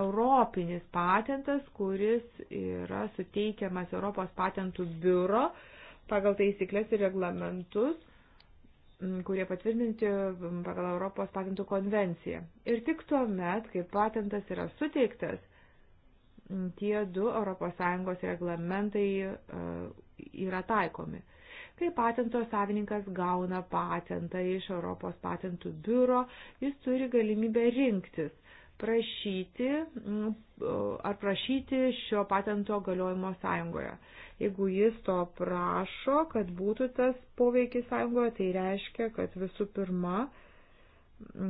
europinis patentas, kuris yra suteikiamas Europos patentų biuro pagal taisyklės ir reglamentus, kurie patvirtinti pagal Europos patentų konvenciją. Ir tik tuo met, kai patentas yra suteiktas, tie du ES reglamentai e, yra taikomi. Kai patento savininkas gauna patentą iš Europos patentų biuro, jis turi galimybę rinktis prašyti e, ar prašyti šio patento galiojimo sąjungoje. Jeigu jis to prašo, kad būtų tas poveikis sąjungoje, tai reiškia, kad visų pirma,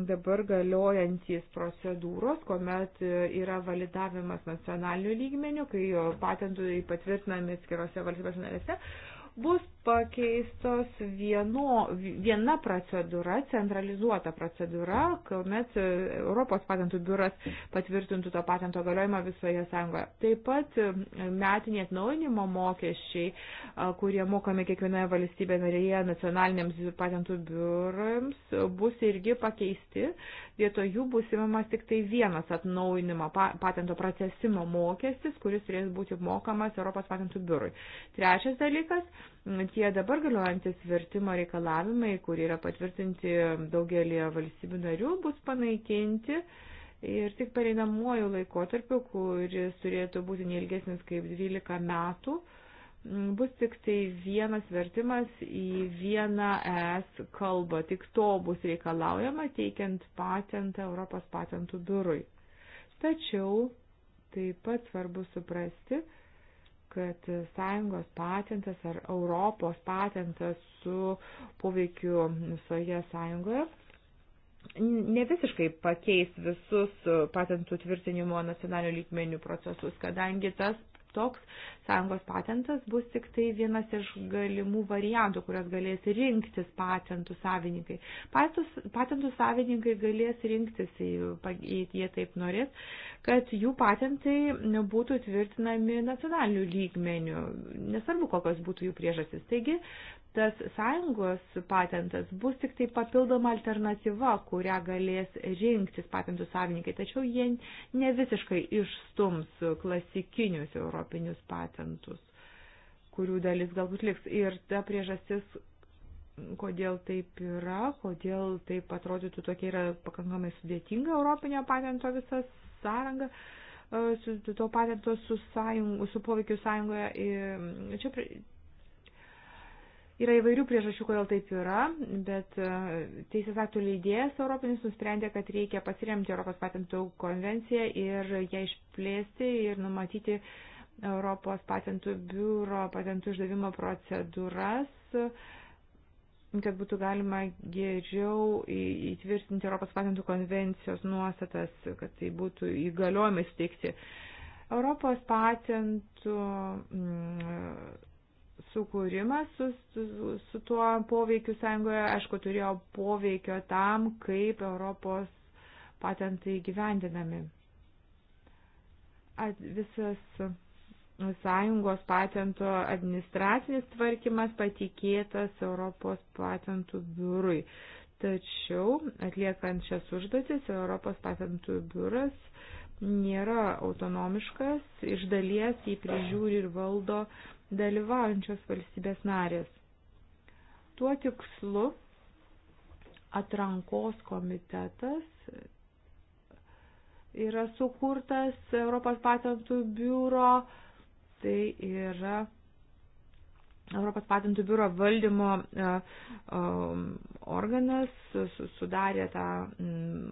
dabar galiojantis procedūros, kuomet yra validavimas nacionaliniu lygmeniu, kai patentų patvirtinami skiriose valstybės narėse, bus pakeistos vieno, viena procedūra, centralizuota procedūra, kuomet Europos patentų biuras patvirtintų to patento galiojimą visoje sąjungoje. Taip pat e, metiniai atnaujinimo mokesčiai, kurie mokami kiekvienoje valstybėje narėje nacionaliniams patentų biurams, bus irgi pakeisti. Vietoj jų bus įmamas tik tai vienas atnaujinimo patento procesimo mokestis, kuris turės būti mokamas Europos patentų biurui. Trečias dalykas tie dabar galiojantis vertimo reikalavimai, kur yra patvirtinti daugelį valstybių narių, bus panaikinti ir tik pereinamuoju laikotarpiu, kuris turėtų būti neilgesnis kaip 12 metų, bus tik tai vienas vertimas į vieną ES kalbą. Tik to bus reikalaujama teikiant patentą Europos patentų biurui. Tačiau taip pat svarbu suprasti, kad sąjungos patentas ar Europos patentas su poveikiu visoje sąjungoje ne visiškai pakeis visus patentų tvirtinimo nacionalinių lygmenių procesus, kadangi tas toks sąjungos patentas bus tik tai vienas iš galimų variantų, kurias galės rinktis patentų savininkai. Patus, patentų savininkai galės rinktis, jei jie taip norės, kad jų patentai būtų tvirtinami nacionaliniu lygmeniu, nesvarbu kokios būtų jų priežastis. Taigi, tas sąjungos patentas bus tik tai papildoma alternatyva, kurią galės rinktis patentų savininkai, tačiau jie ne visiškai išstums klasikinius europinius patentus, kurių dalis galbūt liks. Ir ta priežastis, kodėl taip yra, kodėl taip atrodytų tokia yra pakankamai sudėtinga europinio patento visa sąranga e, su to patento su, sąjung, su poveikiu sąjungoje. Čia Yra įvairių priežasčių, kodėl taip yra, bet e, teisės aktų leidėjas Europinis nusprendė, kad reikia pasiremti Europos patentų konvenciją ir ją išplėsti ir numatyti Europos patentų biuro patentų išdavimo procedūras, kad būtų galima geriau įtvirtinti Europos patentų konvencijos nuostatas, kad tai būtų įgaliojimai steigti. Europos patentų. Mm, sukūrimas su, su, su tuo poveikiu sąjungoje, aišku, turėjo poveikio tam, kaip Europos patentai gyvendinami. At, visas sąjungos patento administracinis tvarkymas patikėtas Europos patentų biurui. Tačiau atliekant šias užduotis, Europos patentų biuras nėra autonomiškas, iš dalies jį prižiūri ir valdo uh, dalyvaujančios valstybės narės. Tuo tikslu atrankos komitetas yra sukurtas Europos patentų biuro, tai yra Europos patentų biuro valdymo e, e, organas sudarė tą mm,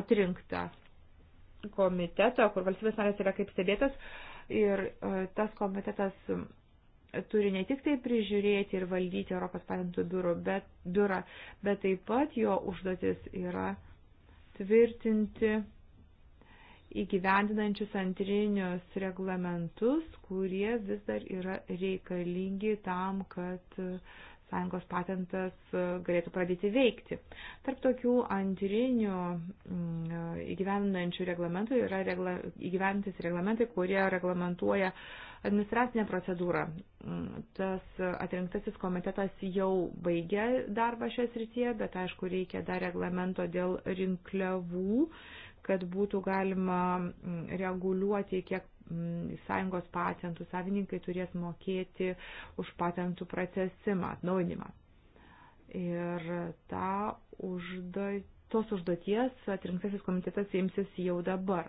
atrinktą komitetą, kur valstybės narės yra kaip stebėtas, Ir e, tas komitetas turi ne tik tai prižiūrėti ir valdyti Europos patentų biurų, bet, biurą, bet taip pat jo užduotis yra tvirtinti įgyvendinančius antrinius reglamentus, kurie vis dar yra reikalingi tam, kad uh, sąjungos patentas e, galėtų pradėti veikti. Tarp tokių antrinių mm, e, įgyvendinančių reglamentų yra regla, įgyvendintis reglamentai, kurie reglamentuoja administracinę procedūrą. Mm, tas atrinktasis komitetas jau baigė darbą šią srityje, bet aišku reikia dar reglamento dėl rinkliavų kad būtų galima mm, reguliuoti, kiek mm, sąjungos patentų savininkai turės mokėti už patentų pratesimą, atnaujinimą. Ir ta užduotis tos užduoties atrinktasis komitetas imsis jau dabar.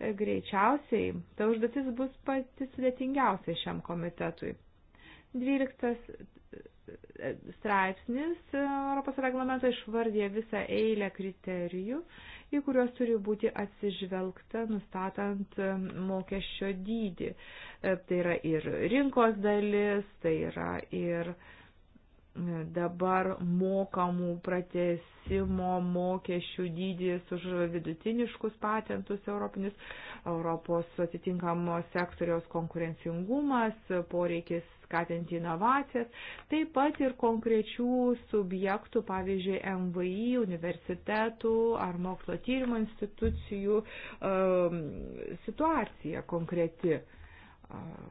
Greičiausiai ta užduotis bus pati sudėtingiausia šiam komitetui. 12 e, e, straipsnis e, Europos reglamento išvardė visą eilę kriterijų į kuriuos turi būti atsižvelgta, nustatant mokesčio dydį. E, tai yra ir rinkos dalis, tai yra ir e, dabar mokamų pratesimo mokesčių dydis už vidutiniškus patentus europinius, Europos atitinkamos sektoriaus konkurencingumas, poreikis skatinti inovacijas, taip pat ir konkrečių subjektų, pavyzdžiui, MVI, universitetų ar mokslo tyrimo institucijų um, situacija konkreti. Uh,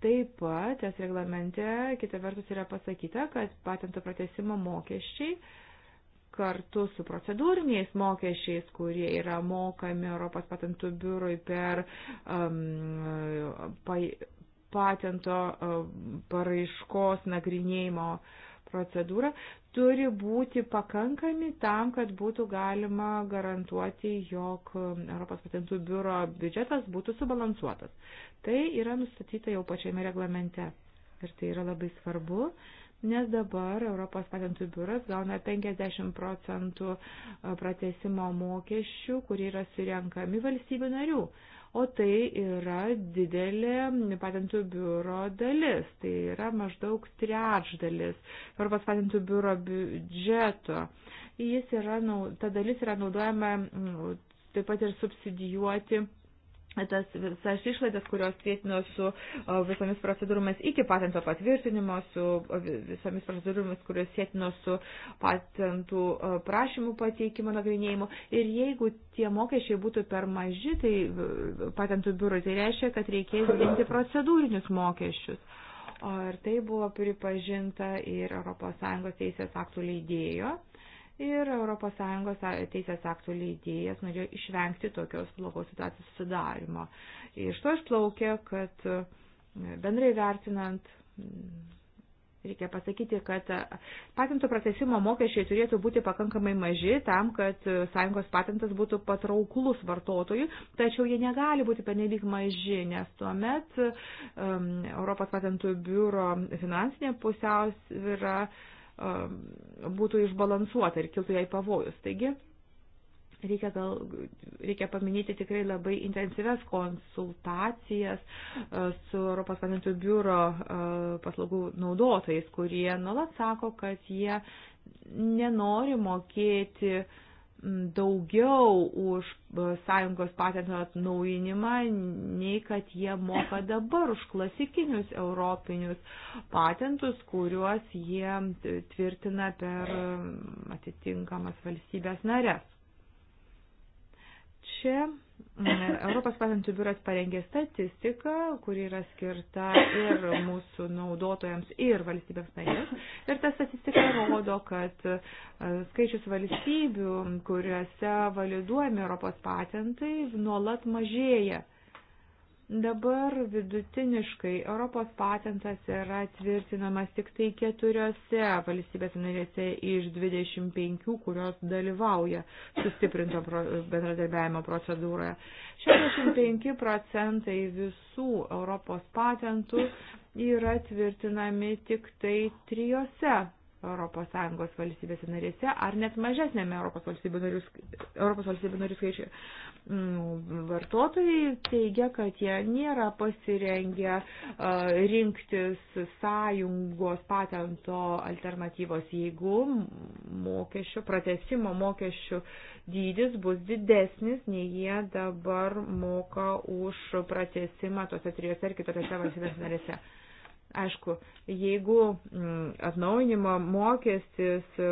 taip pat, tas reglamente, kita vertus, yra pasakyta, kad patento pratesimo mokesčiai kartu su procedūriniais mokesčiais, kurie yra mokami Europos patentų biurui per um, pa, patento e, paraiškos nagrinėjimo procedūrą, turi būti pakankami tam, kad būtų galima garantuoti, jog Europos patentų biuro biudžetas būtų subalansuotas. Tai yra nustatyta jau pačiame reglamente. Ir tai yra labai svarbu, nes dabar Europos patentų biuras gauna 50 procentų pratesimo mokesčių, kurie yra surenkami valstybių narių o tai yra didelė patentų biuro dalis, tai yra maždaug trečdalis Europos patentų biuro biudžeto. Jis yra, ta dalis yra naudojama taip pat ir subsidijuoti tas visas išlaidas, kurios tvirtino su visomis procedūromis iki patento patvirtinimo, su visomis procedūromis, kurios sėtino su patentų prašymų pateikimo nagrinėjimu. Ir jeigu tie mokesčiai būtų per maži, tai patentų biurui tai reiškia, kad reikės didinti procedūrinius mokesčius. O ir tai buvo pripažinta ir ES teisės aktų leidėjo ir ES teisės aktų leidėjas norėjo išvengti tokios blogos situacijos sudarimo. Iš to išplaukė, kad e, bendrai vertinant, mm, reikia pasakyti, kad e, patentų pratesimo mokesčiai turėtų būti pakankamai maži tam, kad e, sąjungos patentas būtų patrauklus vartotojui, tačiau jie negali būti pernelyg maži, nes tuomet um, Europos patentų biuro finansinė pusiausvyra uh, Um, būtų išbalansuota ir kiltų jai pavojus. Taigi, reikia, gal, reikia paminėti tikrai labai intensyves konsultacijas uh, su Europos patentų biuro uh, paslaugų naudotojais, kurie nuolat sako, kad jie nenori mokėti uh, daugiau už e, sąjungos patento atnaujinimą, nei kad jie moka dabar už klasikinius europinius patentus, kuriuos jie tvirtina per atitinkamas valstybės narės. Čia mm, Europos patentų biuras parengė statistiką, kuri yra skirta ir mūsų naudotojams, ir valstybėms narėms. Ir ta statistika rodo, kad e, skaičius valstybių, kuriuose validuojami Europos patentai, nuolat mažėja. Dabar vidutiniškai Europos patentas yra tvirtinamas tik tai keturiose valstybės narėse iš 25, kurios dalyvauja sustiprinto bendradarbiavimo procedūroje. 65 procentai visų Europos patentų yra tvirtinami tik tai trijose ES valstybėse narėse, ar net mažesnėme ES valstybių narių, ES valstybių narių skaičiuje. Mm, vartotojai teigia, kad jie nėra pasirengę rinktis sąjungos patento alternatyvos, jeigu mokesčių, pratesimo mokesčių dydis bus didesnis, nei jie dabar moka už pratesimą tose trijose ar kitose valstybės narėse. Aišku, jeigu mm, atnaujinimo mokestis e,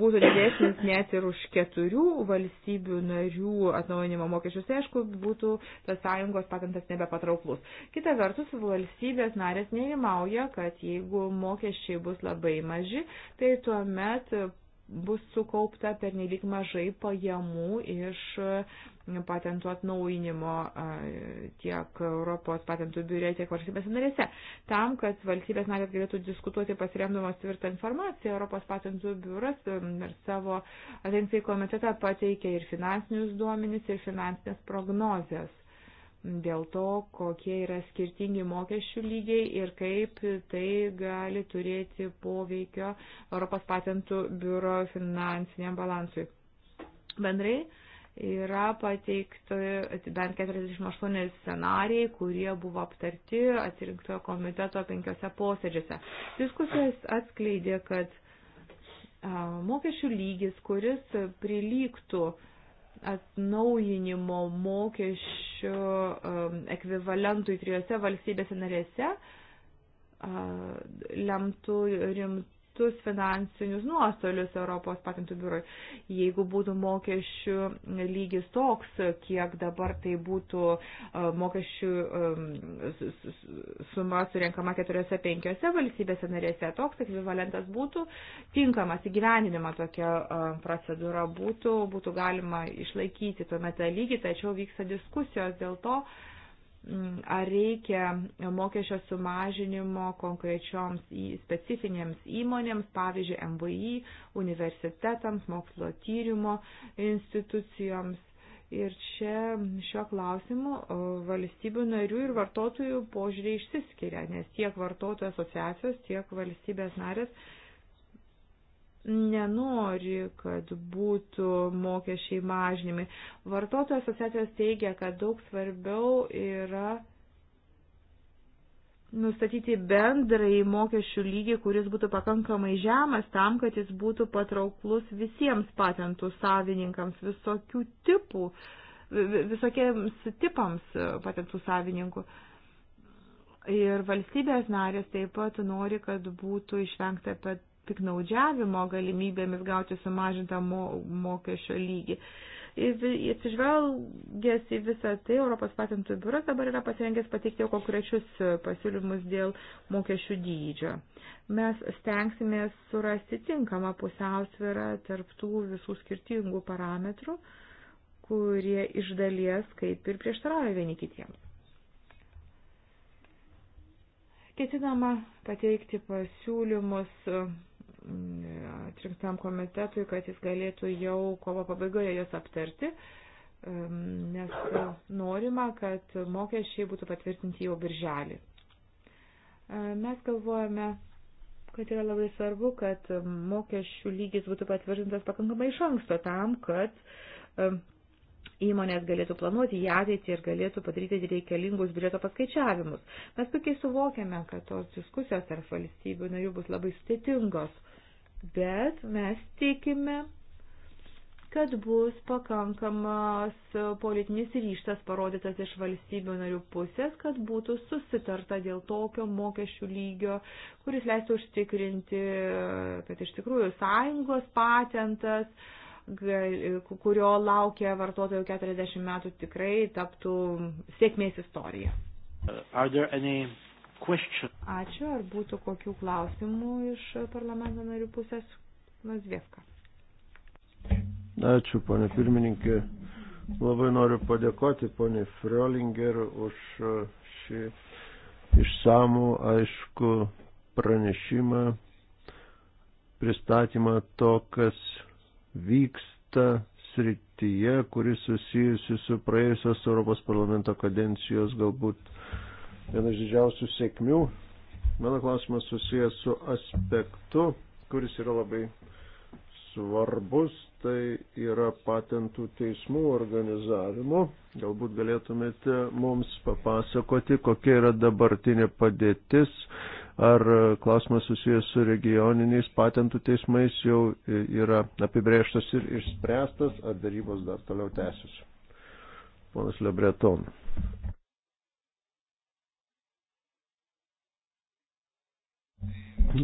būtų didesnis net ir už keturių valstybių narių atnaujinimo mokesčius, tai aišku, būtų tas sąjungos patentas nebepatrauklus. Kita vertus, valstybės narės nerimauja, kad jeigu mokesčiai bus labai maži, tai tuomet bus sukaupta per nelik mažai pajamų iš patentų atnaujinimo tiek Europos patentų biure, tiek valstybės narėse. Tam, kad valstybės narės galėtų diskutuoti pasiremdamas tvirtą informaciją, Europos patentų biuras ir savo atencijai komitetą pateikia ir finansinius duomenis, ir finansinės prognozes dėl to, kokie yra skirtingi mokesčių lygiai ir kaip tai gali turėti poveikio Europos patentų biuro finansiniam balansui. Bendrai yra pateikti bent 48 scenarijai, kurie buvo aptarti atsirinktojo komiteto penkiose posėdžiuose. Diskusijos atskleidė, kad mokesčių lygis, kuris prilygtų uh, atnaujinimo mokesčių um, ekvivalentui trijose valstybėse narėse lemtų rimtų kitus finansinius nuostolius Europos patentų biuroj. Jeigu būtų mokesčių lygis toks, kiek dabar tai būtų e, mokesčių e, suma surinkama keturiose penkiose valstybėse narėse, toks ekvivalentas būtų tinkamas įgyvendinimą tokia e, procedūra būtų, būtų galima išlaikyti tuomet tą lygį, tačiau vyksta diskusijos dėl to, Mm, ar reikia mokesčio sumažinimo konkrečioms specifinėms įmonėms, pavyzdžiui, MVI, universitetams, mokslo tyrimo institucijoms. Ir čia šiuo klausimu e, valstybių narių ir vartotojų požiūriai išsiskiria, nes tiek vartotojų asociacijos, tiek valstybės narės nenori, kad būtų mokesčiai mažinimai. Vartotojų asociacijos teigia, kad daug svarbiau yra nustatyti bendrai mokesčių lygį, kuris būtų pakankamai žemas tam, kad jis būtų patrauklus visiems patentų savininkams, visokių tipų, visokiems tipams patentų savininkų. Ir valstybės narės taip pat nori, kad būtų išvengta piknaudžiavimo galimybėmis gauti sumažintą mo, mokesčio lygį. Atsižvelgęs į visą tai, Europos patentų biuras dabar yra pasirengęs pateikti jau konkrečius pasiūlymus dėl mokesčių dydžio. Mes stengsimės surasti tinkamą pusiausvyrą tarptų visų skirtingų parametrų, kurie iš dalies kaip ir prieštarauja vieni kitiems. Ketinama pateikti pasiūlymus atrinktam komitetui, kad jis galėtų jau kovo pabaigoje jos aptarti, nes norima, kad mokesčiai būtų patvirtinti jau birželį. E, mes galvojame, kad yra labai svarbu, kad mokesčių lygis būtų patvirtintas pakankamai iš anksto tam, kad įmonės galėtų planuoti į ateitį ir galėtų padaryti reikalingus biudžeto paskaičiavimus. Mes puikiai suvokiame, kad tos diskusijos tarp valstybių narių bus labai sudėtingos bet mes tikime, kad bus pakankamas politinis ryštas parodytas iš valstybių narių pusės, kad būtų susitarta dėl tokio mokesčių lygio, kuris leistų užtikrinti, kad iš tikrųjų sąjungos patentas, kurio laukia vartotojų 40 metų, tikrai taptų sėkmės istorija. Any... Ačiū. Ar būtų kokių klausimų iš parlamento narių pusės? Nazvievka. Ačiū, ponė pirmininkė. Labai noriu padėkoti ponė Friolinger už šį išsamų, aišku, pranešimą, pristatymą to, kas vyksta srityje, kuris susijusi su praėjusios Europos parlamento kadencijos galbūt viena iš didžiausių sėkmių. Mano klausimas susijęs su aspektu, kuris yra labai svarbus, tai yra patentų teismų organizavimo. Galbūt galėtumėte mums papasakoti, kokia yra dabartinė padėtis, ar klausimas susijęs su regioniniais patentų teismais jau yra apibrėžtas ir išspręstas, ar darybos dar toliau tęsiasi. Ponas Lebreton.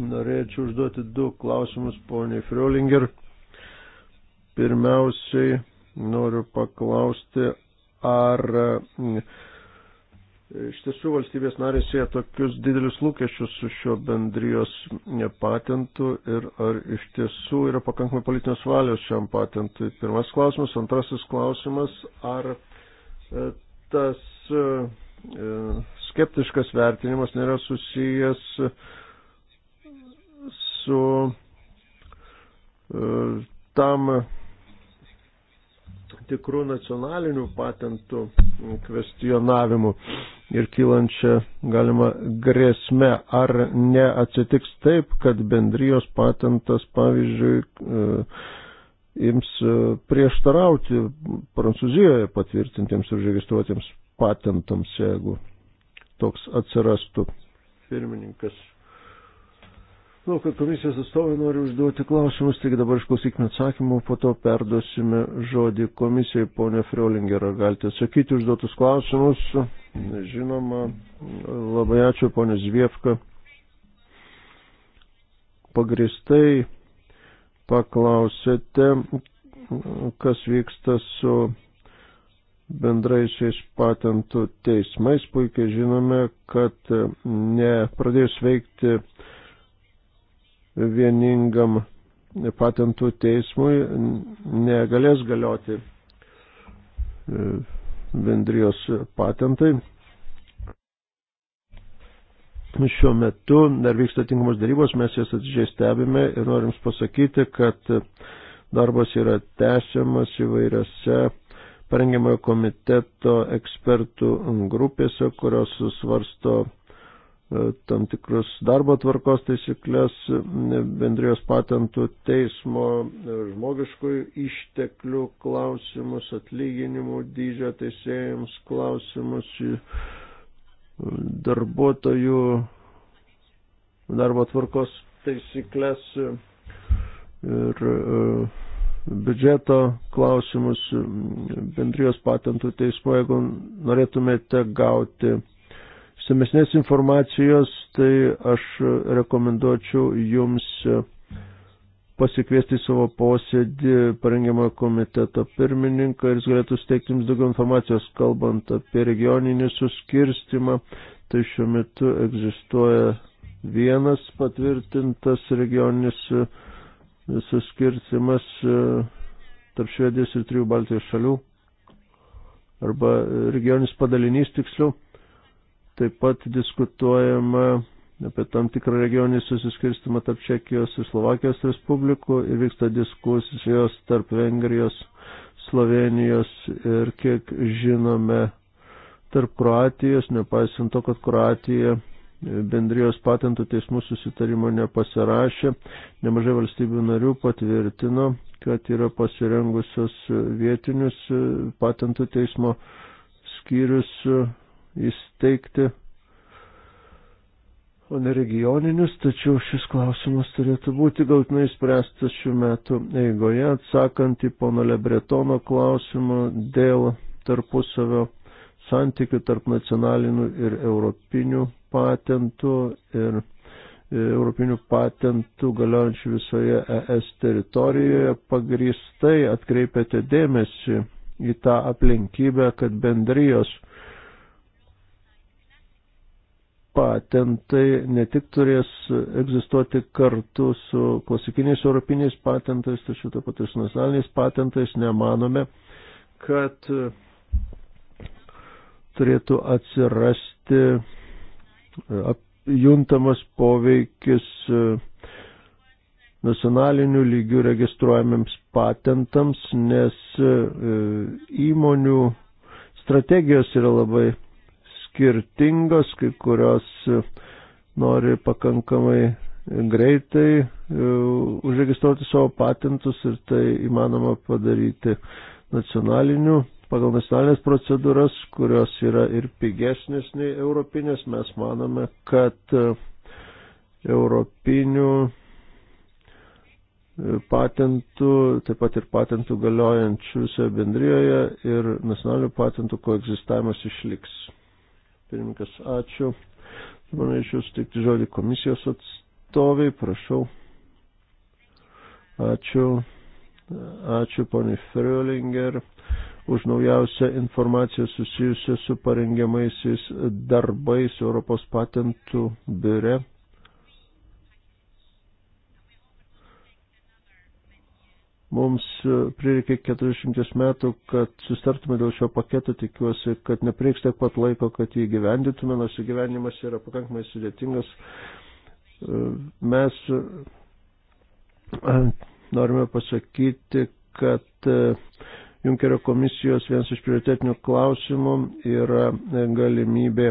norėčiau užduoti du klausimus poniai Friolinger. Pirmiausiai noriu paklausti, ar mm, iš tiesų valstybės narės jie tokius didelius lūkesčius su šio bendrijos patentu ir ar iš tiesų yra pakankamai politinės valios šiam patentui. Pirmas klausimas. Antrasis klausimas, ar e, tas e, e, skeptiškas vertinimas nėra susijęs su e, tam tikrų nacionalinių patentų kvestionavimu ir kylančia galima grėsme. Ar neatsitiks taip, kad bendrijos patentas, pavyzdžiui, e, ims prieštarauti Prancūzijoje patvirtintiems ir registruotiems patentams, jeigu toks atsirastų pirmininkas. Manau, kad komisijos atstovai nori užduoti klausimus, tik dabar išklausykime atsakymų, po to perduosime žodį komisijai, ponė Friolinger, ar galite atsakyti užduotus klausimus? Žinoma, labai ačiū, ponė Zviefka. Pagristai paklausėte, kas vyksta su bendraisiais patentų teismais. Puikiai žinome, kad nepradėjus veikti vieningam patentų teismui negalės galioti e, bendrijos patentai. Šiuo metu dar vyksta tinkamos darybos, mes jas atidžiai stebime ir norim pasakyti, kad darbas yra tęsiamas įvairiose parengiamojo komiteto ekspertų grupėse, kurios svarsto E, tam tikrus darbo tvarkos taisyklės e, bendrijos patentų teismo e, žmogiškųjų išteklių klausimus, atlyginimų dydžio teisėjams klausimus, darbuotojų darbo tvarkos taisyklės ir biudžeto klausimus bendrijos patentų teismo, jeigu norėtumėte gauti samesnės informacijos, tai aš rekomenduočiau jums e, pasikviesti savo posėdį parengiamą komiteto pirmininką ir jis galėtų steigti jums daugiau informacijos, kalbant apie regioninį suskirstimą. Tai šiuo metu egzistuoja vienas patvirtintas regioninis e, suskirstimas e, tarp Švedijos ir trijų Baltijos šalių arba regionis padalinys tiksliau. Taip pat diskutuojama apie tam tikrą regioninį susiskirstimą tarp Čekijos ir Slovakijos respublikų ir vyksta diskusijos tarp Vengrijos, Slovenijos ir, kiek žinome, tarp Kroatijos, nepaisant to, kad Kroatija bendrijos patentų teismų susitarimo nepasirašė, nemažai valstybių narių patvirtino, kad yra pasirengusios vietinius patentų teismo skyrius įsteigti, o ne regioninius, tačiau šis klausimas turėtų būti galtinai spręstas šių metų eigoje, atsakant į pono Lebretono klausimą dėl tarpusavio santykių tarp nacionalinių ir europinių patentų ir e, europinių patentų galiojančių visoje ES teritorijoje pagristai atkreipiate dėmesį į tą aplinkybę, kad bendrijos patentai ne tik turės egzistuoti kartu su klasikiniais europiniais patentais, tačiau taip pat ir su nacionaliniais patentais, nemanome, kad turėtų atsirasti e, juntamas poveikis e, nacionaliniu lygiu registruojamiems patentams, nes e, įmonių strategijos yra labai skirtingos, kai kurios e, nori pakankamai greitai e, užregistruoti savo patentus ir tai įmanoma padaryti nacionaliniu, pagal nacionalinės procedūras, kurios yra ir pigesnės nei europinės. Mes manome, kad e, europinių patentų, taip pat ir patentų galiojančių visoje bendrijoje ir nacionalinių patentų koegzistavimas išliks. Pirmininkas, ačiū. Norėčiau sutikti žodį komisijos atstoviai, prašau. Ačiū. Ačiū poniai Frölinger už naujausią informaciją susijusią su parengiamaisiais darbais Europos patentų biure. Mums e, prireikė 40 metų, kad sustartume dėl šio paketo, tikiuosi, kad nepreiks tiek pat laiko, kad jį gyvendytume, nors gyvenimas yra pakankamai sudėtingas. E, mes e, norime pasakyti, kad Junkerio komisijos vienas iš prioritetinių klausimų yra galimybė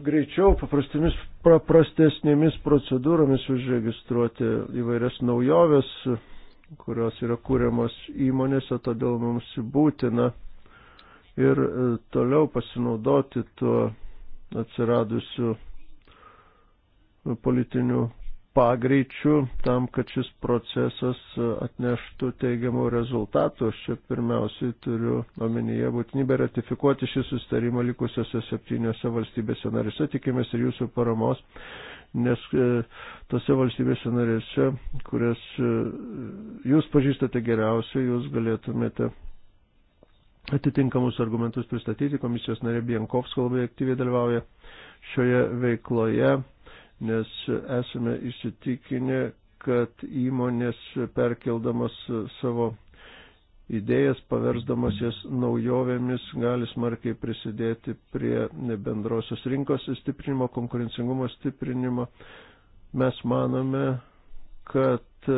greičiau, paprastomis, paprastesnėmis procedūromis užregistruoti įvairias naujoves, kurios yra kūriamos įmonėse, todėl mums būtina ir e, toliau pasinaudoti tuo atsiradusiu politiniu pagreičiu tam, kad šis procesas atneštų teigiamų rezultatų. Aš čia pirmiausiai turiu omenyje būtinybę ratifikuoti šį sustarimą likusiose septyniose valstybėse narėse. Tikimės ir jūsų paramos, nes e, tose valstybėse narėse, kurias e, jūs pažįstate geriausiai, jūs galėtumėte atitinkamus argumentus pristatyti. Komisijos narė Bienkovska labai aktyviai dalyvauja šioje veikloje nes esame įsitikinę, kad įmonės perkeldamas savo idėjas, paversdamas jas naujovėmis, gali smarkiai prisidėti prie bendrosios rinkos stiprinimo, konkurencingumo stiprinimo. Mes manome, kad e,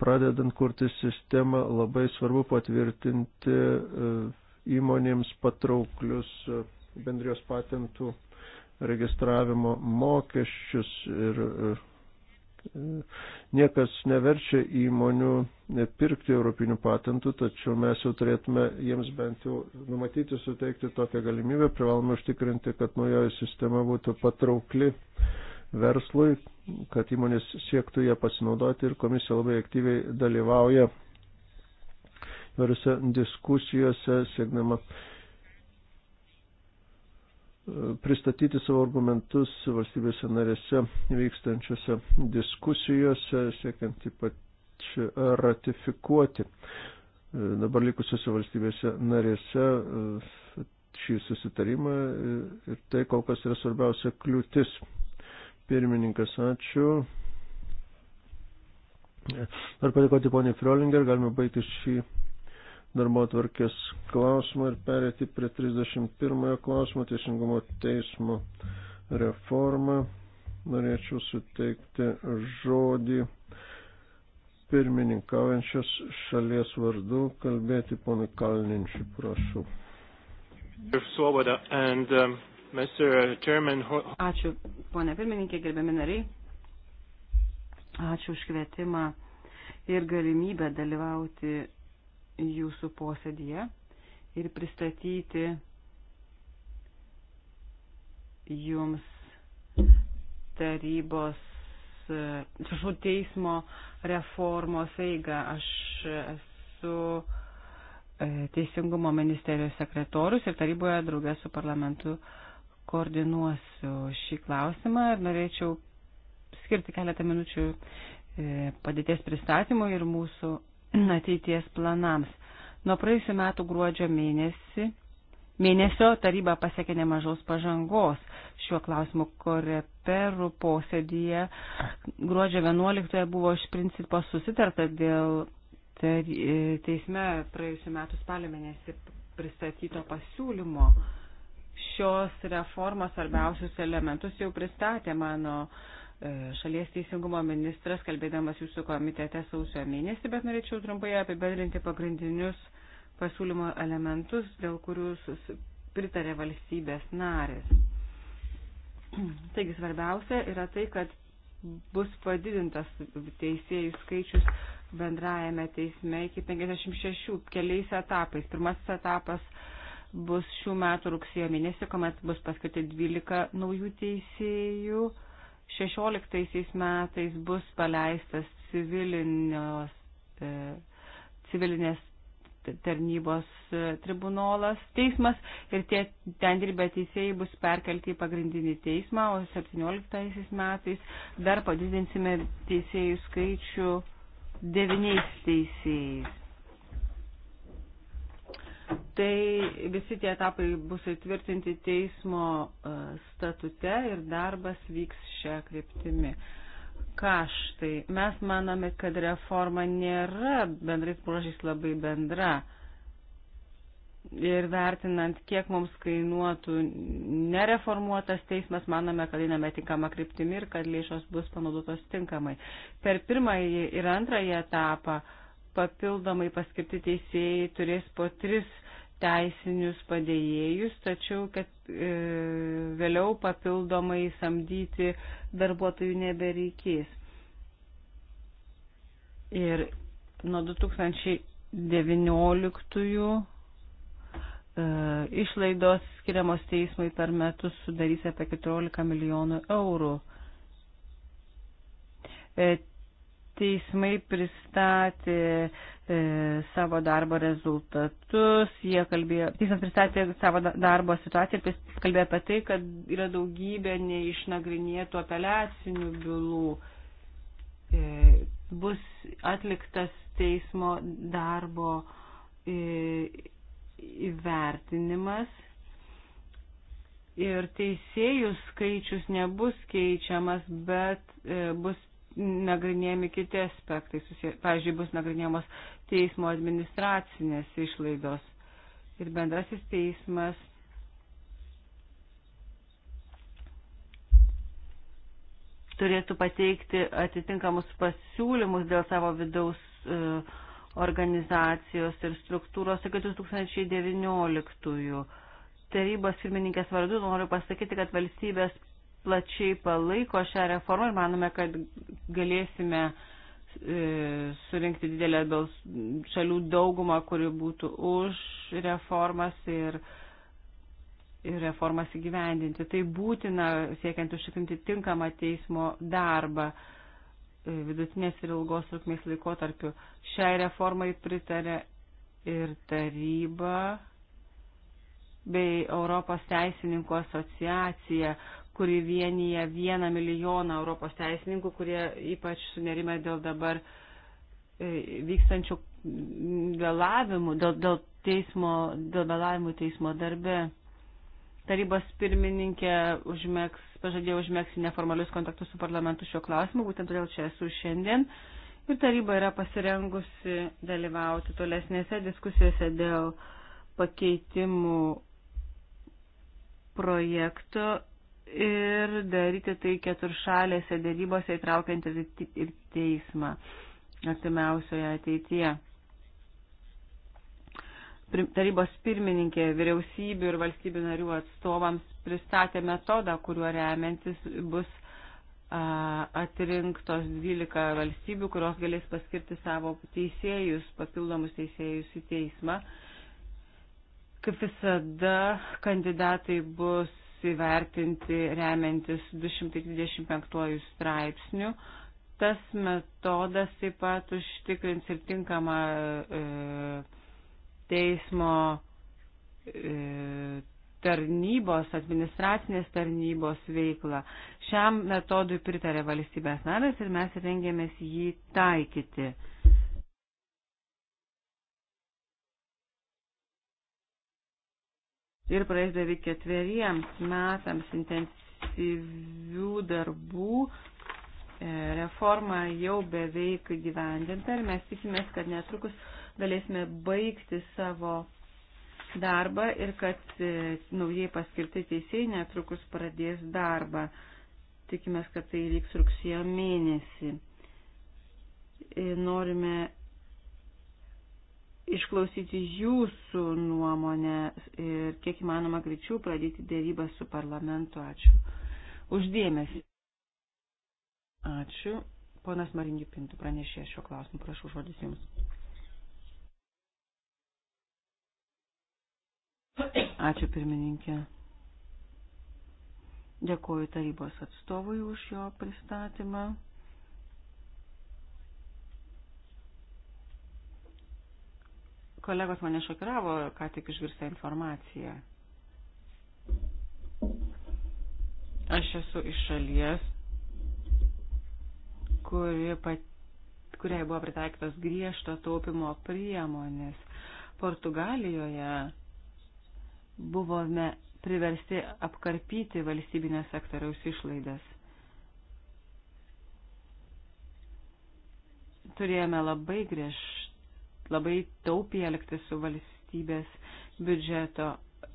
pradedant kurti sistemą labai svarbu patvirtinti e, įmonėms patrauklius e, bendrijos patentų registravimo mokesčius ir e, niekas neverčia įmonių pirkti europinių patentų, tačiau mes jau turėtume jiems bent jau numatyti, suteikti tokią galimybę, privalome užtikrinti, kad naujoji sistema būtų patraukli verslui, kad įmonės siektų ją pasinaudoti ir komisija labai aktyviai dalyvauja įvairiose diskusijose, siekdama uh, pristatyti savo argumentus valstybėse narėse vykstančiose diskusijose, siekiant ypač ratifikuoti e, dabar likusiose valstybėse narėse e, šį susitarimą e, ir tai kol kas yra svarbiausia kliūtis. Pirmininkas, ačiū. Ar padėkoti poniai Friolinger, galime baigti šį darbo atvarkės klausimą ir perėti prie 31 klausimo teisingumo teismo reformą. Norėčiau suteikti žodį pirmininkaujančios šalies vardu kalbėti ponui Kalninčiui, prašau. Um, Ačiū, ponė pirmininkė, gerbiami nariai. Ačiū už kvietimą ir galimybę dalyvauti jūsų posėdėje ir pristatyti jums tarybos, e, atsiprašau, teismo reformos eigą. Aš esu e, Teisingumo ministerijos sekretorius ir taryboje draugė su parlamentu koordinuosiu šį klausimą ir norėčiau skirti keletą minučių e, padėties pristatymui ir mūsų (clears throat) ateities planams. Nuo praėjusiu metu gruodžio mėnesį, mėnesio taryba pasiekė nemažos pažangos šiuo klausimu koreperų posėdyje. Gruodžio 11 buvo iš principo susitarta dėl teisme praėjusiu metu spalio mėnesį pristatyto pasiūlymo. Šios reformos svarbiausius elementus jau pristatė mano uh, E, šalies teisingumo ministras, kalbėdamas jūsų komitete sausio mėnesį, bet norėčiau trumpai apibendrinti pagrindinius pasiūlymo elementus, dėl kurių pritarė valstybės narės. Taigi svarbiausia yra tai, kad bus padidintas teisėjų skaičius bendrajame teisme iki 56 keliais etapais. Pirmasis etapas bus šių metų rugsėjo mėnesį, kuomet bus paskirti 12 naujų teisėjų 16 metais bus paleistas e, civilinės tarnybos e, tribunolas, teismas ir tie ten dirbę teisėjai bus perkelti į pagrindinį teismą, o 17 metais dar padidinsime teisėjų skaičių devyniais teisėjais. Tai visi tie etapai bus įtvirtinti teismo e, statute ir darbas vyks šią kryptimį. Kaštai. Mes manome, kad reforma nėra bendrais bruožais labai bendra. Ir vertinant, kiek mums kainuotų nereformuotas teismas, manome, kad einame tinkamą kryptimį ir kad lėšos bus panaudotos tinkamai. Per pirmąjį ir antrąjį etapą uh, papildomai paskirti teisėjai turės po tris teisinius padėjėjus, tačiau kad e, vėliau papildomai samdyti darbuotojų nebereikės. Ir nuo 2019 e, išlaidos skiriamos teismui per metus sudarys apie 14 milijonų eurų. E, teismai pristatė e, savo darbo rezultatus, jie kalbėjo, teismas pristatė savo darbo situaciją ir kalbėjo apie tai, kad yra daugybė neišnagrinėtų apeliacinių bylų. E, bus atliktas teismo darbo e, įvertinimas ir teisėjų skaičius nebus keičiamas, bet e, bus nagrinėjami kiti aspektai. Susie, pavyzdžiui, bus nagrinėjamos teismo administracinės išlaidos. Ir bendrasis teismas turėtų pateikti atitinkamus pasiūlymus dėl savo vidaus e, organizacijos ir struktūros iki 2019. Tarybos pirmininkės vardu noriu pasakyti, kad valstybės plačiai palaiko šią reformą ir manome, kad galėsime e, surinkti didelę šalių daugumą, kuri būtų už reformas ir, ir reformas įgyvendinti. Tai būtina siekiant užtikrinti tinkamą teismo darbą e, vidutinės ir ilgos trukmės laikotarpiu. Šiai reformai pritarė ir taryba bei Europos teisininkų asociacija, kuri vienyje vieną milijoną Europos teisininkų, kurie ypač sunerime dėl dabar e, vykstančių vėlavimų, dėl, dėl, teismo, dėl vėlavimų teismo darbe. Tarybos pirmininkė užmėgs, pažadėjo užmėgsi neformalius kontaktus su parlamentu šiuo klausimu, būtent todėl čia esu šiandien. Ir taryba yra pasirengusi dalyvauti tolesnėse diskusijose dėl pakeitimų projekto ir daryti tai keturšalėse dėrybose įtraukiant ir teismą artimiausioje ateityje. Tarybos pirmininkė vyriausybių ir valstybių narių atstovams pristatė metodą, kuriuo remiantis bus atrinktos 12 valstybių, kurios galės paskirti savo teisėjus, papildomus teisėjus į teismą. Kaip visada, kandidatai bus įvertinti remiantis 225 straipsnių. Tas metodas taip pat užtikrins ir tinkamą e, teismo e, tarnybos, administracinės tarnybos veiklą. Šiam metodui pritarė valstybės narės ir mes rengėmės jį taikyti. E, ir praeis beveik ketveriems metams intensyvių darbų e, reforma jau beveik gyvendinta ir mes tikimės, kad netrukus galėsime baigti savo darbą ir kad e, naujai paskirti teisėjai netrukus pradės darbą. Tikimės, kad tai vyks rugsėjo mėnesį. E, norime išklausyti jūsų nuomonę ir kiek įmanoma greičiau pradėti dėrybą su parlamentu. Ačiū. Uždėmesi. Ačiū. Ponas Marinių Pintų pranešė šio klausimu. Prašau žodis Jums. Ačiū pirmininkė. Dėkuoju tarybos atstovui už jo pristatymą. Kolegos mane šokiravo, ką tik išgirsta informacija. Aš esu iš šalies, kuri pat, kuriai buvo pritaikytos griežto taupimo priemonės. Portugalijoje buvome priversti apkarpyti valstybinės sektoriaus išlaidas. Turėjome labai griež, labai taupiai elgtis su valstybės biudžeto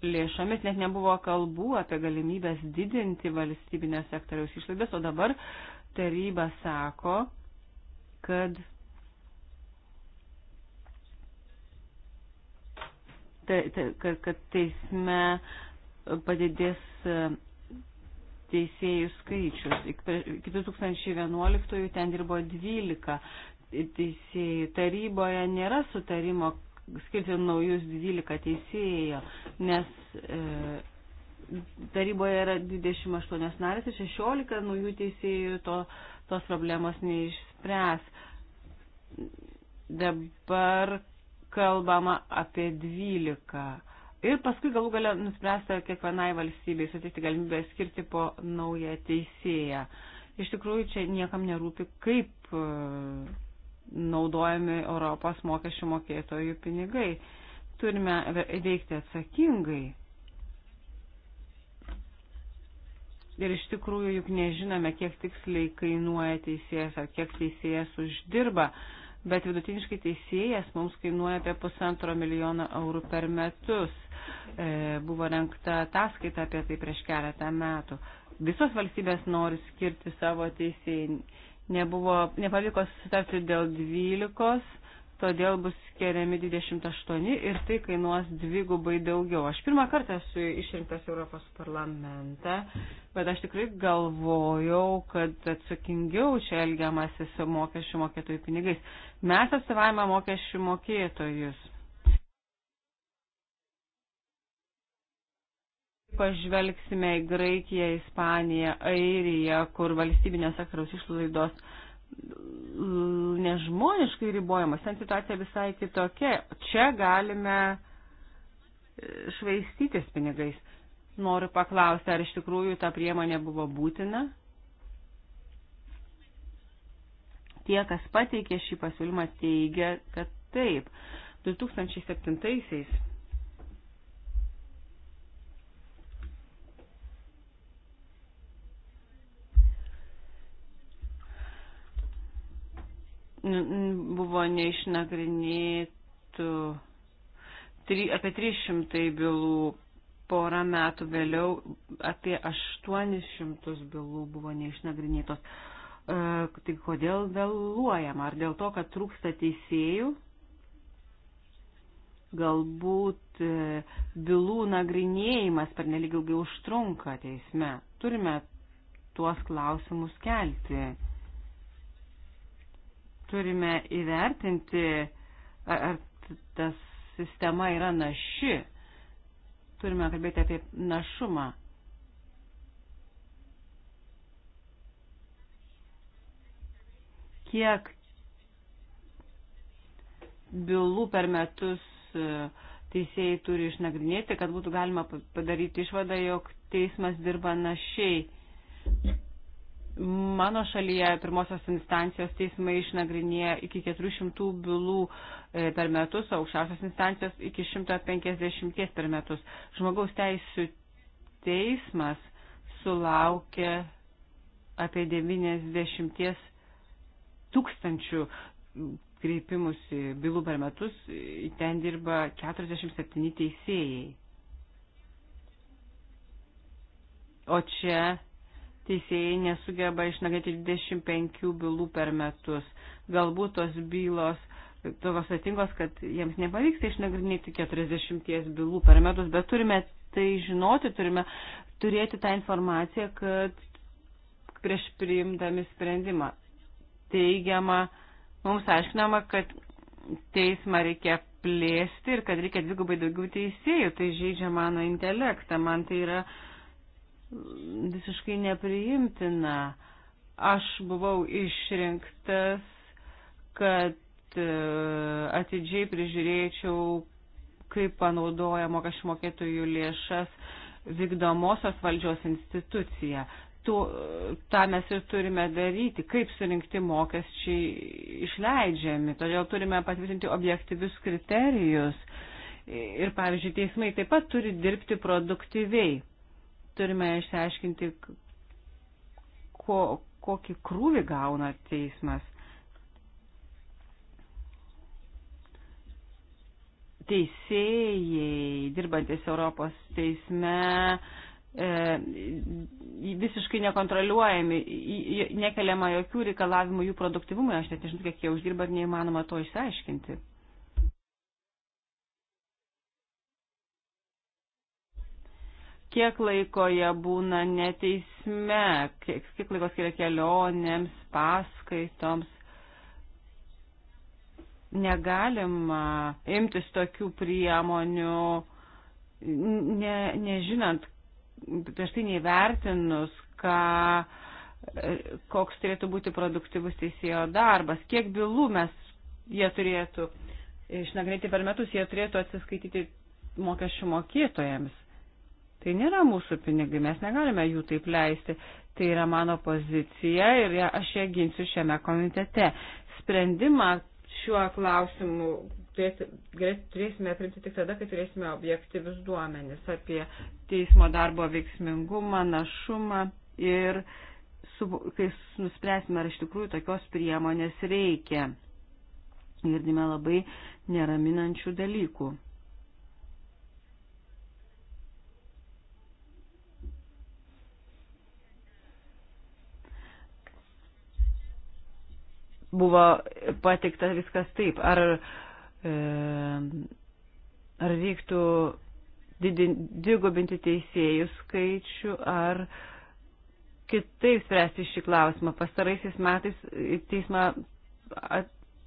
lėšomis, net nebuvo kalbų apie galimybės didinti valstybinio sektoriaus išlaidas, o dabar taryba sako, kad kad, kad teisme padidės e, teisėjų skaičius. Iki 2011 ten dirbo 12 teisėjų taryboje nėra sutarimo skirti naujus 12 teisėjų, nes e, taryboje yra 28 narės ir 16 naujų teisėjų to, tos problemos neišspręs. Dabar kalbama apie 12. Ir paskui galų galę nuspręsta kiekvienai valstybei suteikti galimybę skirti po naują teisėją. Iš tikrųjų, čia niekam nerūpi, kaip e, naudojami Europos mokesčių mokėtojų pinigai. Turime veikti atsakingai. Ir iš tikrųjų juk nežinome, kiek tiksliai kainuoja teisėjas ar kiek teisėjas uždirba, bet vidutiniškai teisėjas mums kainuoja apie pusantro milijono eurų per metus. E, buvo renkta ataskaita apie tai prieš keletą metų. Visos valstybės nori skirti savo teisėjai Nebuvo, nepavyko susitarti dėl 12, todėl bus skiriami 28 ir tai kainuos dvigubai daugiau. Aš pirmą kartą esu išrinktas Europos parlamentą, bet aš tikrai galvojau, kad atsakingiau čia elgiamasi su mokesčių mokėtojų pinigais. Mes atsivajame mokesčių mokėtojus pažvelgsime į Graikiją, Ispaniją, Airiją, kur valstybinės sektoriaus išlaidos nežmoniškai ribojamos, ten situacija visai kitokia. Čia galime e, švaistytis pinigais. Noriu paklausti, ar iš tikrųjų ta priemonė buvo būtina? Tie, kas pateikė šį pasiūlymą, teigia, kad taip. 2007-aisiais buvo neišnagrinėtų apie 300 bylų, porą metų vėliau apie 800 bylų buvo neišnagrinėtos. E, tai kodėl vėluojama? Ar dėl to, kad trūksta teisėjų? Galbūt e, bylų nagrinėjimas per nelik ilgai užtrunka teisme. Turime tuos klausimus kelti turime įvertinti, ar, ar tas sistema yra naši. Turime kalbėti apie našumą. Kiek bylų per metus e, teisėjai turi išnagrinėti, kad būtų galima padaryti išvadą, jog teismas dirba našiai. Mano šalyje pirmosios instancijos teismai išnagrinėja iki 400 bylų e, per metus, aukščiausios instancijos iki 150 per metus. Žmogaus teisų teismas sulaukė apie 90 tūkstančių kreipimusi bylų per metus, ten dirba 47 teisėjai. O čia teisėjai nesugeba išnagrinėti 25 bylų per metus. Galbūt tos bylos tokios atingos, kad jiems nepavyksta išnagrinėti 40 bylų per metus, bet turime tai žinoti, turime turėti tą informaciją, kad prieš priimdami sprendimą teigiama, mums aiškinama, kad teismą reikia plėsti ir kad reikia dvigubai daugiau teisėjų, tai žaidžia mano intelektą, man tai yra uh, visiškai nepriimtina. Aš buvau išrinktas, kad e, atidžiai prižiūrėčiau, kaip panaudoja mokesčių mokėtojų lėšas vykdomosios valdžios institucija. Tu, tą mes ir turime daryti, kaip surinkti mokesčiai išleidžiami. Todėl turime patvirtinti objektyvius kriterijus. Ir, pavyzdžiui, teismai taip pat turi dirbti produktyviai turime išsiaiškinti, ko, kokį krūvį gauna teismas. Teisėjai, dirbantis Europos teisme, e, visiškai nekontroliuojami, nekeliama jokių reikalavimų jų produktivumui, aš net nežinau, kiek jie uždirba ir neįmanoma to išsiaiškinti. kiek laiko jie būna neteisme, kiek, kiek laiko skiria kelionėms, paskaitoms. Negalima imtis tokių priemonių, ne, nežinant, prieš tai neįvertinus, ką, koks turėtų būti produktyvus teisėjo darbas, kiek bylų mes jie turėtų išnagrinėti per metus, jie turėtų atsiskaityti mokesčių mokėtojams Tai nėra mūsų pinigai, mes negalime jų taip leisti. Tai yra mano pozicija ir aš ją ginsiu šiame komitete. Sprendimą šiuo klausimu turėsime priimti tik tada, kai turėsime objektyvius duomenis apie teismo darbo veiksmingumą, našumą ir su, kai nuspręsime, ar iš tikrųjų tokios priemonės reikia. Girdime labai neraminančių dalykų. buvo patikta viskas taip. Ar, e, ar reiktų dvigubinti teisėjų skaičių, ar kitaip spręsti šį klausimą. Pastaraisiais metais teisma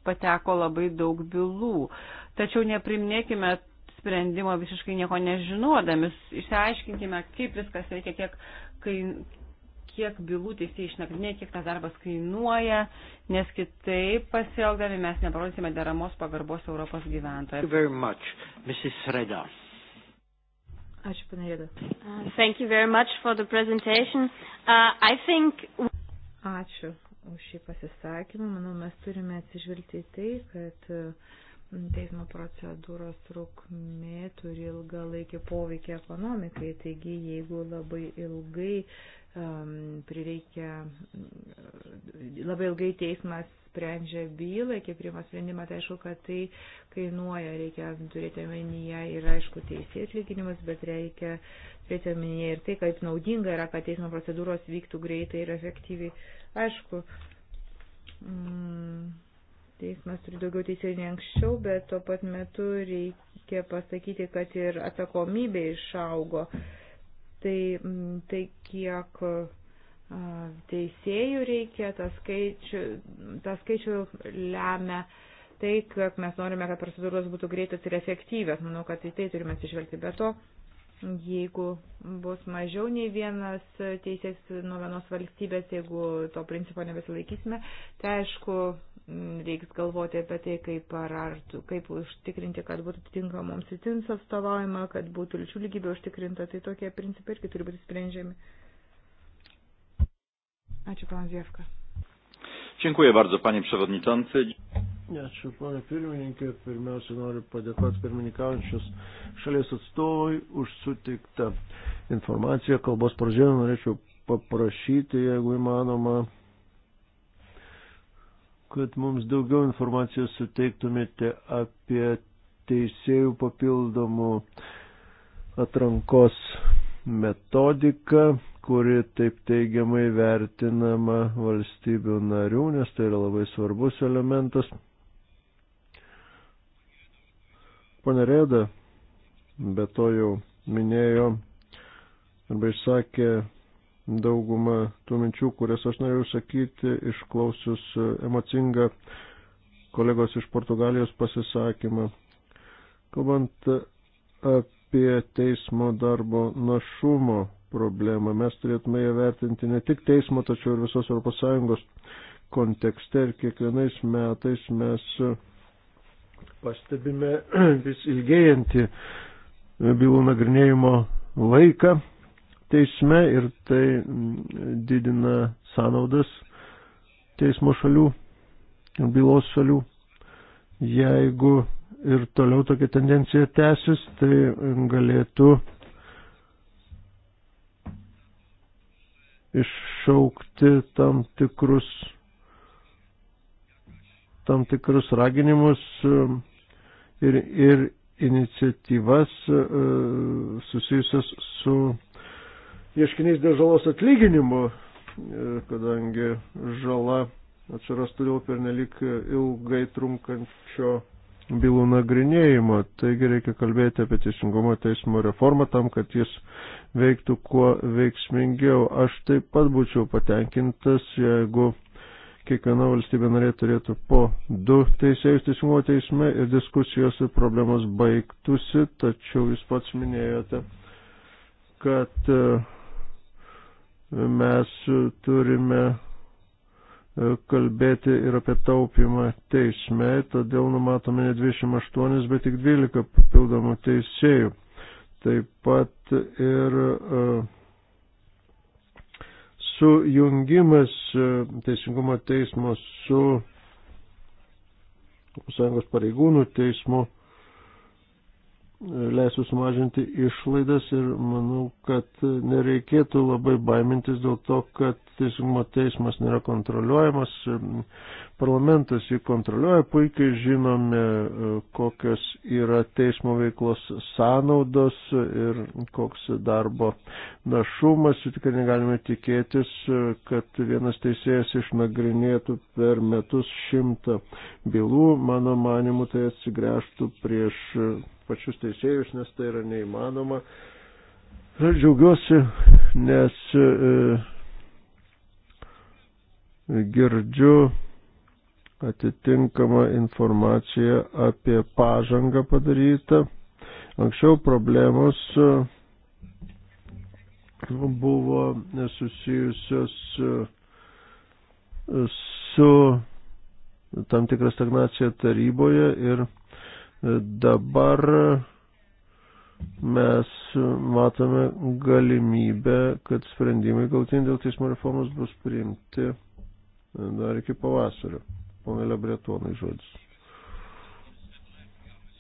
pateko labai daug bylų. Tačiau neprimnėkime sprendimo visiškai nieko nežinodami, išsiaiškinkime, kaip viskas reikia, kiek, kai, kiek bylų teisėjai išnagrinėja, kiek tas darbas kainuoja, nes kitaip pasielgdami mes neparodysime deramos pagarbos Europos gyventojams. Ačiū, pana Rėda. Uh, thank you very much for the presentation. Uh, I think... Ačiū už šį pasisakymą. Manau, mes turime atsižvelgti į tai, kad uh, teismo procedūros trukmė turi ilgą laikį poveikį ekonomikai, taigi jeigu labai ilgai prireikia labai ilgai teismas sprendžia bylą, kiek priima sprendimą, tai aišku, kad tai kainuoja, reikia turėti omenyje ir aišku teisėjų atlyginimus, bet reikia turėti omenyje ir tai, kaip naudinga yra, kad teismo procedūros vyktų greitai ir efektyviai. Aišku, mm, teismas turi daugiau teisėjų nei anksčiau, bet tuo pat metu reikia pasakyti, kad ir atsakomybė išaugo. Uh, tai, tai kiek teisėjų reikia, tą skaičių, tą skaičių lemia tai, kad mes norime, kad procedūros būtų greitos ir efektyvios. Manau, kad į tai turime atsižvelgti. Be to, jeigu bus mažiau nei vienas teisės nuo vienos valstybės, jeigu to principo nebesilaikysime, tai aišku, reiks galvoti apie tai, kaip, ar, ar, kaip užtikrinti, kad būtų tinkamoms įtins atstovaujama, kad būtų lyčių lygybė užtikrinta, tai tokie principai irgi turi būti sprendžiami. Ačiū, pan Zievka. Dziękuję bardzo, panie przewodniczący. Ačiū, pane pirmininkė. Pirmiausia, noriu padėkoti pirmininkaujančios šalies atstovui už sutiktą informaciją. Kalbos pradžioje norėčiau paprašyti, jeigu įmanoma, kad mums daugiau informacijos suteiktumėte apie teisėjų papildomų atrankos metodiką, kuri taip teigiamai vertinama valstybių narių, nes tai yra labai svarbus elementas. Pane Reda, be to jau minėjo arba išsakė daugumą tų minčių, kurias aš norėjau sakyti, išklausius emocingą kolegos iš Portugalijos pasisakymą. Kalbant apie teismo darbo našumo problemą, mes turėtume ją vertinti ne tik teismo, tačiau ir visos ES kontekste ir kiekvienais metais mes pastebime (clears throat) vis ilgėjantį bylų nagrinėjimo laiką teisme ir tai mm, didina sąnaudas teismo šalių ir bylos šalių. Jeigu ir toliau tokia tendencija tęsis, tai galėtų iššaukti tam tikrus, tam tikrus raginimus mm, ir, ir iniciatyvas mm, susijusias su ieškinys dėl žalos atlyginimo, e, kadangi žala atsirastų jau per nelik ilgai trunkančio bylų nagrinėjimo. Taigi reikia kalbėti apie teisingumo teismo reformą tam, kad jis veiktų kuo veiksmingiau. Aš taip pat būčiau patenkintas, jeigu kiekviena valstybė narė turėtų po du teisėjus teisingumo teisme ir diskusijos ir problemos baigtųsi, tačiau jūs pats minėjote, kad uh, mes turime e, kalbėti ir apie taupimą teisme, todėl numatome ne 28, bet tik 12 papildomų teisėjų. Taip pat ir e, sujungimas e, teisingumo teismo su Sąjungos pareigūnų teismu leisų sumažinti išlaidas ir manau, kad nereikėtų labai baimintis dėl to, kad teisingumo teismas nėra kontroliuojamas. Parlamentas jį kontroliuoja, puikiai žinome, e, kokios yra teismo veiklos sąnaudos ir koks darbo našumas. Tikrai negalime tikėtis, e, kad vienas teisėjas išnagrinėtų per metus šimtą bylų. Mano manimu, tai atsigręžtų prieš e, pačius teisėjus, nes tai yra neįmanoma. Aš džiaugiuosi, nes e, girdžiu atitinkamą informaciją apie pažangą padarytą. Anksčiau problemos e, buvo susijusios e, su tam tikra stagnacija taryboje ir Dabar mes matome galimybę, kad sprendimai galtiniai dėl teismo reformos bus priimti dar iki pavasario. Pone Lebretonai žodis.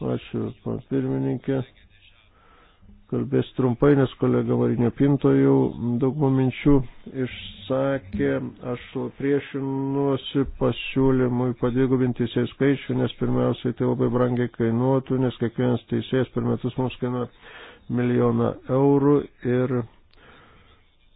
Ačiū, pirmininkė kalbės trumpai, nes kolega Varinė Pinto jau daug minčių išsakė. Aš priešinuosi pasiūlymui padvigubinti teisėjų skaičių, nes pirmiausiai tai labai brangiai kainuotų, nes kiekvienas teisėjas per metus mums kainuoja milijoną eurų ir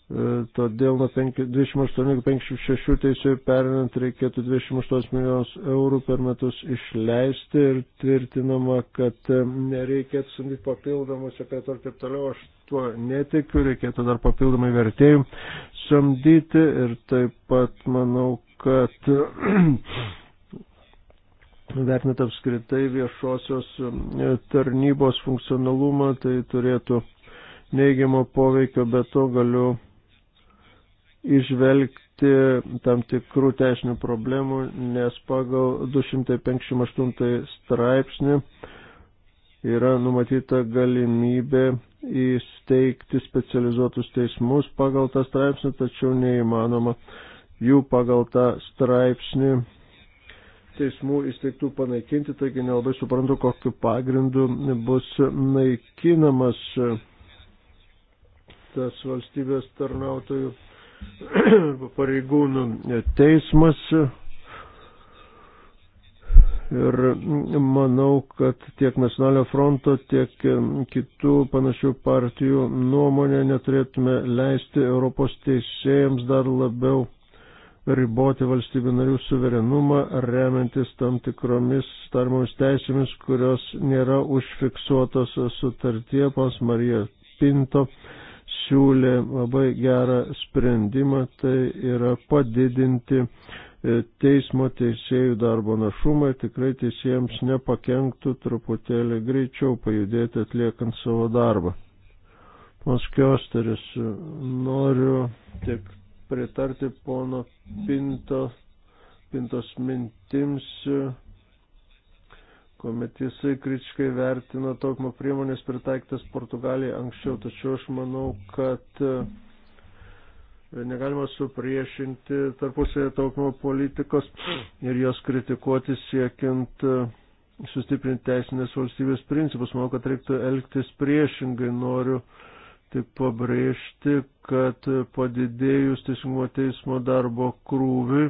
E, todėl nuo 28-56 teisėjų perinant reikėtų 28 milijonus eurų per metus išleisti ir tvirtinama, kad e, nereikia atsamdyti papildomų sekretorių ir taip toliau. Aš tuo netikiu, reikėtų dar papildomai vertėjų samdyti ir taip pat manau, kad (clears throat) vertinant apskritai viešosios e, tarnybos funkcionalumą, tai turėtų neigiamo poveikio, bet to galiu išvelgti tam tikrų teisinių problemų, nes pagal 258 straipsnį yra numatyta galimybė įsteigti specializuotus teismus pagal tą straipsnį, tačiau neįmanoma jų pagal tą straipsnį teismų įsteigtų panaikinti, taigi nelabai suprantu, kokiu pagrindu bus naikinamas tas valstybės tarnautojų arba (clears throat) pareigūnų teismas. Ir manau, kad tiek Nacionalinio fronto, tiek kitų panašių partijų nuomonė neturėtume leisti Europos teisėjams dar labiau riboti valstybių narių suverenumą, remiantis tam tikromis tarmomis teisėmis, kurios nėra užfiksuotos sutartie pas Mariją Pinto siūlė labai gerą sprendimą, tai yra padidinti e, teismo teisėjų darbo našumą ir tikrai teisėjams nepakenktų truputėlį greičiau pajudėti atliekant savo darbą. Moskiosteris, noriu tik pritarti pono Pinto, Pintos mintims kuomet jisai kritiškai vertino taupimo priemonės pritaikytas Portugalijai anksčiau. Tačiau aš manau, kad e, negalima supriešinti tarpusėje taupimo politikos ir jos kritikuoti siekiant e, sustiprinti teisinės valstybės principus. Manau, kad reiktų elgtis priešingai. Noriu tik pabrėžti, kad padidėjus teisingumo teismo darbo krūvi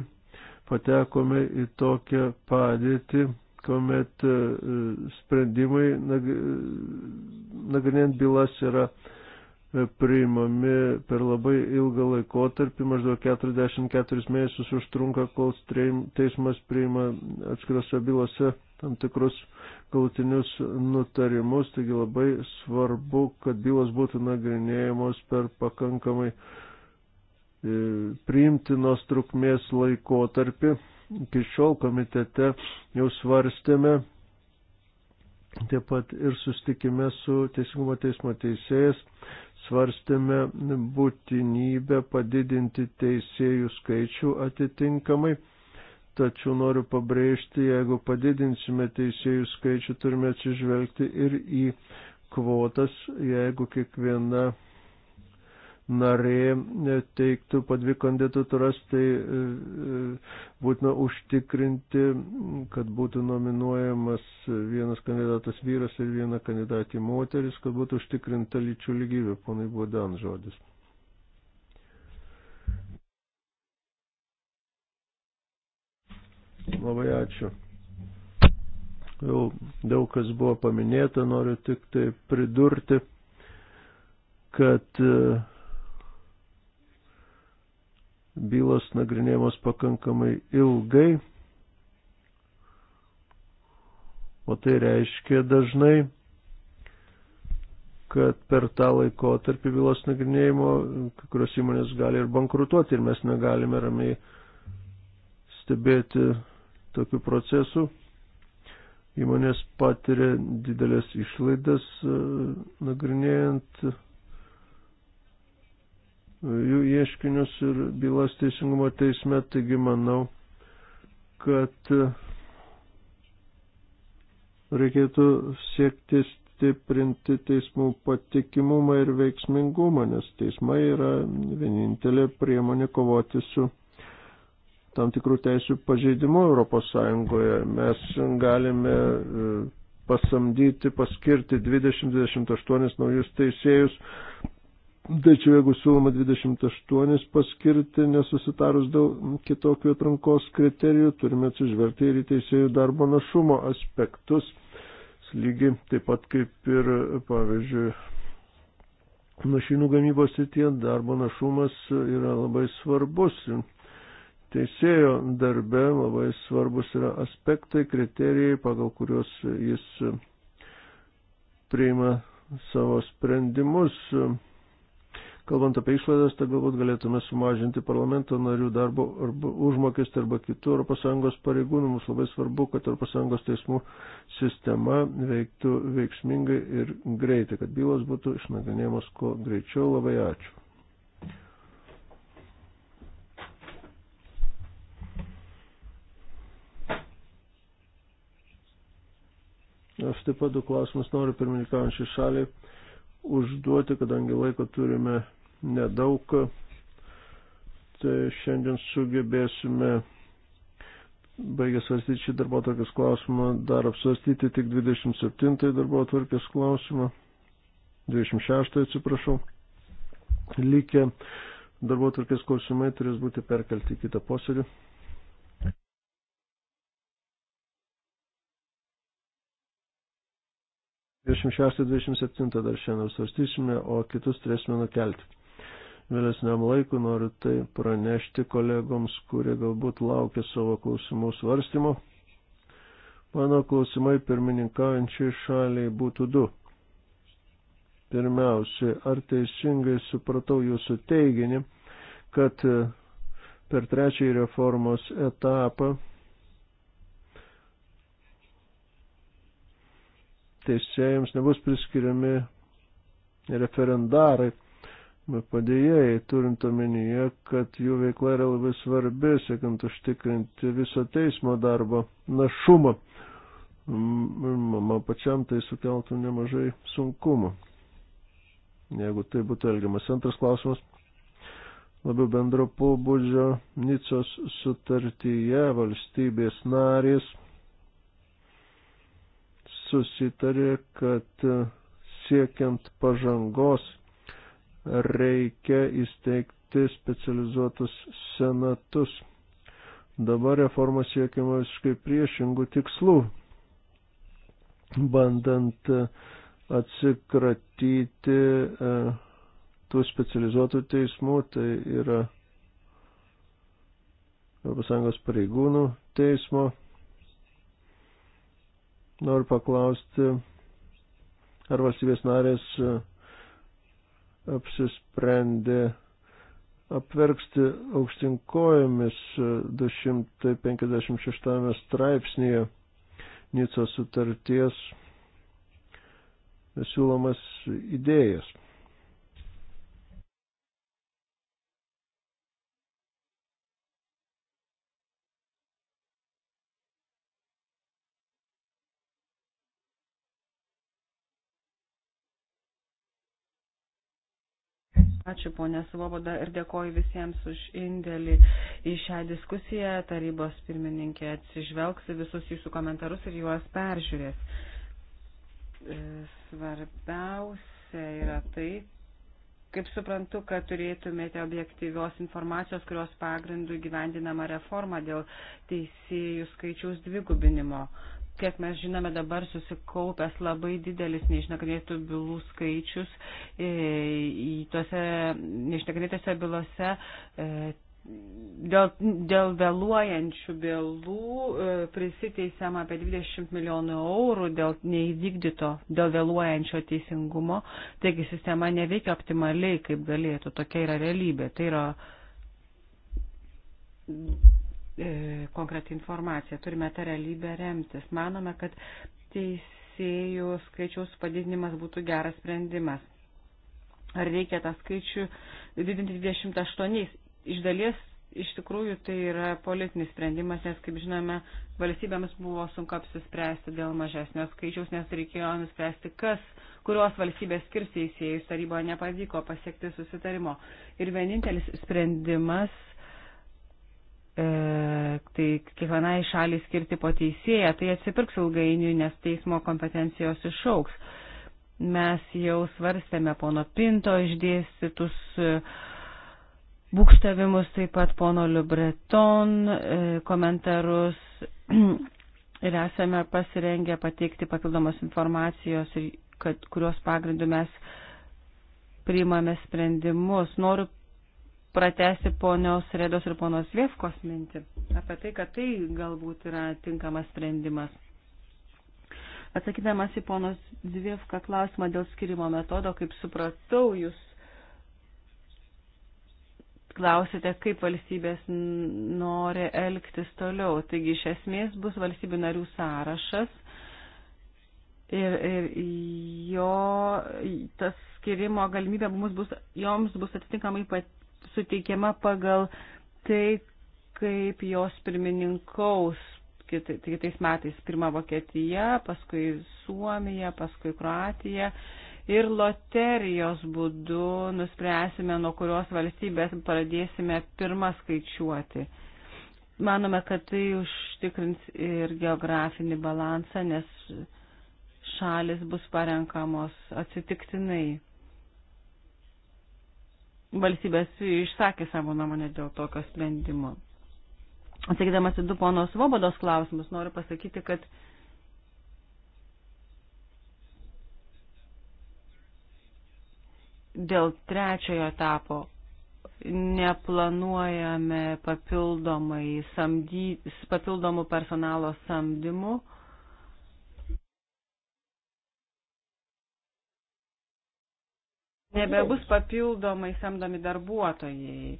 patekome į tokią padėtį, kuomet e, sprendimai nagrinėjant bylas yra e, priimami per labai ilgą laikotarpį, maždaug 44 mėnesius užtrunka, kol teismas priima atskirose bylose tam tikrus galutinius nutarimus, taigi labai svarbu, kad bylos būtų nagrinėjamos per pakankamai e, priimtinos trukmės laikotarpį Iki šiol komitete jau svarstėme, taip pat ir sustikime su Teisingumo teismo teisėjas, svarstėme būtinybę padidinti teisėjų skaičių atitinkamai. Tačiau noriu pabrėžti, jeigu padidinsime teisėjų skaičių, turime atsižvelgti ir į kvotas, jeigu kiekviena narė e, teiktų po dvi kandidatūras, tai e, e, būtina užtikrinti, kad būtų nominuojamas vienas kandidatas vyras ir viena kandidatė moteris, kad būtų užtikrinta lyčių lygybė, ponai buvo dan žodis. Labai ačiū. Jau daug kas buvo paminėta, noriu tik tai pridurti, kad uh, bylos nagrinėjamos pakankamai ilgai, o tai reiškia dažnai, kad per tą laikotarpį bylos nagrinėjimo kai kurios įmonės gali ir bankrutuoti ir mes negalime ramiai stebėti tokių procesų. Įmonės patiria didelės išlaidas e, nagrinėjant jų ieškinius ir bylas teisingumo teisme, taigi manau, kad e, reikėtų siekti stiprinti teismų patikimumą ir veiksmingumą, nes teismai yra vienintelė priemonė kovoti su tam tikrų teisų pažeidimu Europos Sąjungoje. Mes galime e, pasamdyti, paskirti 20-28 naujus teisėjus Tačiau jeigu siūloma 28 paskirti, nesusitarus dėl kitokių atrankos kriterijų, turime atsižvelgti ir į teisėjų darbo našumo aspektus. Lygiai taip pat kaip ir, pavyzdžiui, mašinų gamybos srityje darbo našumas yra labai svarbus. Teisėjo darbe labai svarbus yra aspektai, kriterijai, pagal kuriuos jis priima savo sprendimus Kalbant apie išlaidas, tai galbūt galėtume sumažinti parlamento narių darbo arba užmokestį arba kitų ES pareigūnų. Mums labai svarbu, kad ES teismų sistema veiktų veiksmingai ir greitai, kad bylos būtų išnagrinėjamos kuo greičiau. Labai ačiū. Aš taip pat du klausimus noriu pirmininkaujančiai šaliai užduoti, kadangi laiko turime nedaug, tai šiandien sugebėsime, baigę svarstyti šį darbo tvarkės klausimą, dar apsvarstyti tik 27 darbo tvarkės klausimą, 26 atsiprašau, likę darbo tvarkės klausimai turės būti perkelti į kitą posėdį. Dvidešimt šeštą, dvidešimt septintą dar šiandien svarstysime, o kitus turėsime nukelti vėlesniam laikui. Noriu tai pranešti kolegoms, kurie galbūt laukia savo klausimų svarstymo. Mano klausimai pirmininkaujančiai šaliai būtų du. Pirmiausiai, ar teisingai supratau jūsų teiginį, kad per trečiąjį reformos etapą teisėjams nebus priskiriami referendarai padėjėjai, turint omenyje, kad jų veikla yra labai svarbi, siekiant užtikrinti viso teismo darbo našumą. Mm, Man pačiam tai sukeltų nemažai sunkumų, jeigu tai būtų elgiamas. Antras klausimas. Labiau bendro pobūdžio Nicos sutartyje valstybės narės susitarė, kad siekiant pažangos reikia įsteigti specializuotus senatus. Dabar reforma siekiama visiškai priešingų tikslų, bandant e, atsikratyti e, tų specializuotų teismų, tai yra ES pareigūnų teismo. Noriu paklausti, ar valstybės narės e, apsisprendė apverksti aukštinkojomis 256 straipsnėje Nico sutarties siūlomas idėjas. Ačiū ponė Svoboda ir dėkoju visiems už indėlį į šią diskusiją. Tarybos pirmininkė atsižvelgs visus jūsų komentarus ir juos peržiūrės. E, svarbiausia yra tai, kaip suprantu, kad turėtumėte objektyvios informacijos, kurios pagrindų gyvendinama reforma dėl teisėjų skaičiaus dvigubinimo. Uh, kiek mes žinome, dabar susikaupęs labai didelis neišnagrinėtų bylų skaičius. E, į tuose neišnagrinėtose bylose e, dėl, dėl vėluojančių bylų e, prisiteisėm apie 20 milijonų eurų dėl neįvykdyto, dėl vėluojančio teisingumo. Taigi sistema neveikia optimaliai, kaip galėtų. Tokia yra realybė. Tai yra E, konkretį informaciją. Turime tą realybę remtis. Manome, kad teisėjų skaičiaus padidinimas būtų geras sprendimas. Ar reikia tą skaičių didinti 28? Iš dalies iš tikrųjų tai yra politinis sprendimas, nes, kaip žinome, valstybėms buvo sunku apsispręsti dėl mažesnio skaičiaus, nes reikėjo nuspręsti, kas, kurios valstybės skirs teisėjus taryboje nepavyko pasiekti susitarimo. Ir vienintelis sprendimas E, tai kiekvienai šaliai skirti po teisėją, tai atsipirks ilgainiui, nes teismo kompetencijos išauks. Mes jau svarstėme pono Pinto išdėstytus e, būkštavimus, taip pat pono Liubreton e, komentarus (clears throat) ir esame pasirengę pateikti papildomos informacijos, kad, kurios pagrindų mes priimame sprendimus. Noriu pratesti ponios Redos ir ponos Lievkos mintį apie tai, kad tai galbūt yra tinkamas sprendimas. Atsakydamas į ponos Dvievką klausimą dėl skirimo metodo, kaip supratau, jūs klausite, kaip valstybės nori elgtis toliau. Taigi iš esmės bus valstybių narių sąrašas ir, ir jo tas skirimo galimybė mums bus, joms bus atitinkamai pat, suteikiama pagal tai, kaip jos pirmininkaus kitais metais. Pirma Vokietija, paskui Suomija, paskui Kroatija. Ir loterijos būdu nuspręsime, nuo kurios valstybės pradėsime pirmą skaičiuoti. Manome, kad tai užtikrins ir geografinį balansą, nes šalis bus parenkamos atsitiktinai valstybės išsakė savo nuomonę dėl tokio sprendimo. Atsakydamas į du ponos Vobodos klausimus, noriu pasakyti, kad dėl trečiojo etapo neplanuojame papildomai samdy, papildomų personalo samdymų. nebebus papildomai samdomi darbuotojai į,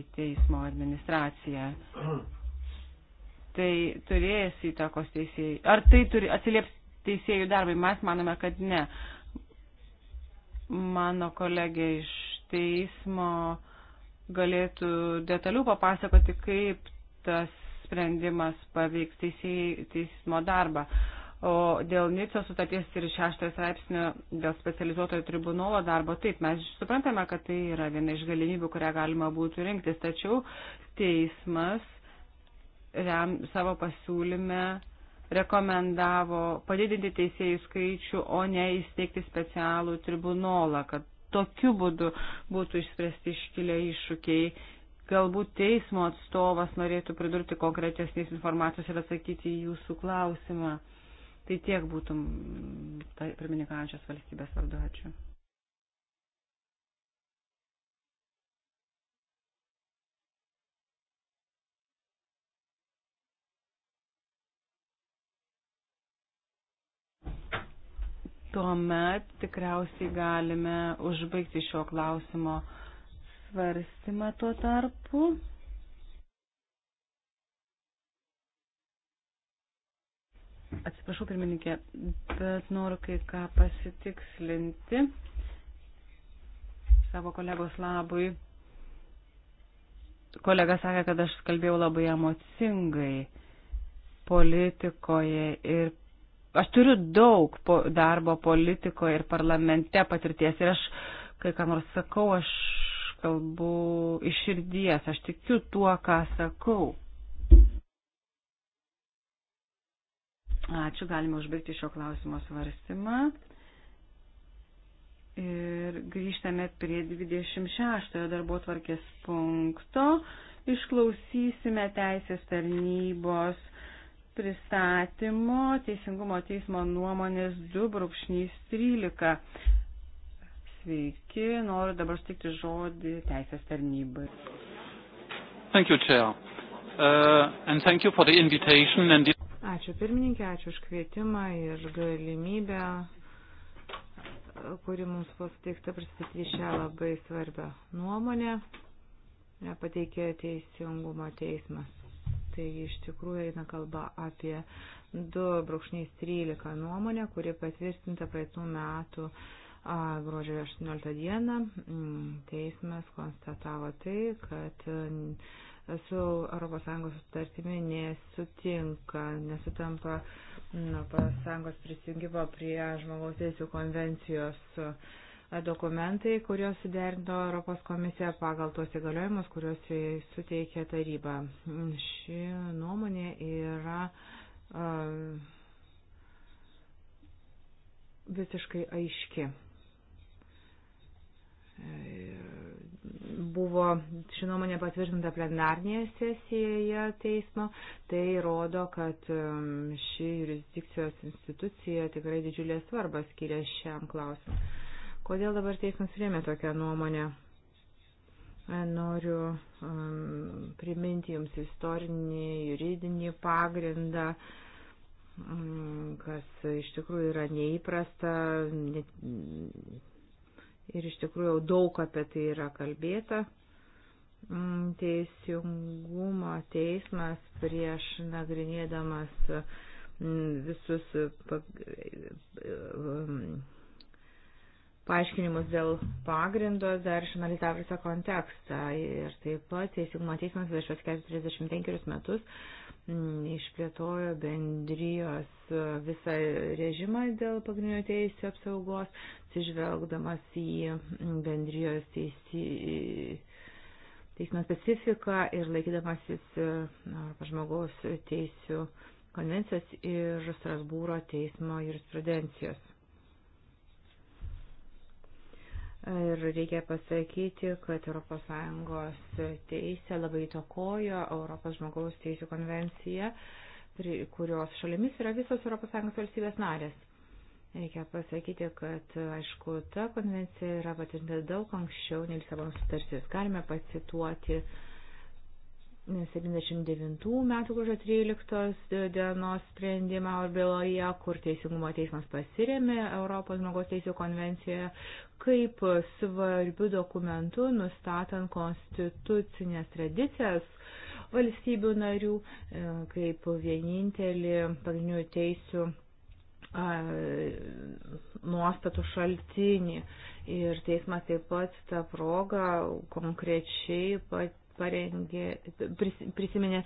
į teismo administraciją. Tai turės įtakos teisėjai. Ar tai turi, atsilieps teisėjų darbai? Mes manome, kad ne. Mano kolegė iš teismo galėtų detalių papasakoti, kaip tas sprendimas paveiks teisėjai, teismo darbą. Uh, O dėl Nico sutarties ir šeštojo straipsnio dėl specializuotojo tribunolo darbo, taip, mes suprantame, kad tai yra viena iš galimybių, kurią galima būtų rinktis, tačiau teismas rem, savo pasiūlyme rekomendavo padidinti teisėjų skaičių, o ne įsteigti specialų tribunolą, kad tokiu būdu būtų išspręsti iškilę iššūkiai. Galbūt teismo atstovas norėtų pridurti konkretesnės informacijos ir atsakyti į jūsų klausimą. Tai tiek būtum tai pirmininkaujančios valstybės vardu. Ačiū. Tuomet tikriausiai galime užbaigti šio klausimo svarstymą tuo tarpu. Atsiprašau, pirmininkė, bet noriu kai ką pasitikslinti savo kolegos labui. Kolega sakė, kad aš kalbėjau labai emocingai politikoje ir aš turiu daug po, darbo politikoje ir parlamente patirties ir aš, kai ką nors sakau, aš kalbu iš širdies, aš tikiu tuo, ką sakau. Ačiū, galime užbaigti šio klausimo svarstymą. Ir grįžtame prie 26 darbo tvarkės punkto. Išklausysime teisės tarnybos pristatymo Teisingumo teismo nuomonės 2.13. Sveiki, noriu dabar stikti žodį teisės tarnybai. Thank you, Chair. Uh, and thank you for the invitation and the... Ačiū pirmininkė, ačiū už kvietimą ir galimybę, kuri mums pasitikta pristatyti šią labai svarbią nuomonę, pateikė teisingumo teismas. Tai iš tikrųjų eina kalba apie 2.13 nuomonę, kuri patvirtinta praeitų metų gruodžio 18 dieną. Mm, teismas konstatavo tai, kad su ES sutartimi nesutinka, nesutampa ES prisijungimo prie žmogaus teisų konvencijos e, dokumentai, kuriuos suderino Europos komisija pagal tuos įgaliojimus, kuriuos suteikė taryba. Ši nuomonė yra um, visiškai aiški. Ir e, buvo ši nuomonė patvirtinta plenarnėje sesijoje teismo, tai rodo, kad um, ši jurisdikcijos institucija tikrai didžiulę svarbą skiria šiam klausimui. Kodėl dabar teismas rėmė tokią nuomonę? Noriu um, priminti Jums istorinį, juridinį pagrindą, um, kas iš tikrųjų yra neįprasta, net, ir iš tikrųjų daug apie tai yra kalbėta. Mm, Teisingumo teismas prieš nagrinėdamas mm, visus mm, paaiškinimus dėl pagrindo dar išanalizavo visą kontekstą ir taip pat Teisingumo teismas prieš 35 metus Mm, išplėtojo bendrijos e, visą režimą dėl pagrindinio teisų apsaugos, atsižvelgdamas į mm, bendrijos teisį, e, teismo specifiką ir laikydamasis Europos žmogaus teisų konvencijos ir Strasbūro teismo jurisprudencijos. Ir reikia pasakyti, kad ES teisė labai įtakojo Europos žmogaus teisų konvenciją, kurios šalimis yra visos ES valstybės narės. Reikia pasakyti, kad, aišku, ta konvencija yra patvirtinta daug anksčiau nei Lisabonos sutartis. Galime pacituoti 79 metų gruodžio 13 dienos sprendimą byloje, kur Teisingumo teismas pasirėmė Europos žmogaus teisų konvencijoje, kaip svarbių dokumentų nustatant konstitucinės tradicijas valstybių narių, e, kaip vienintelį pagrindinių teisių nuostatų šaltinį. Ir teismas taip pat tą progą konkrečiai pat parengė, pris, prisiminė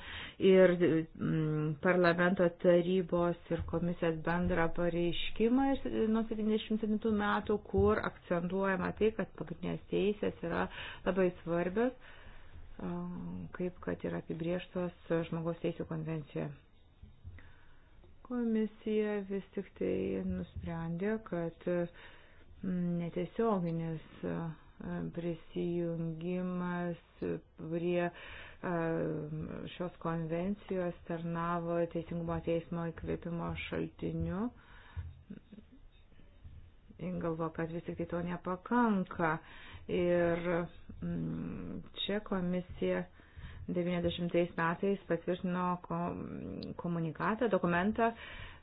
ir mm, parlamento tarybos ir komisijos bendrą pareiškimą nuo 77 metų, kur akcentuojama tai, kad pagrindinės teisės yra labai svarbios, kaip kad yra apibrieštos žmogaus teisų konvencijoje. Komisija vis tik tai nusprendė, kad mm, netiesioginis mm, prisijungimas prie šios konvencijos tarnavo Teisingumo teismo įkvėpimo šaltiniu. Galvo, kad vis tik tai to nepakanka. Ir mm, čia komisija 90 metais patvirtino komunikatą, dokumentą,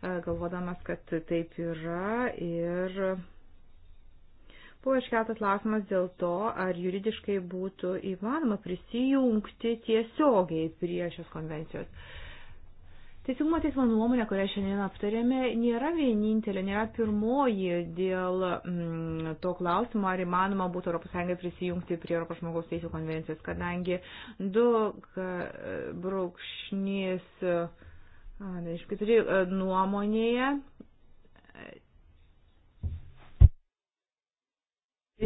galvodamas, kad taip yra ir Buvo iškeltas klausimas dėl to, ar juridiškai būtų įmanoma prisijungti tiesiogiai prie šios konvencijos. Teisingumo teismo nuomonė, kurią šiandien aptarėme, nėra vienintelė, nėra pirmoji dėl mm, to klausimo, ar įmanoma būtų ES prisijungti prie ES žmogaus teisų konvencijos, kadangi 2 brūkšnys, nežinau, keturi nuomonėje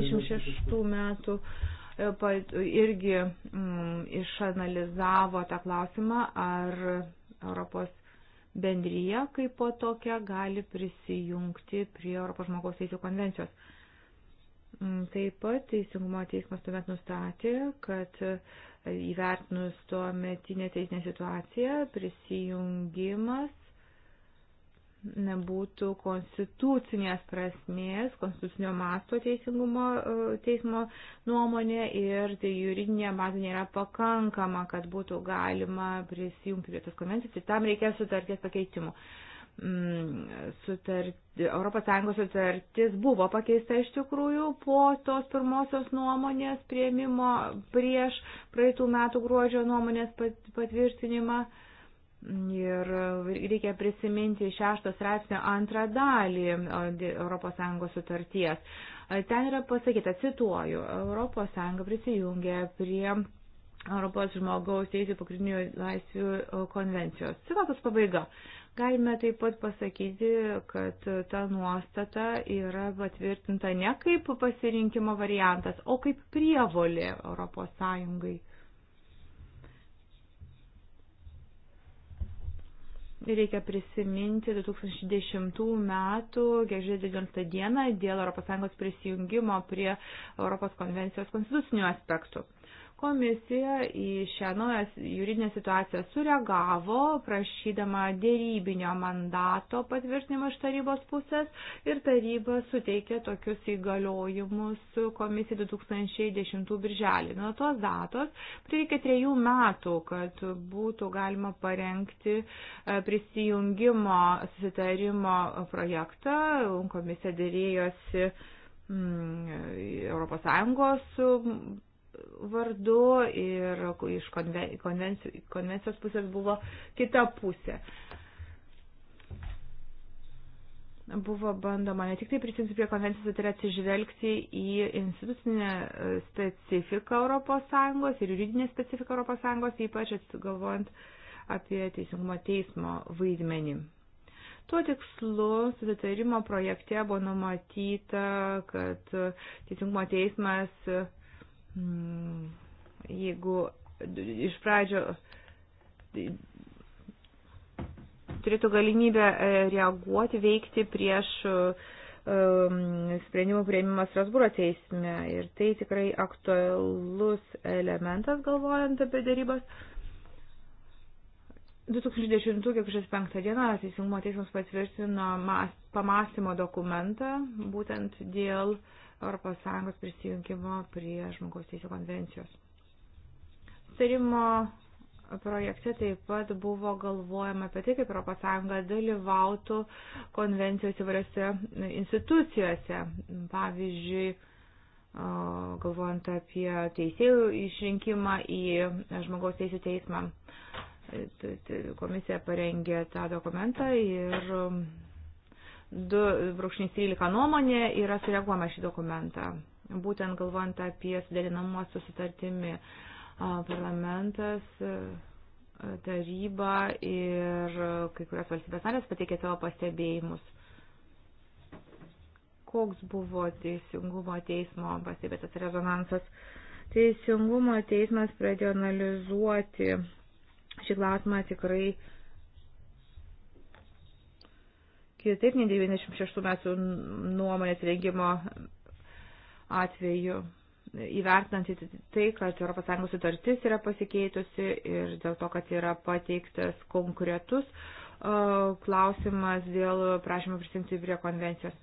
26 metų e, irgi mm, išanalizavo tą klausimą, ar Europos bendryje kaip po tokia gali prisijungti prie Europos žmogaus teisų konvencijos. Mm, taip pat Teisingumo teismas tuomet nustatė, kad e, įvertinus tuo metinę teisinę situaciją prisijungimas nebūtų konstitucinės prasmės, konstitucinio masto teisingumo e, teismo nuomonė ir tai juridinė bazė nėra pakankama, kad būtų galima prisijungti prie tos konvencijos ir tam reikės sutarties pakeitimų. Mm, Sutart, ES sutartis buvo pakeista iš tikrųjų po tos pirmosios nuomonės prieimimo prieš praeitų metų gruodžio nuomonės patvirtinimą. Pat Ir reikia prisiminti šešto straipsnio antrą dalį ES sutarties. Ten yra pasakyta, cituoju, ES prisijungia prie Europos žmogaus teisų pagrindinių laisvių konvencijos. Citatos pabaiga. Galime taip pat pasakyti, kad ta nuostata yra patvirtinta ne kaip pasirinkimo variantas, o kaip prievolė Europos Sąjungai. Reikia prisiminti 2010 metų, gegužės 19 dieną, dėl ES prisijungimo prie ES konvencijos konstitucinių aspektų. Komisija į šią naują juridinę situaciją sureagavo, prašydama dėrybinio mandato patvirtinimo iš tarybos pusės ir taryba suteikė tokius įgaliojimus komisijai 2010 birželį. Nuo tos datos prireikė trejų metų, kad būtų galima parengti e, prisijungimo susitarimo projektą. Komisija dėrėjosi mm, ES vardu ir iš konvencijos, konvencijos pusės buvo kita pusė. Buvo bandoma ne tik tai prisimti prie konvencijos, bet ir atsižvelgti į institucinę e, specifiką ES ir juridinę specifiką ES, ypač atsigalvojant apie teisingumo teismo vaidmenį. Tuo tikslu susitarimo projekte buvo numatyta, kad teisingumo teismas Mm, jeigu iš pradžio turėtų galimybę e, reaguoti, veikti prieš e, sprendimų prieimimą Strasbūro teisme. Ir tai tikrai aktualus elementas, galvojant apie darybas. 2010 gegužės 5 dieną Teisingumo teismas patvirtino pamastymo dokumentą būtent dėl uh, ES prisijungimo prie žmogaus teisų konvencijos. Tarimo projekte taip pat buvo galvojama apie tai, kaip ES dalyvautų konvencijos įvairiose institucijose. Pavyzdžiui, galvojant apie teisėjų išrinkimą į žmogaus teisų teismą. Tai, tai komisija parengė tą dokumentą ir 2.13 nuomonė yra sureaguojama šį dokumentą, būtent galvojant apie suderinamumą su sutartimi. Parlamentas, taryba ir kai kurios valstybės narės pateikė savo pastebėjimus. Koks buvo teisingumo teismo pastebėtas rezonansas? Teisingumo teismas pradėjo analizuoti šį klausimą tikrai uh, kitaip nei 96 metų nuomonės rengimo atveju, įvertinant tai, kad ES sutartis yra pasikeitusi ir dėl to, kad yra pateiktas konkretus klausimas dėl prašymo prisimti prie konvencijos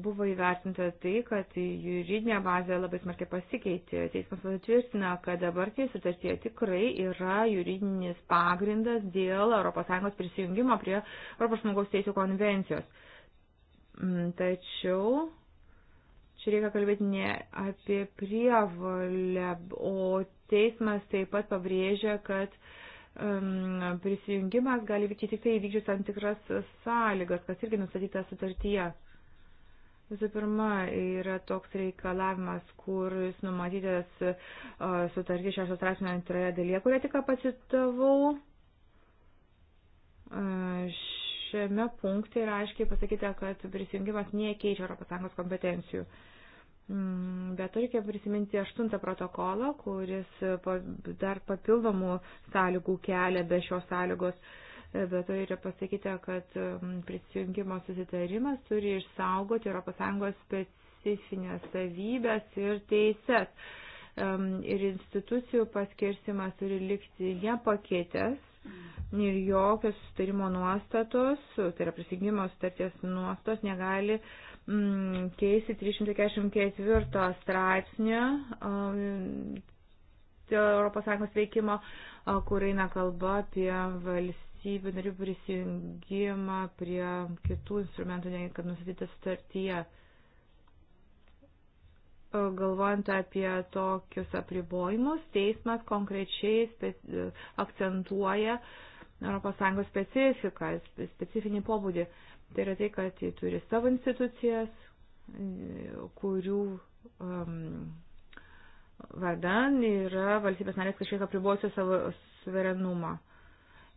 buvo įvertinta tai, kad juridinė bazė labai smarkiai pasikeitė. Teismas patvirtina, kad dabartinė sutartie tikrai yra juridinis pagrindas dėl ES prisijungimo prie ES teisų konvencijos. Mm, tačiau čia reikia kalbėti ne apie prievalę, o teismas taip pat pabrėžia, kad um, prisijungimas gali vykti tik tai įvykdžius tam tikras sąlygas, kas irgi nustatyta sutartyje. Visų pirma, yra toks reikalavimas, kur jis numatytas e, sutartį šešto straipsnio antroje dalyje, kurią tik pacitavau. E, šiame punkte yra aiškiai pasakyta, kad prisijungimas nekeičia ES kompetencijų. Mm, bet reikia prisiminti aštuntą protokolą, kuris dar papildomų sąlygų kelia be šios sąlygos bet to yra pasakyta, kad um, prisijungimo susitarimas turi išsaugoti ES specifinės savybės ir teises. Um, ir institucijų paskirsimas turi likti nepakėtęs ir jokios sustarimo nuostatos, tai yra prisijungimo sutarties nuostatos, negali mm, keisti 344 straipsnio um, ES veikimo, kur eina kalba apie valstybę valstybių narių prisijungimą prie kitų instrumentų, negu kad nusatyta sutartyje. Galvojant apie tokius apribojimus, teismas konkrečiai akcentuoja ES specifiką, specifinį pobūdį. Tai yra tai, kad jie turi savo institucijas, kurių um, vardan yra valstybės narės kažkiek apribuosios savo suverenumą. Uh,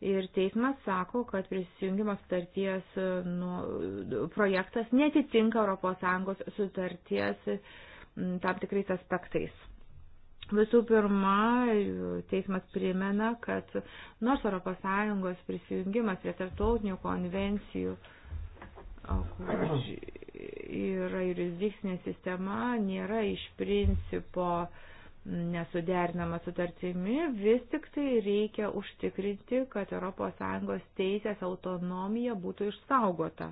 Ir teismas sako, kad prisijungimo sutarties e, nu, projektas netitinka ES sutarties tam tikrais aspektais. Visų pirma, teismas primena, kad nors ES prisijungimas prie tarptautinių konvencijų yra jurisdikcinė sistema, nėra iš principo uh, nesuderinama sutartimi, vis tik tai reikia užtikrinti, kad ES teisės autonomija būtų išsaugota.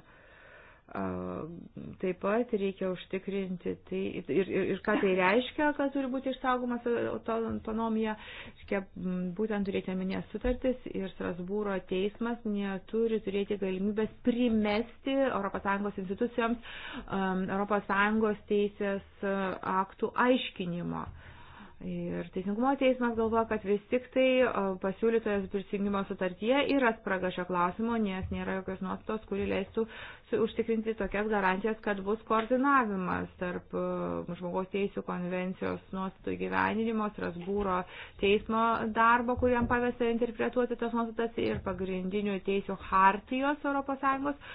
Taip pat reikia užtikrinti tai ir, ir, ir ką tai reiškia, kad turi būti išsaugomas autonomija. Reikia būtent turėti minės sutartis ir Strasbūro teismas neturi turėti galimybės primesti ES institucijoms ES teisės aktų aiškinimo. Ir Teisingumo teismas galvoja, kad vis tik tai pasiūlytojas prisijungimo sutartyje yra spraga šio klausimo, nes nėra jokios nuostatos, kuri leistų užtikrinti tokias garantijas, kad bus koordinavimas tarp žmogaus teisų konvencijos nuostatų įgyveninimo, Strasbūro teismo darbo, kuriam pavesta interpretuoti tas nuostatas ir pagrindinių teisų hartijos ES,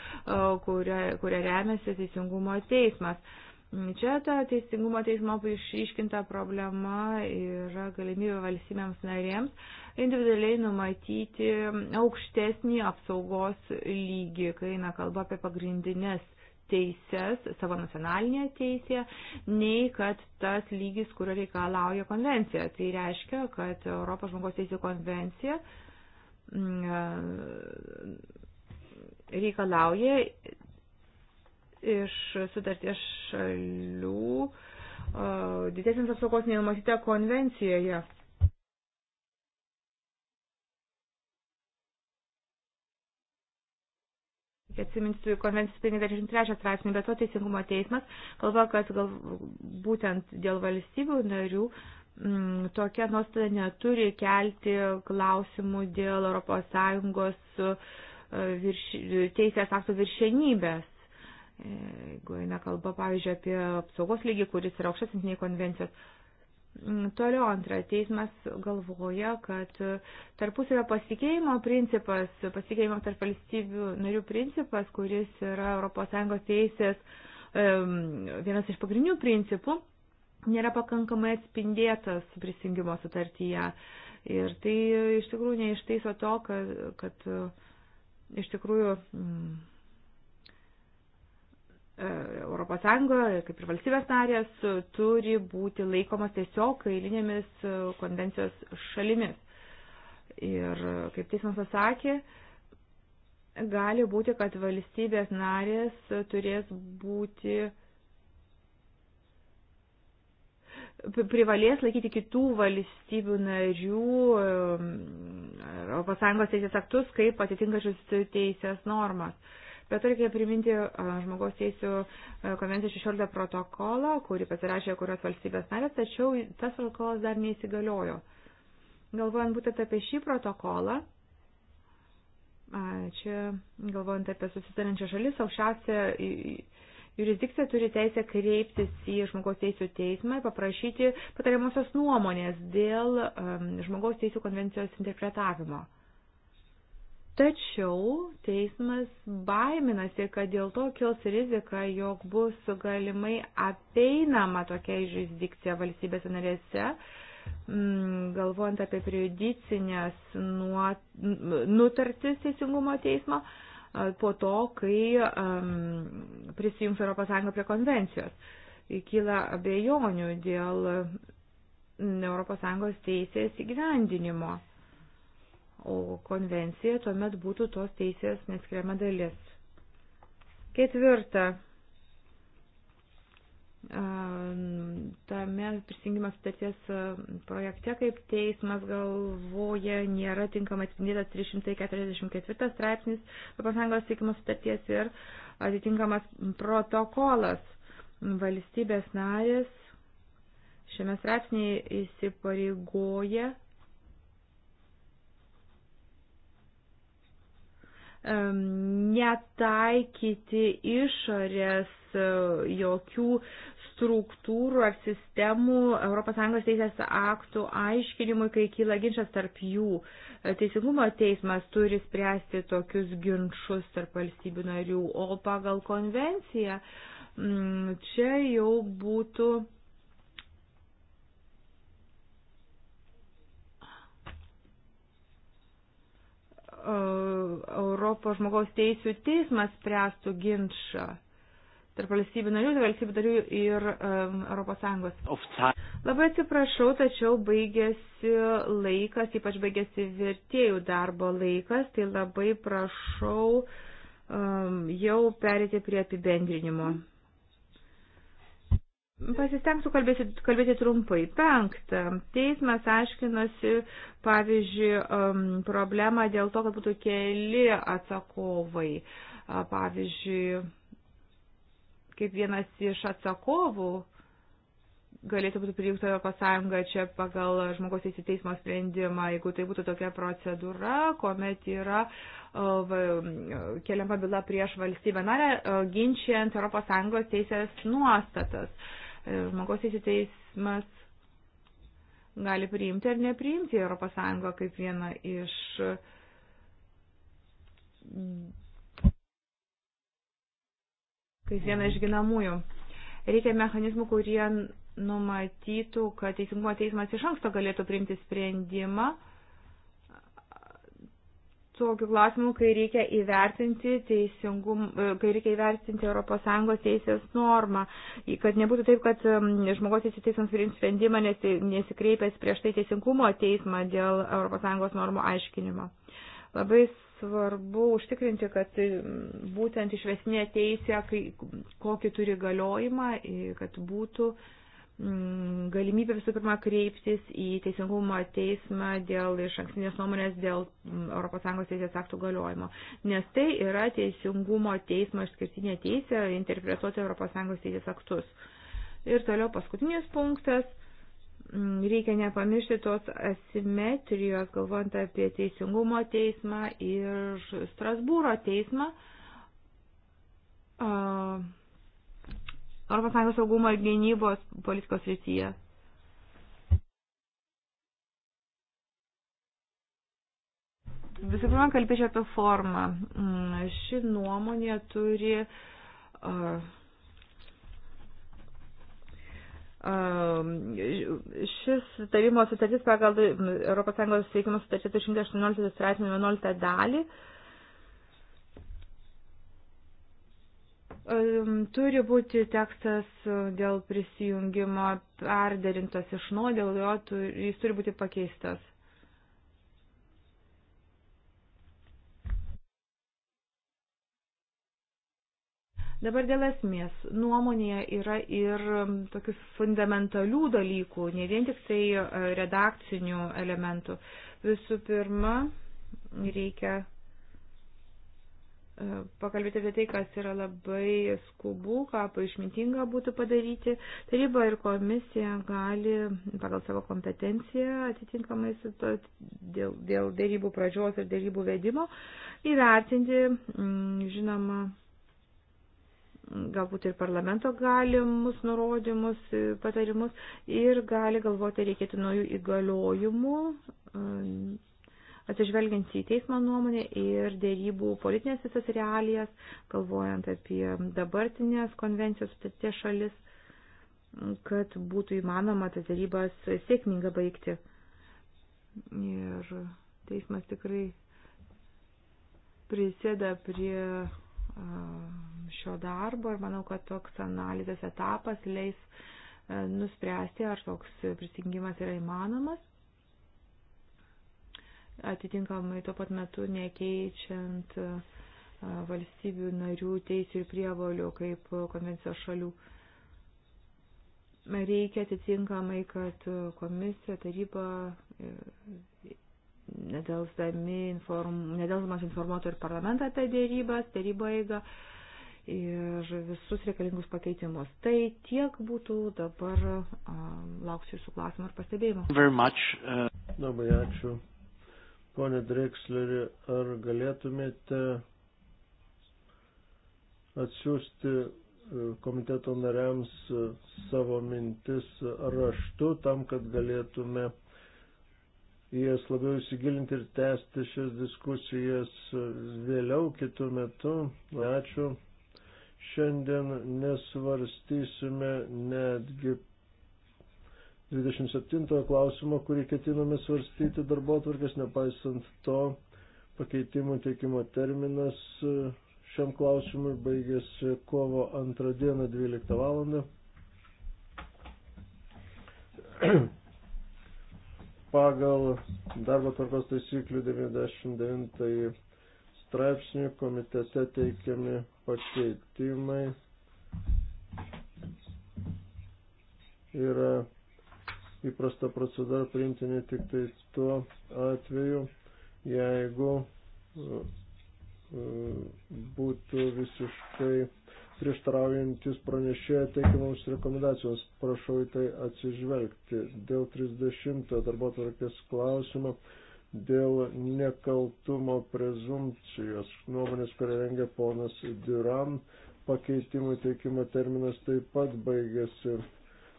kuria, kuria remiasi Teisingumo teismas. Čia ta teisingumo teismo išryškinta problema yra galimybė valstybėms narėms individualiai numatyti aukštesnį apsaugos lygį, kai eina kalba apie pagrindinės teises savo nacionalinėje teisėje, nei kad tas lygis, kurio reikalauja konvencija. Tai reiškia, kad Europos žmogaus teisė konvencija mm, reikalauja iš sutarties šalių didesnės apsaugos nenumatyta konvencijoje. atsiminsiu konvencijos 53 straipsnį, bet to teisingumo teismas kalba, kad gal, būtent dėl valstybių narių m, mm, tokia nuostata neturi kelti klausimų dėl ES virš, teisės aktų viršenybės jeigu eina kalba, pavyzdžiui, apie apsaugos lygį, kuris yra aukštasis nei konvencijos. Mm, toliau antra, teismas galvoja, kad tarpusavio pasikeimo principas, pasikeimo tarp valstybių narių principas, kuris yra ES teisės vienas iš pagrindinių principų, nėra pakankamai atspindėtas prisijungimo sutartyje. Ir tai iš tikrųjų neištaiso to, kad, kad iš tikrųjų. Mm, Europos Sąjunga, kaip ir valstybės narės, turi būti laikomas tiesiog eilinėmis konvencijos šalimis. Ir kaip teismas pasakė, gali būti, kad valstybės narės turės būti privalės laikyti kitų valstybių narių um, ES teisės aktus kaip atitinkačius teisės normas. Bet reikia priminti žmogaus teisų konvencijos 16 protokolą, kurį pasirašė kurios valstybės narės, tačiau tas protokolas dar neįsigaliojo. Galvojant būtent apie šį protokolą, čia galvojant apie susitarančią šalis, aukščiausia jurisdikcija turi teisę kreiptis į žmogaus teisų teismą ir paprašyti patariamosios nuomonės dėl um, žmogaus teisų konvencijos interpretavimo. Uh, Tačiau teismas baiminasi, kad dėl to kils rizika, jog bus galimai apeinama tokia jurisdikcija valstybės narėse, mm, galvojant apie prejudicinės nutartis teisingumo teismo po to, kai um, prisijungs ES prie konvencijos. Kyla abejonių dėl mm, ES teisės įgyvendinimo o konvencija tuomet būtų tos teisės neskiriama dalis. Ketvirta. Tame prisijungimo sutarties projekte, kaip teismas galvoja, nėra tinkamai atspindėtas 344 straipsnis ES teikimo sutarties ir atitinkamas protokolas. Valstybės narės šiame straipsnėje įsipareigoja netaikyti išorės e, jokių struktūrų ar sistemų ES teisės aktų aiškinimui, kai kyla ginčas tarp jų. E, Teisingumo teismas turi spręsti tokius ginčius tarp valstybių narių, o pagal konvenciją čia jau būtų Europos žmogaus teisų teismas spręstų ginčą tarp valstybių narių, valstybių narių ir um, ES. Labai atsiprašau, tačiau baigėsi laikas, ypač baigėsi vertėjų darbo laikas, tai labai prašau um, jau perėti prie apibendrinimo. Mm. Pasistengsiu kalbėti, kalbėti trumpai. Penkta. Teismas aiškinosi, pavyzdžiui, um, problemą dėl to, kad būtų keli atsakovai. Pavyzdžiui, kaip vienas iš atsakovų galėtų būti prijungta Europos Sąjunga čia pagal žmogaus teisų teismo sprendimą, jeigu tai būtų tokia procedūra, kuomet yra keliama byla prieš valstybę narę, ginčiant Europos Sąjungos teisės nuostatas žmogaus teisų teismas gali priimti ar nepriimti ES kaip vieną iš kaip vieną iš ginamųjų. Reikia mechanizmų, kurie numatytų, kad teisingumo teismas iš anksto galėtų priimti sprendimą tokių klausimų, kai reikia įvertinti teisingum, e, kai reikia įvertinti ES teisės normą, kad nebūtų taip, kad žmogaus teisės teismas priims sprendimą nesikreipęs prieš tai teisingumo teismą dėl ES normų aiškinimo. Labai svarbu užtikrinti, kad būtent išvesnė teisė, kai, kokį turi galiojimą, kad būtų uh, Mm, galimybė visų pirma kreiptis į Teisingumo teismą dėl iš ankstinės nuomonės dėl mm, ES teisės aktų galiojimo, nes tai yra Teisingumo teismo išskirtinė teisė interpretuoti ES teisės aktus. Ir toliau paskutinis punktas. Mm, reikia nepamiršti tos asimetrijos, galvojant apie Teisingumo teismą ir Strasbūro teismą. Uh, ES saugumo ir gynybos politikos rytyje. Visų pirma, kalbėčiau apie formą. Mm, ši nuomonė turi uh, šis tarimo sutartis pagal ES veikimo sutartį 118 straipsnį 11 dalį uh, Turi būti tekstas e, dėl prisijungimo perderintas iš nuo, dėl jo jis turi būti pakeistas. Dabar dėl esmės. Nuomonėje yra ir tokių fundamentalių dalykų, ne vien tik tai e, redakcinių elementų. Visų pirma, reikia E, pakalbėti apie tai, kas yra labai skubu, ką išmintinga būtų padaryti. Taryba ir komisija gali pagal savo kompetenciją atitinkamai dėl, dėl dėrybų pradžios ir dėrybų vedimo įvertinti, mm, žinoma, galbūt ir parlamento galimus nurodymus, e, patarimus ir gali galvoti reikėtų naujų įgaliojimų e, atsižvelgiant į teismo nuomonę ir dėrybų politinės visas realijas, galvojant apie dabartinės konvencijos sutarties šalis, kad būtų įmanoma tas dėrybas sėkminga baigti. Ir teismas tikrai prisėda prie šio darbo ir manau, kad toks analizės etapas leis nuspręsti, ar toks prisijungimas yra įmanomas atitinkamai tuo pat metu nekeičiant e, valstybių narių teisų ir prievolių kaip konvencijos šalių. Reikia atitinkamai, kad komisija, taryba e, nedelsdamas informuotų ir parlamentą apie dėrybas, dėrybą eigą ir visus reikalingus pakeitimus. Tai tiek būtų dabar, um, lauksiu jūsų klausimų ir pastebėjimų. Very much. Uh... Labai ačiū. Pone Drexleri, ar galėtumėte atsiųsti e, komiteto nariams e, savo mintis raštu tam, kad galėtume į jas labiau įsigilinti ir tęsti šias diskusijas vėliau kitų metų. Ačiū. Šiandien nesvarstysime netgi 27 klausimo, kurį ketiname svarstyti darbo atvarkės, nepaisant to pakeitimų teikimo terminas e, šiam klausimui baigėsi kovo 2 dieną 12 valandą. (clears throat) Pagal darbo tvarkos taisyklių 99 straipsnių komitete teikiami pakeitimai yra įprasta procedūra priimtinė tik tai tuo atveju, jeigu e, e, būtų visiškai prieštaraujantis pranešėjo teikiamoms rekomendacijos. Prašau į tai atsižvelgti. Dėl 30 darbo tvarkės klausimo, dėl nekaltumo prezumcijos nuomonės, kurią rengia ponas Duram, pakeitimų teikimo terminas taip pat baigėsi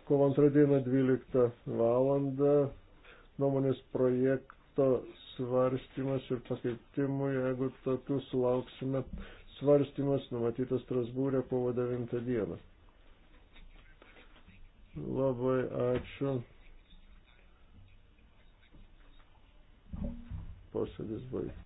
kovo antrą dieną 12 valandą nuomonės projekto svarstymas ir pakeitimų, jeigu tokių sulauksime, svarstymas numatytas Strasbūrė kovo 9 dieną. Labai ačiū. Posėdis baigtas.